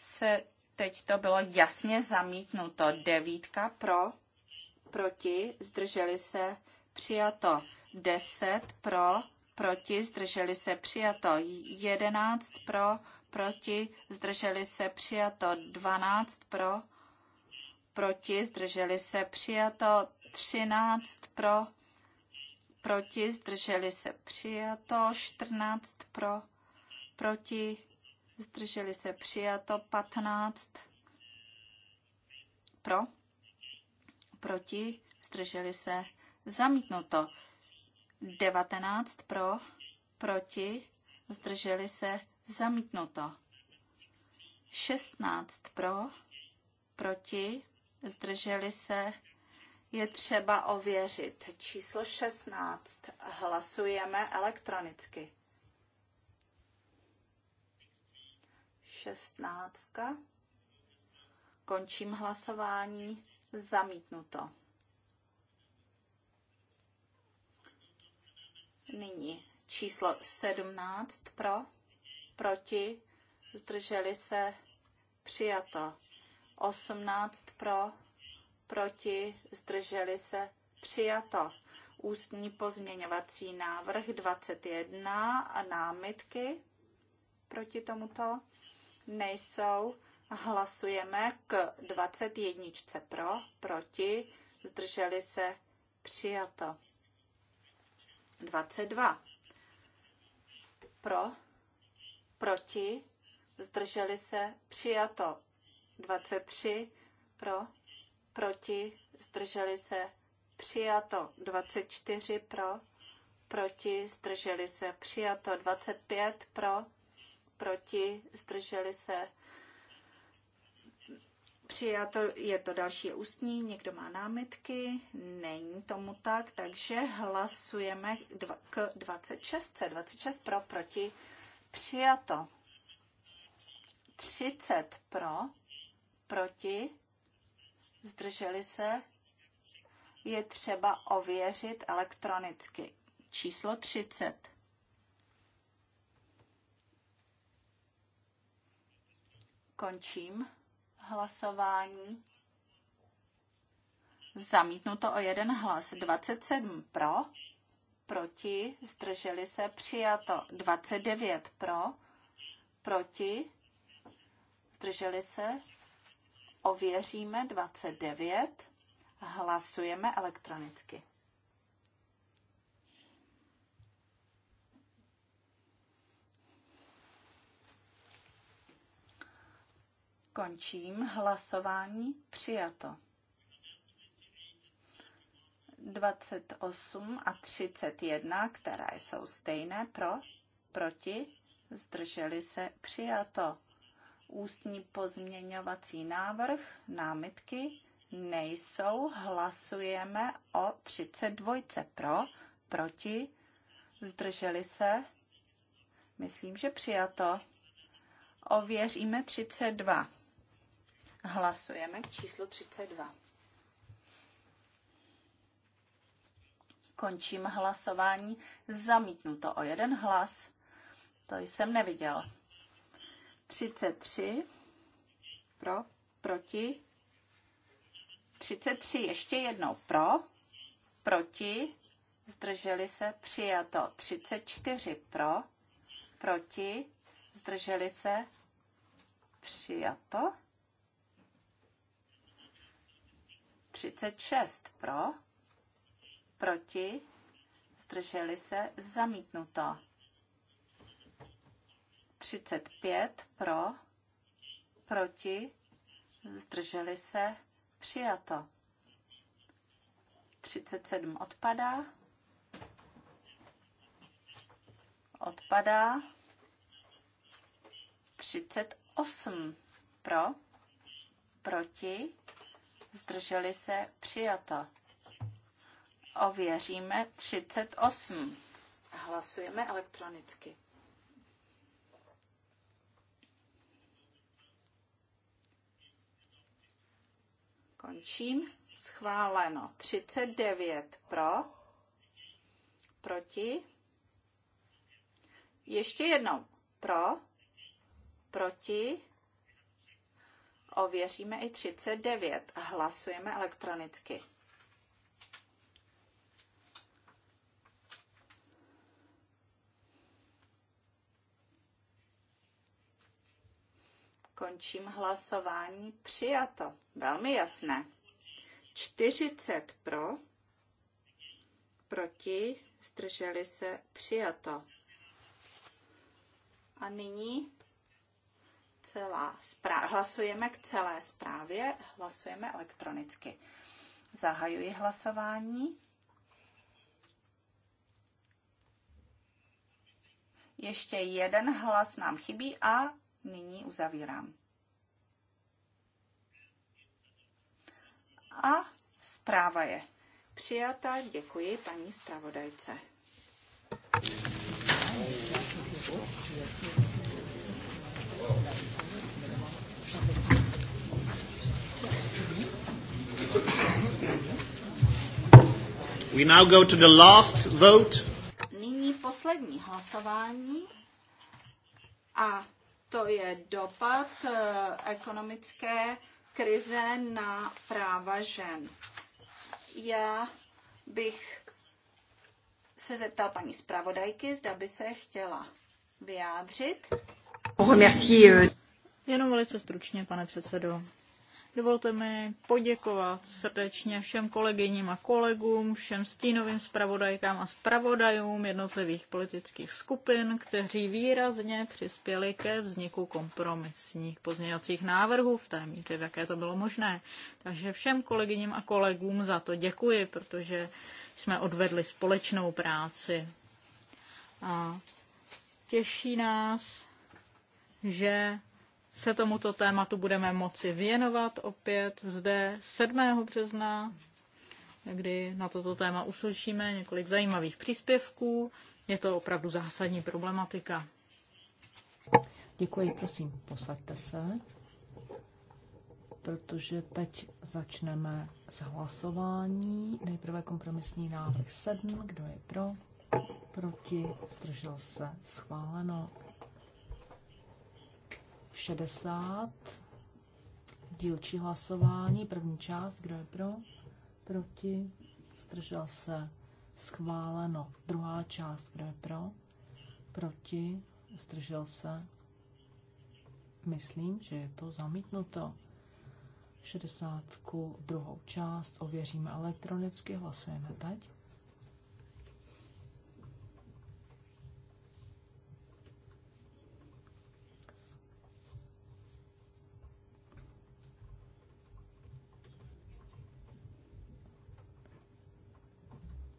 se, teď to bylo jasně zamítnuto. Devítka pro, proti, zdrželi se, přijato. Deset pro, proti, zdrželi se, přijato. Jedenáct pro, proti, zdrželi se, přijato. Dvanáct pro, proti, zdrželi se, přijato. 13 pro, proti, zdrželi se přijato, 14 pro, proti, zdrželi se přijato, 15 pro, proti, zdrželi se zamítnuto, 19 pro, proti, zdrželi se zamítnuto, 16 pro, proti, zdrželi se je třeba ověřit. Číslo 16. Hlasujeme elektronicky. 16. Končím hlasování. Zamítnuto. Nyní číslo 17 pro, proti, zdrželi se, přijato. 18 pro, proti, zdrželi se, přijato. Ústní pozměňovací návrh 21 a námitky proti tomuto nejsou. Hlasujeme k 21 pro, proti, zdrželi se, přijato. 22 pro, proti, zdrželi se, přijato. 23 pro, proti, zdrželi se, přijato 24 pro, proti, zdrželi se, přijato 25 pro, proti, zdrželi se, přijato, je to další ústní, někdo má námitky, není tomu tak, takže hlasujeme k 26, 26 pro, proti, přijato 30 pro, proti, zdrželi se, je třeba ověřit elektronicky. Číslo 30. Končím hlasování. Zamítnuto o jeden hlas. 27 pro, proti, zdrželi se, přijato. 29 pro, proti, zdrželi se, Ověříme 29. Hlasujeme elektronicky. Končím hlasování. Přijato. 28 a 31, které jsou stejné pro, proti, zdrželi se, přijato ústní pozměňovací návrh, námitky nejsou, hlasujeme o 32 pro, proti, zdrželi se, myslím, že přijato. Ověříme 32. Hlasujeme k číslu 32. Končím hlasování. Zamítnuto o jeden hlas. To jsem neviděl. 33 pro, proti. 33 ještě jednou pro, proti. Zdrželi se přijato 34 pro, proti. Zdrželi se přijato. 36 pro, proti, zdrželi se, zamítnuto. 35 pro, proti, zdrželi se, přijato. 37 odpadá, odpadá, 38 pro, proti, zdrželi se, přijato. Ověříme 38. Hlasujeme elektronicky. Končím. Schváleno. 39 pro. Proti. Ještě jednou. Pro. Proti. Ověříme i 39. Hlasujeme elektronicky. Končím hlasování. Přijato. Velmi jasné. 40 pro, proti, zdrželi se, přijato. A nyní celá zpráva. Hlasujeme k celé zprávě, hlasujeme elektronicky. Zahajuji hlasování. Ještě jeden hlas nám chybí a nyní uzavírám. A zpráva je přijata. Děkuji paní zpravodajce. We now go to the last vote. Nyní poslední hlasování a to je dopad eh, ekonomické krize na práva žen. Já bych se zeptal paní zpravodajky, zda by se chtěla vyjádřit. Jenom velice stručně, pane předsedo. Dovolte mi poděkovat srdečně všem kolegyním a kolegům, všem stínovým zpravodajkám a zpravodajům jednotlivých politických skupin, kteří výrazně přispěli ke vzniku kompromisních pozměňovacích návrhů v té míře, v jaké to bylo možné. Takže všem kolegyním a kolegům za to děkuji, protože jsme odvedli společnou práci. A těší nás, že se tomuto tématu budeme moci věnovat opět zde 7. března, kdy na toto téma uslyšíme několik zajímavých příspěvků. Je to opravdu zásadní problematika. Děkuji, prosím, posaďte se, protože teď začneme s hlasování. Nejprve kompromisní návrh 7, kdo je pro, proti, zdržel se, schváleno. 60. Dílčí hlasování, první část, kdo je pro, proti, zdržel se, schváleno. Druhá část, kdo je pro, proti, zdržel se. Myslím, že je to zamítnuto. 60. druhou část ověříme elektronicky, hlasujeme teď.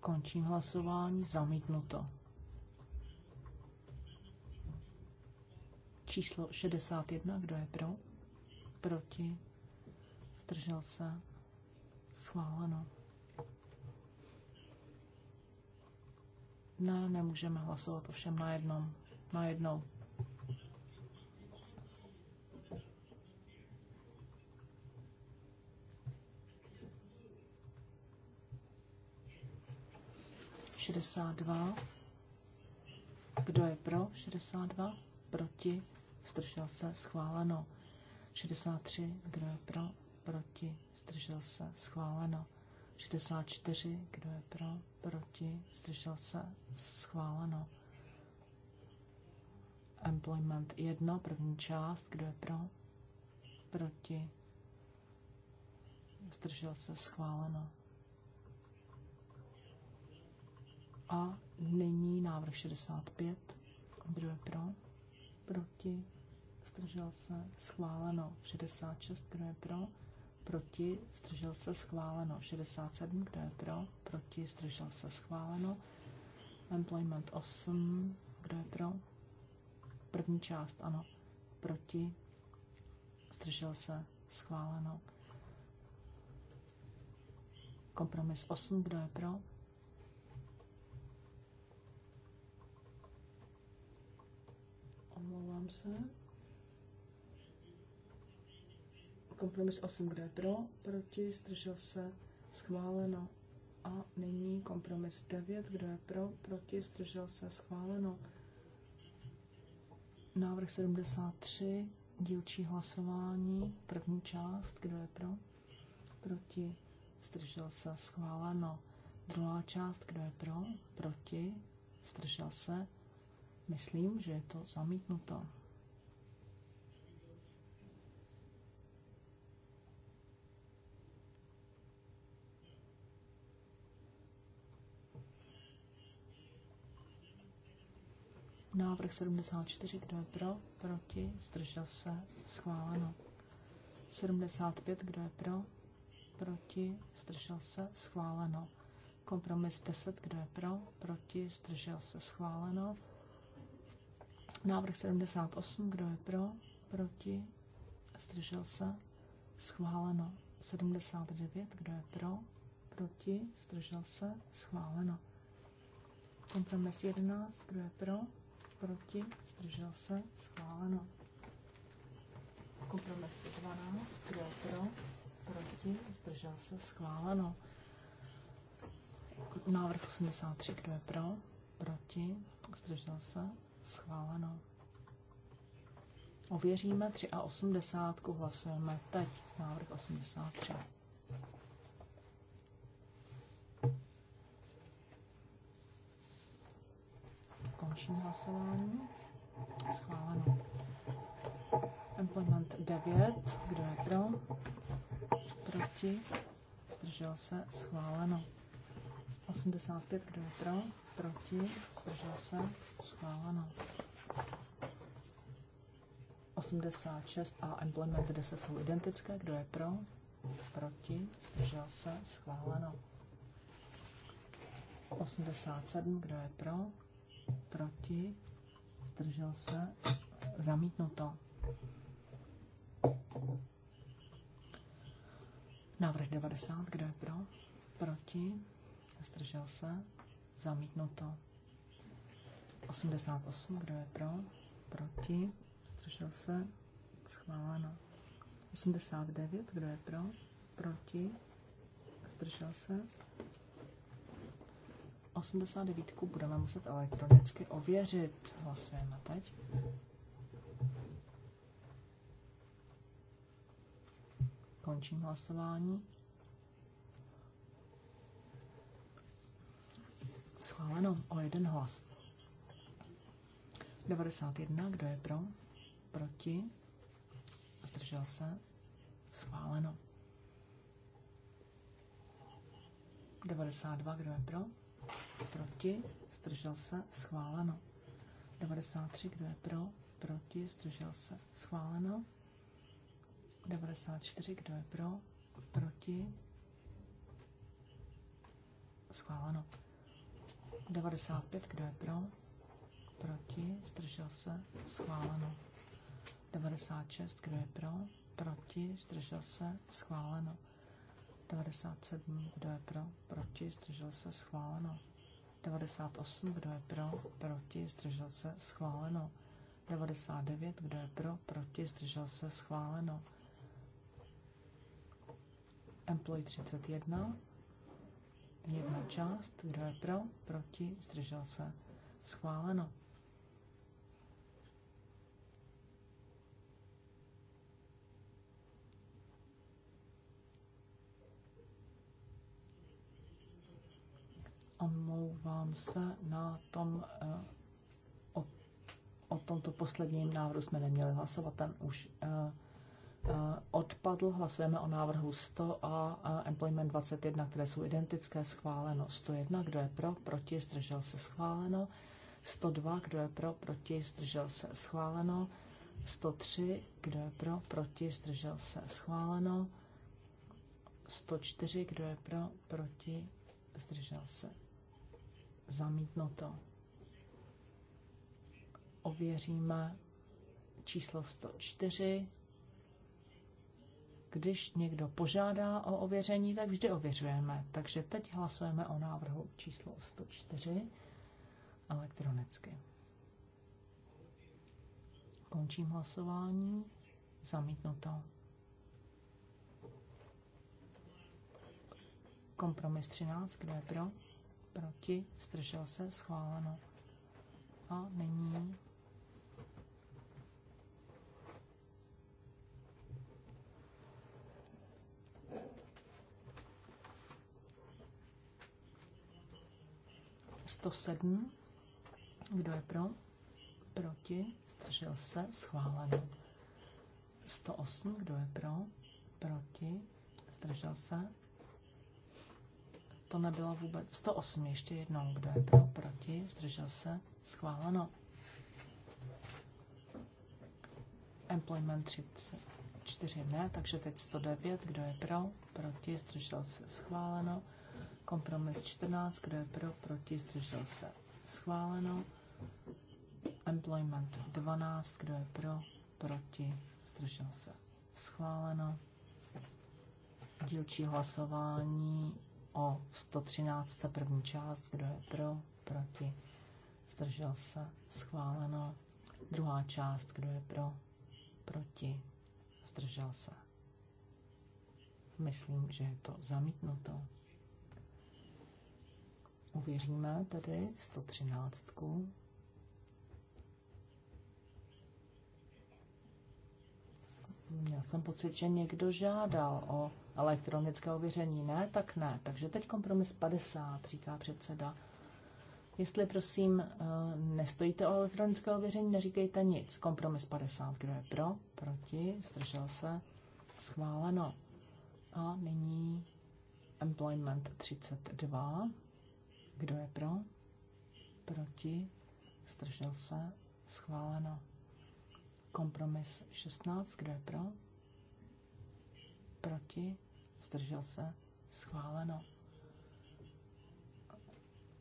Končím hlasování. Zamítnuto. Číslo 61. Kdo je pro? Proti? Zdržel se? Schváleno. Ne, nemůžeme hlasovat o všem na jednom. Na jednou. 62. Kdo je pro 62? Proti? Zdržel se? Schváleno. 63. Kdo je pro? Proti? Zdržel se? Schváleno. 64. Kdo je pro? Proti? Zdržel se? Schváleno. Employment 1, první část. Kdo je pro? Proti? Zdržel se? Schváleno. A nyní návrh 65. Kdo je pro? Proti? Zdržel se? Schváleno. 66. Kdo je pro? Proti? Zdržel se? Schváleno. 67. Kdo je pro? Proti? Zdržel se? Schváleno. Employment 8. Kdo je pro? První část, ano. Proti? Zdržel se? Schváleno. Kompromis 8. Kdo je pro? omlouvám se. Kompromis 8, kde je pro, proti, zdržel se, schváleno. A nyní kompromis 9, kdo je pro, proti, zdržel se, schváleno. Návrh 73, dílčí hlasování, první část, kdo je pro, proti, zdržel se, schváleno. Druhá část, kdo je pro, proti, zdržel se, Myslím, že je to zamítnuto. Návrh 74, kdo je pro, proti, zdržel se, schváleno. 75, kdo je pro, proti, zdržel se, schváleno. Kompromis 10, kdo je pro, proti, zdržel se, schváleno. Návrh 78, kdo je pro, proti, zdržel se, schváleno. 79, kdo je pro, proti, zdržel se, schváleno. Kompromis 11, kdo je pro, proti, zdržel se, schváleno. Kompromis 12, kdo je pro, proti, zdržel se, schváleno. Návrh 83, kdo je pro, proti, zdržel se, Schváleno. Ověříme 3 a 80. Hlasujeme teď. Návrh 83. Končím hlasování. Schváleno. Implement 9. Kdo je pro? Proti? Zdržel se? Schváleno. 85. Kdo je pro? proti, zdržel se, schváleno. 86 a implement 10 jsou identické, kdo je pro, proti, zdržel se, schváleno. 87, kdo je pro, proti, zdržel se, zamítnuto. Návrh 90, kdo je pro, proti, zdržel se, Zamítnuto. 88, kdo je pro? Proti? Zdržel se? Schváleno. 89, kdo je pro? Proti? Zdržel se? 89 budeme muset elektronicky ověřit. Hlasujeme teď. Končím hlasování. Schváleno o jeden hlas. 91. Kdo je pro? Proti? Zdržel se? Schváleno. 92. Kdo je pro? Proti? Zdržel se? Schváleno. 93. Kdo je pro? Proti? Zdržel se? Schváleno. 94. Kdo je pro? Proti? Schváleno. 95, kdo je pro? Proti, zdržel se, schváleno. 96, kdo je pro? Proti, zdržel se, schváleno. 97, kdo je pro? Proti, zdržel se, schváleno. 98, kdo je pro? Proti, zdržel se, schváleno. 99, kdo je pro? Proti, zdržel se, schváleno. Employee 31, Jedna část, kdo je pro, proti, zdržel se, schváleno. Omlouvám se, na tom, eh, o, o tomto posledním návrhu jsme neměli hlasovat, ten už eh, Eh, odpadl. Hlasujeme o návrhu 100 a eh, Employment 21, které jsou identické, schváleno. 101, kdo je pro, proti, zdržel se, schváleno. 102, kdo je pro, proti, zdržel se, schváleno. 103, kdo je pro, proti, zdržel se, schváleno. 104, kdo je pro, proti, zdržel se, zamítnuto. Ověříme číslo 104. Když někdo požádá o ověření, tak vždy ověřujeme. Takže teď hlasujeme o návrhu číslo 104 elektronicky. Končím hlasování. Zamítnuto. Kompromis 13, kdo je pro? Proti, stržel se, schváleno. A nyní 107. Kdo je pro? Proti? Zdržel se? Schváleno. 108. Kdo je pro? Proti? Zdržel se? To nebylo vůbec. 108. Ještě jednou. Kdo je pro? Proti? Zdržel se? Schváleno. Employment 34 ne, takže teď 109. Kdo je pro? Proti? Zdržel se? Schváleno. Kompromis 14, kdo je pro, proti, zdržel se. Schváleno. Employment 12, kdo je pro, proti, zdržel se. Schváleno. Dílčí hlasování o 113. první část, kdo je pro, proti, zdržel se. Schváleno. Druhá část, kdo je pro, proti, zdržel se. Myslím, že je to zamítnuto. Uvěříme tedy 113. Měl jsem pocit, že někdo žádal o elektronické ověření. Ne, tak ne. Takže teď kompromis 50, říká předseda. Jestli prosím eh, nestojíte o elektronické ověření, neříkejte nic. Kompromis 50, kdo je pro, proti, zdržel se, schváleno. A nyní employment 32. Kdo je pro? Proti? Zdržel se? Schváleno. Kompromis 16. Kdo je pro? Proti? Zdržel se? Schváleno.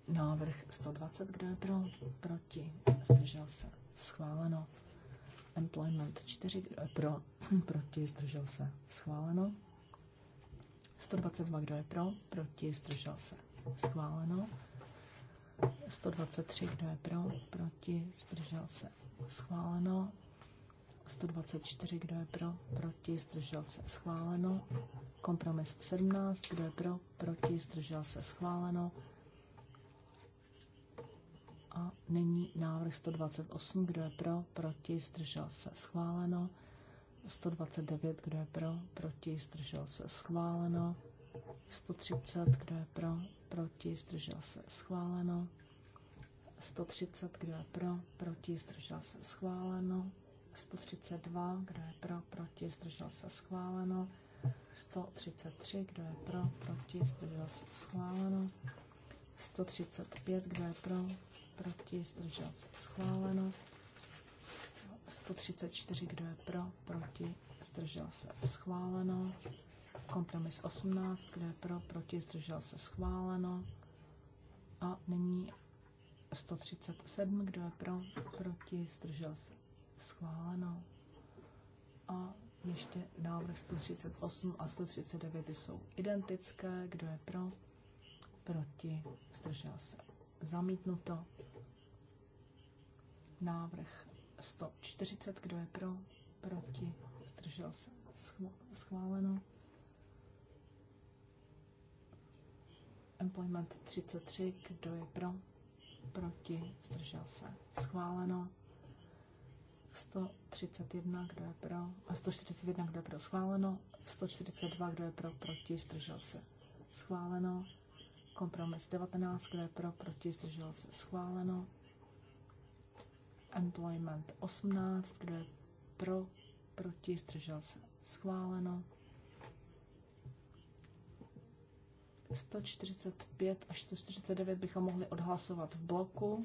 Návrh 120. Kdo je pro? Proti? Zdržel se? Schváleno. Employment 4. [clears throat] Kdo je pro? Proti? Zdržel se? Schváleno. 122. Kdo je pro? Proti? Zdržel se? schváleno. 123, kdo je pro, proti, zdržel se, schváleno. 124, kdo je pro, proti, zdržel se, schváleno. Kompromis 17, kdo je pro, proti, zdržel se, schváleno. A nyní návrh 128, kdo je pro, proti, zdržel se, schváleno. 129, kdo je pro, proti, zdržel se, schváleno. 130, kdo je pro, proti, zdržel se, schváleno. 130, kdo je pro, proti, zdržel se, schváleno. 132, kdo je pro, proti, zdržel se, schváleno. 133, kdo je pro, proti, zdržel se, schváleno. 135, kdo je pro, proti, zdržel se, schváleno. 134, kdo je pro, proti, zdržel se, schváleno. Kompromis 18, kde je pro, proti, zdržel se schváleno. A nyní 137, kdo je pro, proti, zdržel se schváleno. A ještě návrh 138 a 139 jsou identické, kdo je pro, proti, zdržel se zamítnuto. Návrh 140, kdo je pro, proti, zdržel se schváleno. Employment 33, kdo je pro, proti, zdržel se, schváleno. 131, kdo je pro, a 141, kdo je pro, schváleno. 142, kdo je pro, proti, zdržel se, schváleno. Kompromis 19, kdo je pro, proti, zdržel se, schváleno. Employment 18, kdo je pro, proti, zdržel se, schváleno. 145 až 149 bychom mohli odhlasovat v bloku.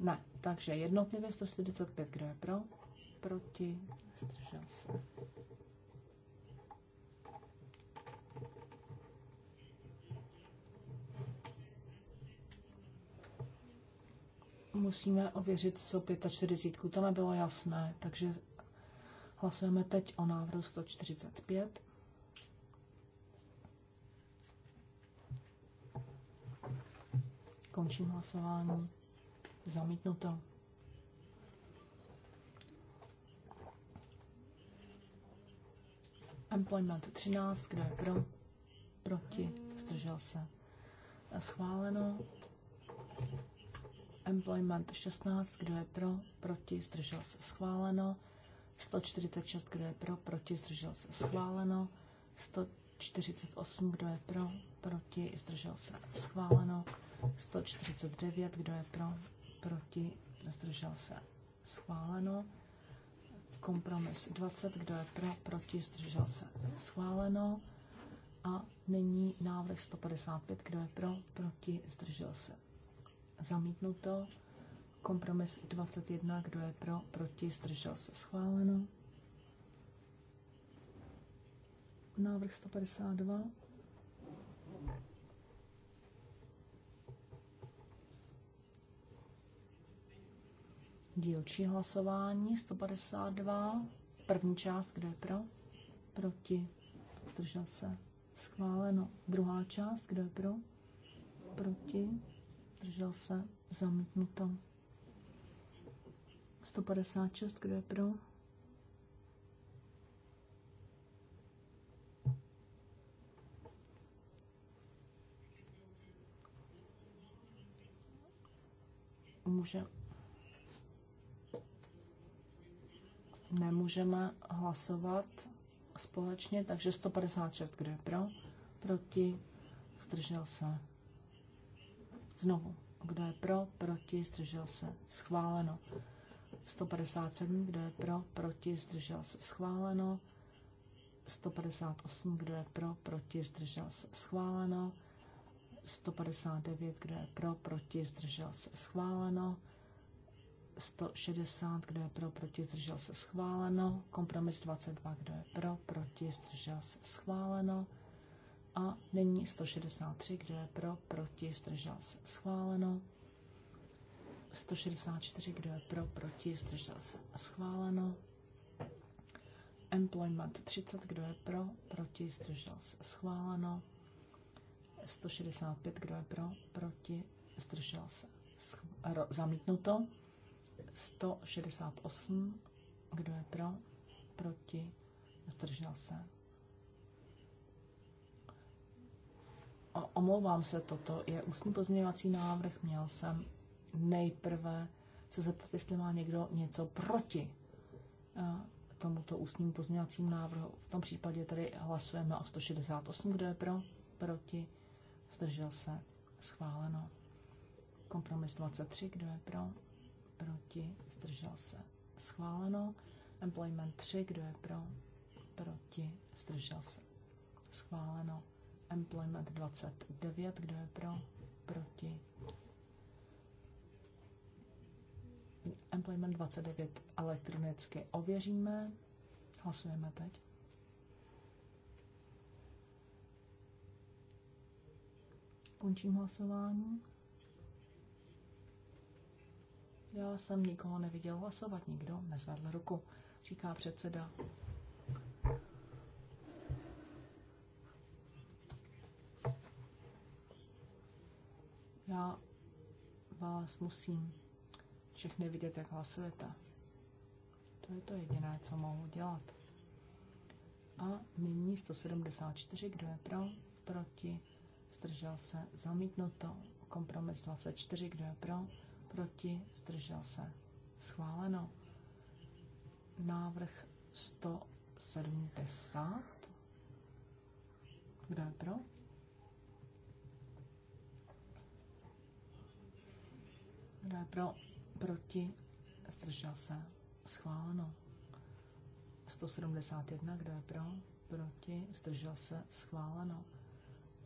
Ne, takže jednotlivě 145, kdo je pro? Proti, zdržel se. Musíme ověřit 45, to nebylo jasné, takže hlasujeme teď o návrhu 145. Končím hlasování. Zamítnuto. Employment 13, kdo je pro? Proti, zdržel se. Schváleno. Employment 16, kdo je pro? Proti, zdržel se. Schváleno. 146, kdo je pro? Proti, zdržel se. Schváleno. 148, kdo je pro? Proti, zdržel se. Schváleno. 149, kdo je pro, proti, zdržel se schváleno. Kompromis 20, kdo je pro, proti, zdržel se schváleno. A nyní návrh 155, kdo je pro, proti, zdržel se zamítnuto. Kompromis 21, kdo je pro, proti, zdržel se schváleno. Návrh 152. dílčí hlasování 152, první část, kde je pro, proti, zdržel se, schváleno. Druhá část, kde je pro, proti, zdržel se, zamítnuto. 156, kdo je pro, Můžeme nemůžeme hlasovat společně, takže 156, kdo je pro, proti, zdržel se. Znovu, kdo je pro, proti, zdržel se, schváleno. 157, kdo je pro, proti, zdržel se, schváleno. 158, kdo je pro, proti, zdržel se, schváleno. 159, kdo je pro, proti, zdržel se, schváleno. 160, kdo je pro, proti, zdržel se schváleno. Kompromis 22, kdo je pro, proti, zdržel se schváleno. A nyní 163, kdo je pro, proti, zdržel se schváleno. 164, kdo je pro, proti, zdržel se schváleno. Employment 30, kdo je pro, proti, zdržel se schváleno. 165, kdo je pro, proti, zdržel se schváleno. zamítnuto. 168. Kdo je pro? Proti? Zdržel se? O, omlouvám se, toto je ústní pozměňovací návrh. Měl jsem nejprve se zeptat, jestli má někdo něco proti eh, tomuto ústním pozměňovacím návrhu. V tom případě tedy hlasujeme o 168, kdo je pro, proti, zdržel se, schváleno. Kompromis 23, kdo je pro, proti, zdržel se. Schváleno. Employment 3, kdo je pro, proti, zdržel se. Schváleno. Employment 29, kdo je pro, proti. Employment 29 elektronicky ověříme. Hlasujeme teď. Končím hlasování. Já jsem nikoho neviděl hlasovat, nikdo nezvedl ruku, říká předseda. Já vás musím všechny vidět, jak hlasujete. To je to jediné, co mohu dělat. A nyní 174, kdo je pro, proti, zdržel se, zamítnuto, kompromis 24, kdo je pro, proti, zdržel se. Schváleno. Návrh 170. Kdo je pro? Kdo je pro? Proti, zdržel se. Schváleno. 171. Kdo je pro? Proti, zdržel se. Schváleno.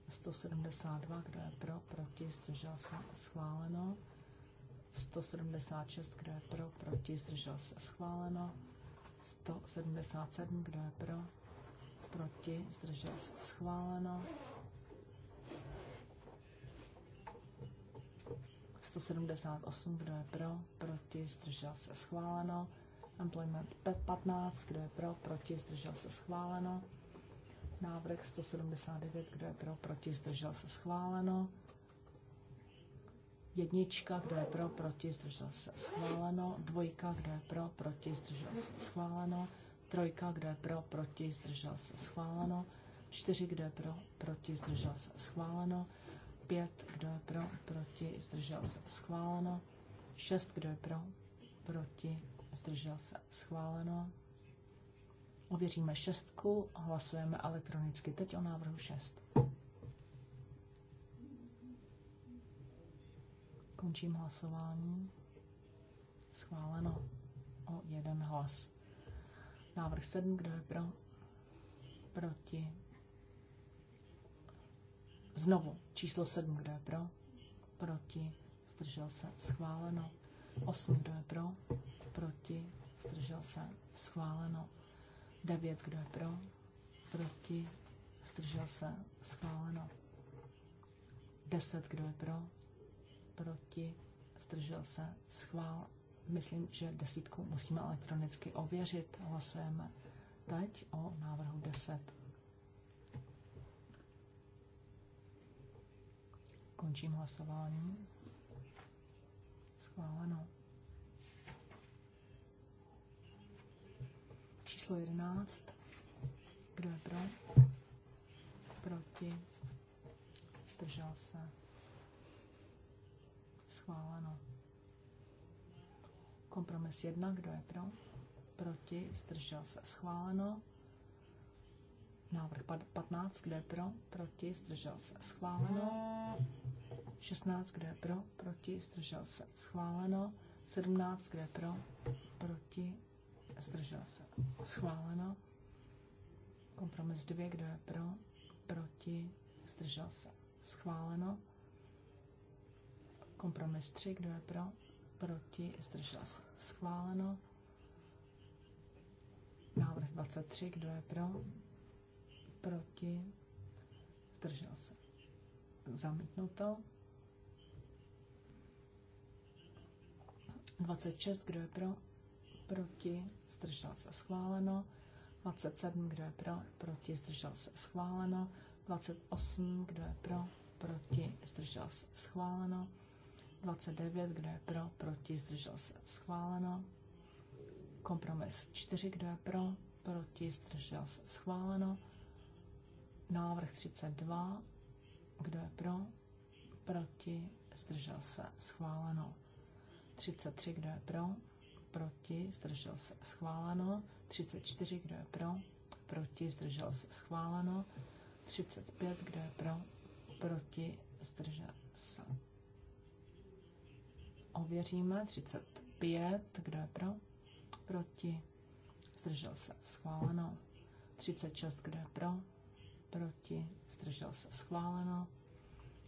172, kdo je pro, proti, zdržel se, schváleno. 176, kdo je pro, proti, zdržel se schváleno. 177, kdo je pro, proti, zdržel se schváleno. 178, kdo je pro, proti, zdržel se schváleno. Employment 15, kdo je pro, proti, zdržel se schváleno. Návrh 179, kdo je pro, proti, zdržel se schváleno. Jednička, kdo je pro, proti, zdržel se, schváleno. Dvojka, kdo je pro, proti, zdržel se, schváleno. Trojka, kdo je pro, proti, zdržel se, schváleno. Čtyři, kdo je pro, proti, zdržel se, schváleno. Pět, kdo je pro, proti, zdržel se, schváleno. Šest, kdo je pro, proti, zdržel se, schváleno. Ověříme šestku, hlasujeme elektronicky teď o návrhu šest. Končím hlasování. Schváleno o jeden hlas. Návrh 7, kdo je pro? Proti. Znovu číslo 7, kdo je pro? Proti. Zdržel se. Schváleno. 8, kdo je pro? Proti. Zdržel se. Schváleno. 9, kdo je pro? Proti. Zdržel se. Schváleno. 10, kdo je pro? proti, zdržel se, schvál. Myslím, že desítku musíme elektronicky ověřit. Hlasujeme teď o návrhu 10. Končím hlasování. Schváleno. Číslo 11. Kdo je pro? Proti? Zdržel se schváleno. Kompromis 1, kdo je pro? Proti, zdržel se, schváleno. Návrh 15, kdo je pro? Proti, zdržel se, schváleno. 16, kdo je pro? Proti, zdržel se, schváleno. 17, kdo je pro? Proti, zdržel se, schváleno. Kompromis 2, kdo je pro? Proti, zdržel se, schváleno. Kompromis 3, kdo je pro? Proti, zdržel se. Schváleno. Návrh 23, kdo je pro? Proti, zdržel se. Zamítnuto. 26, kdo je pro? Proti, zdržel se. Schváleno. 27, kdo je pro? Proti, zdržel se. Schváleno. 28, kdo je pro? Proti, zdržel se. Schváleno. 29, kdo je pro, proti, zdržel se, schváleno. Kompromis 4, kdo je pro, proti, zdržel se, schváleno. Návrh 32, kdo je pro, proti, zdržel se, schváleno. 33, kdo je pro, proti, zdržel se, schváleno. 34, kdo je pro, proti, zdržel se, schváleno. 35, kdo je pro, proti, zdržel se, ověříme. 35, kdo je pro? Proti. Zdržel se. Schváleno. 36, kdo je pro? Proti. Zdržel se. Schváleno.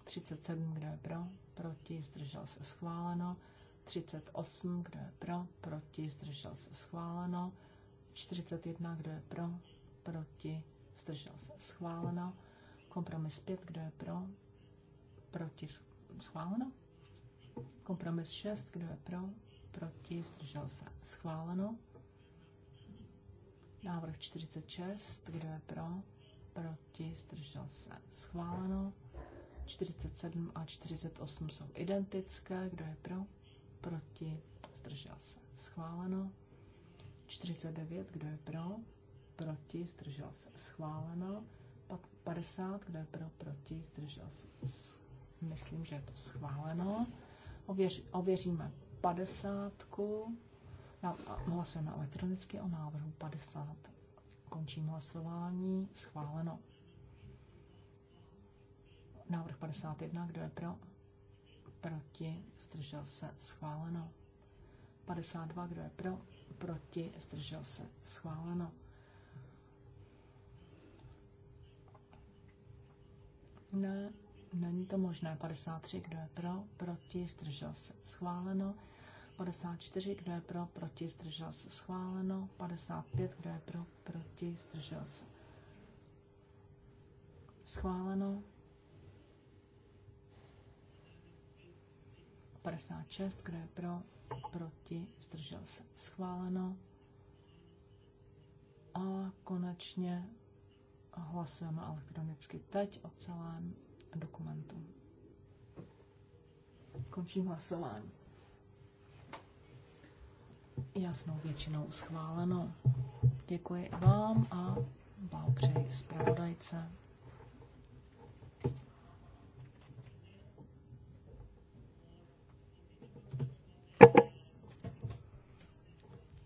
37, kdo je pro? Proti. Zdržel se. Schváleno. 38, kdo je pro? Proti. Zdržel se. Schváleno. 41, kdo je pro? Proti. Zdržel se. Schváleno. Kompromis 5, kdo je pro? Proti. Schváleno. Kompromis 6, kdo je pro? Proti, zdržel se. Schváleno. Návrh 46, kdo je pro? Proti, zdržel se. Schváleno. 47 a 48 jsou identické, kdo je pro? Proti, zdržel se. Schváleno. 49, kdo je pro? Proti, zdržel se. Schváleno. 50, kdo je pro? Proti, zdržel se. Myslím, že je to schváleno. Ověř, ověříme padesátku. Hlasujeme elektronicky o návrhu 50. Končím hlasování. Schváleno. Návrh 51. Kdo je pro? Proti. Zdržel se. Schváleno. 52. Kdo je pro? Proti. Zdržel se. Schváleno. Ne, Není to možné. 53, kdo je pro, proti, zdržel se, schváleno. 54, kdo je pro, proti, zdržel se, schváleno. 55, kdo je pro, proti, zdržel se, schváleno. 56, kdo je pro, proti, zdržel se, schváleno. A konečně hlasujeme elektronicky teď o celém dokumentu. Končím hlasování. Jasnou většinou schváleno. Děkuji vám a blahopřeji zpravodajce.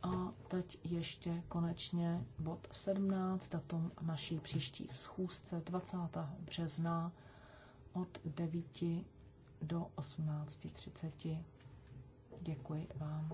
A teď ještě konečně bod 17, datum naší příští schůzce 20. března od 9 do 18.30. Děkuji vám.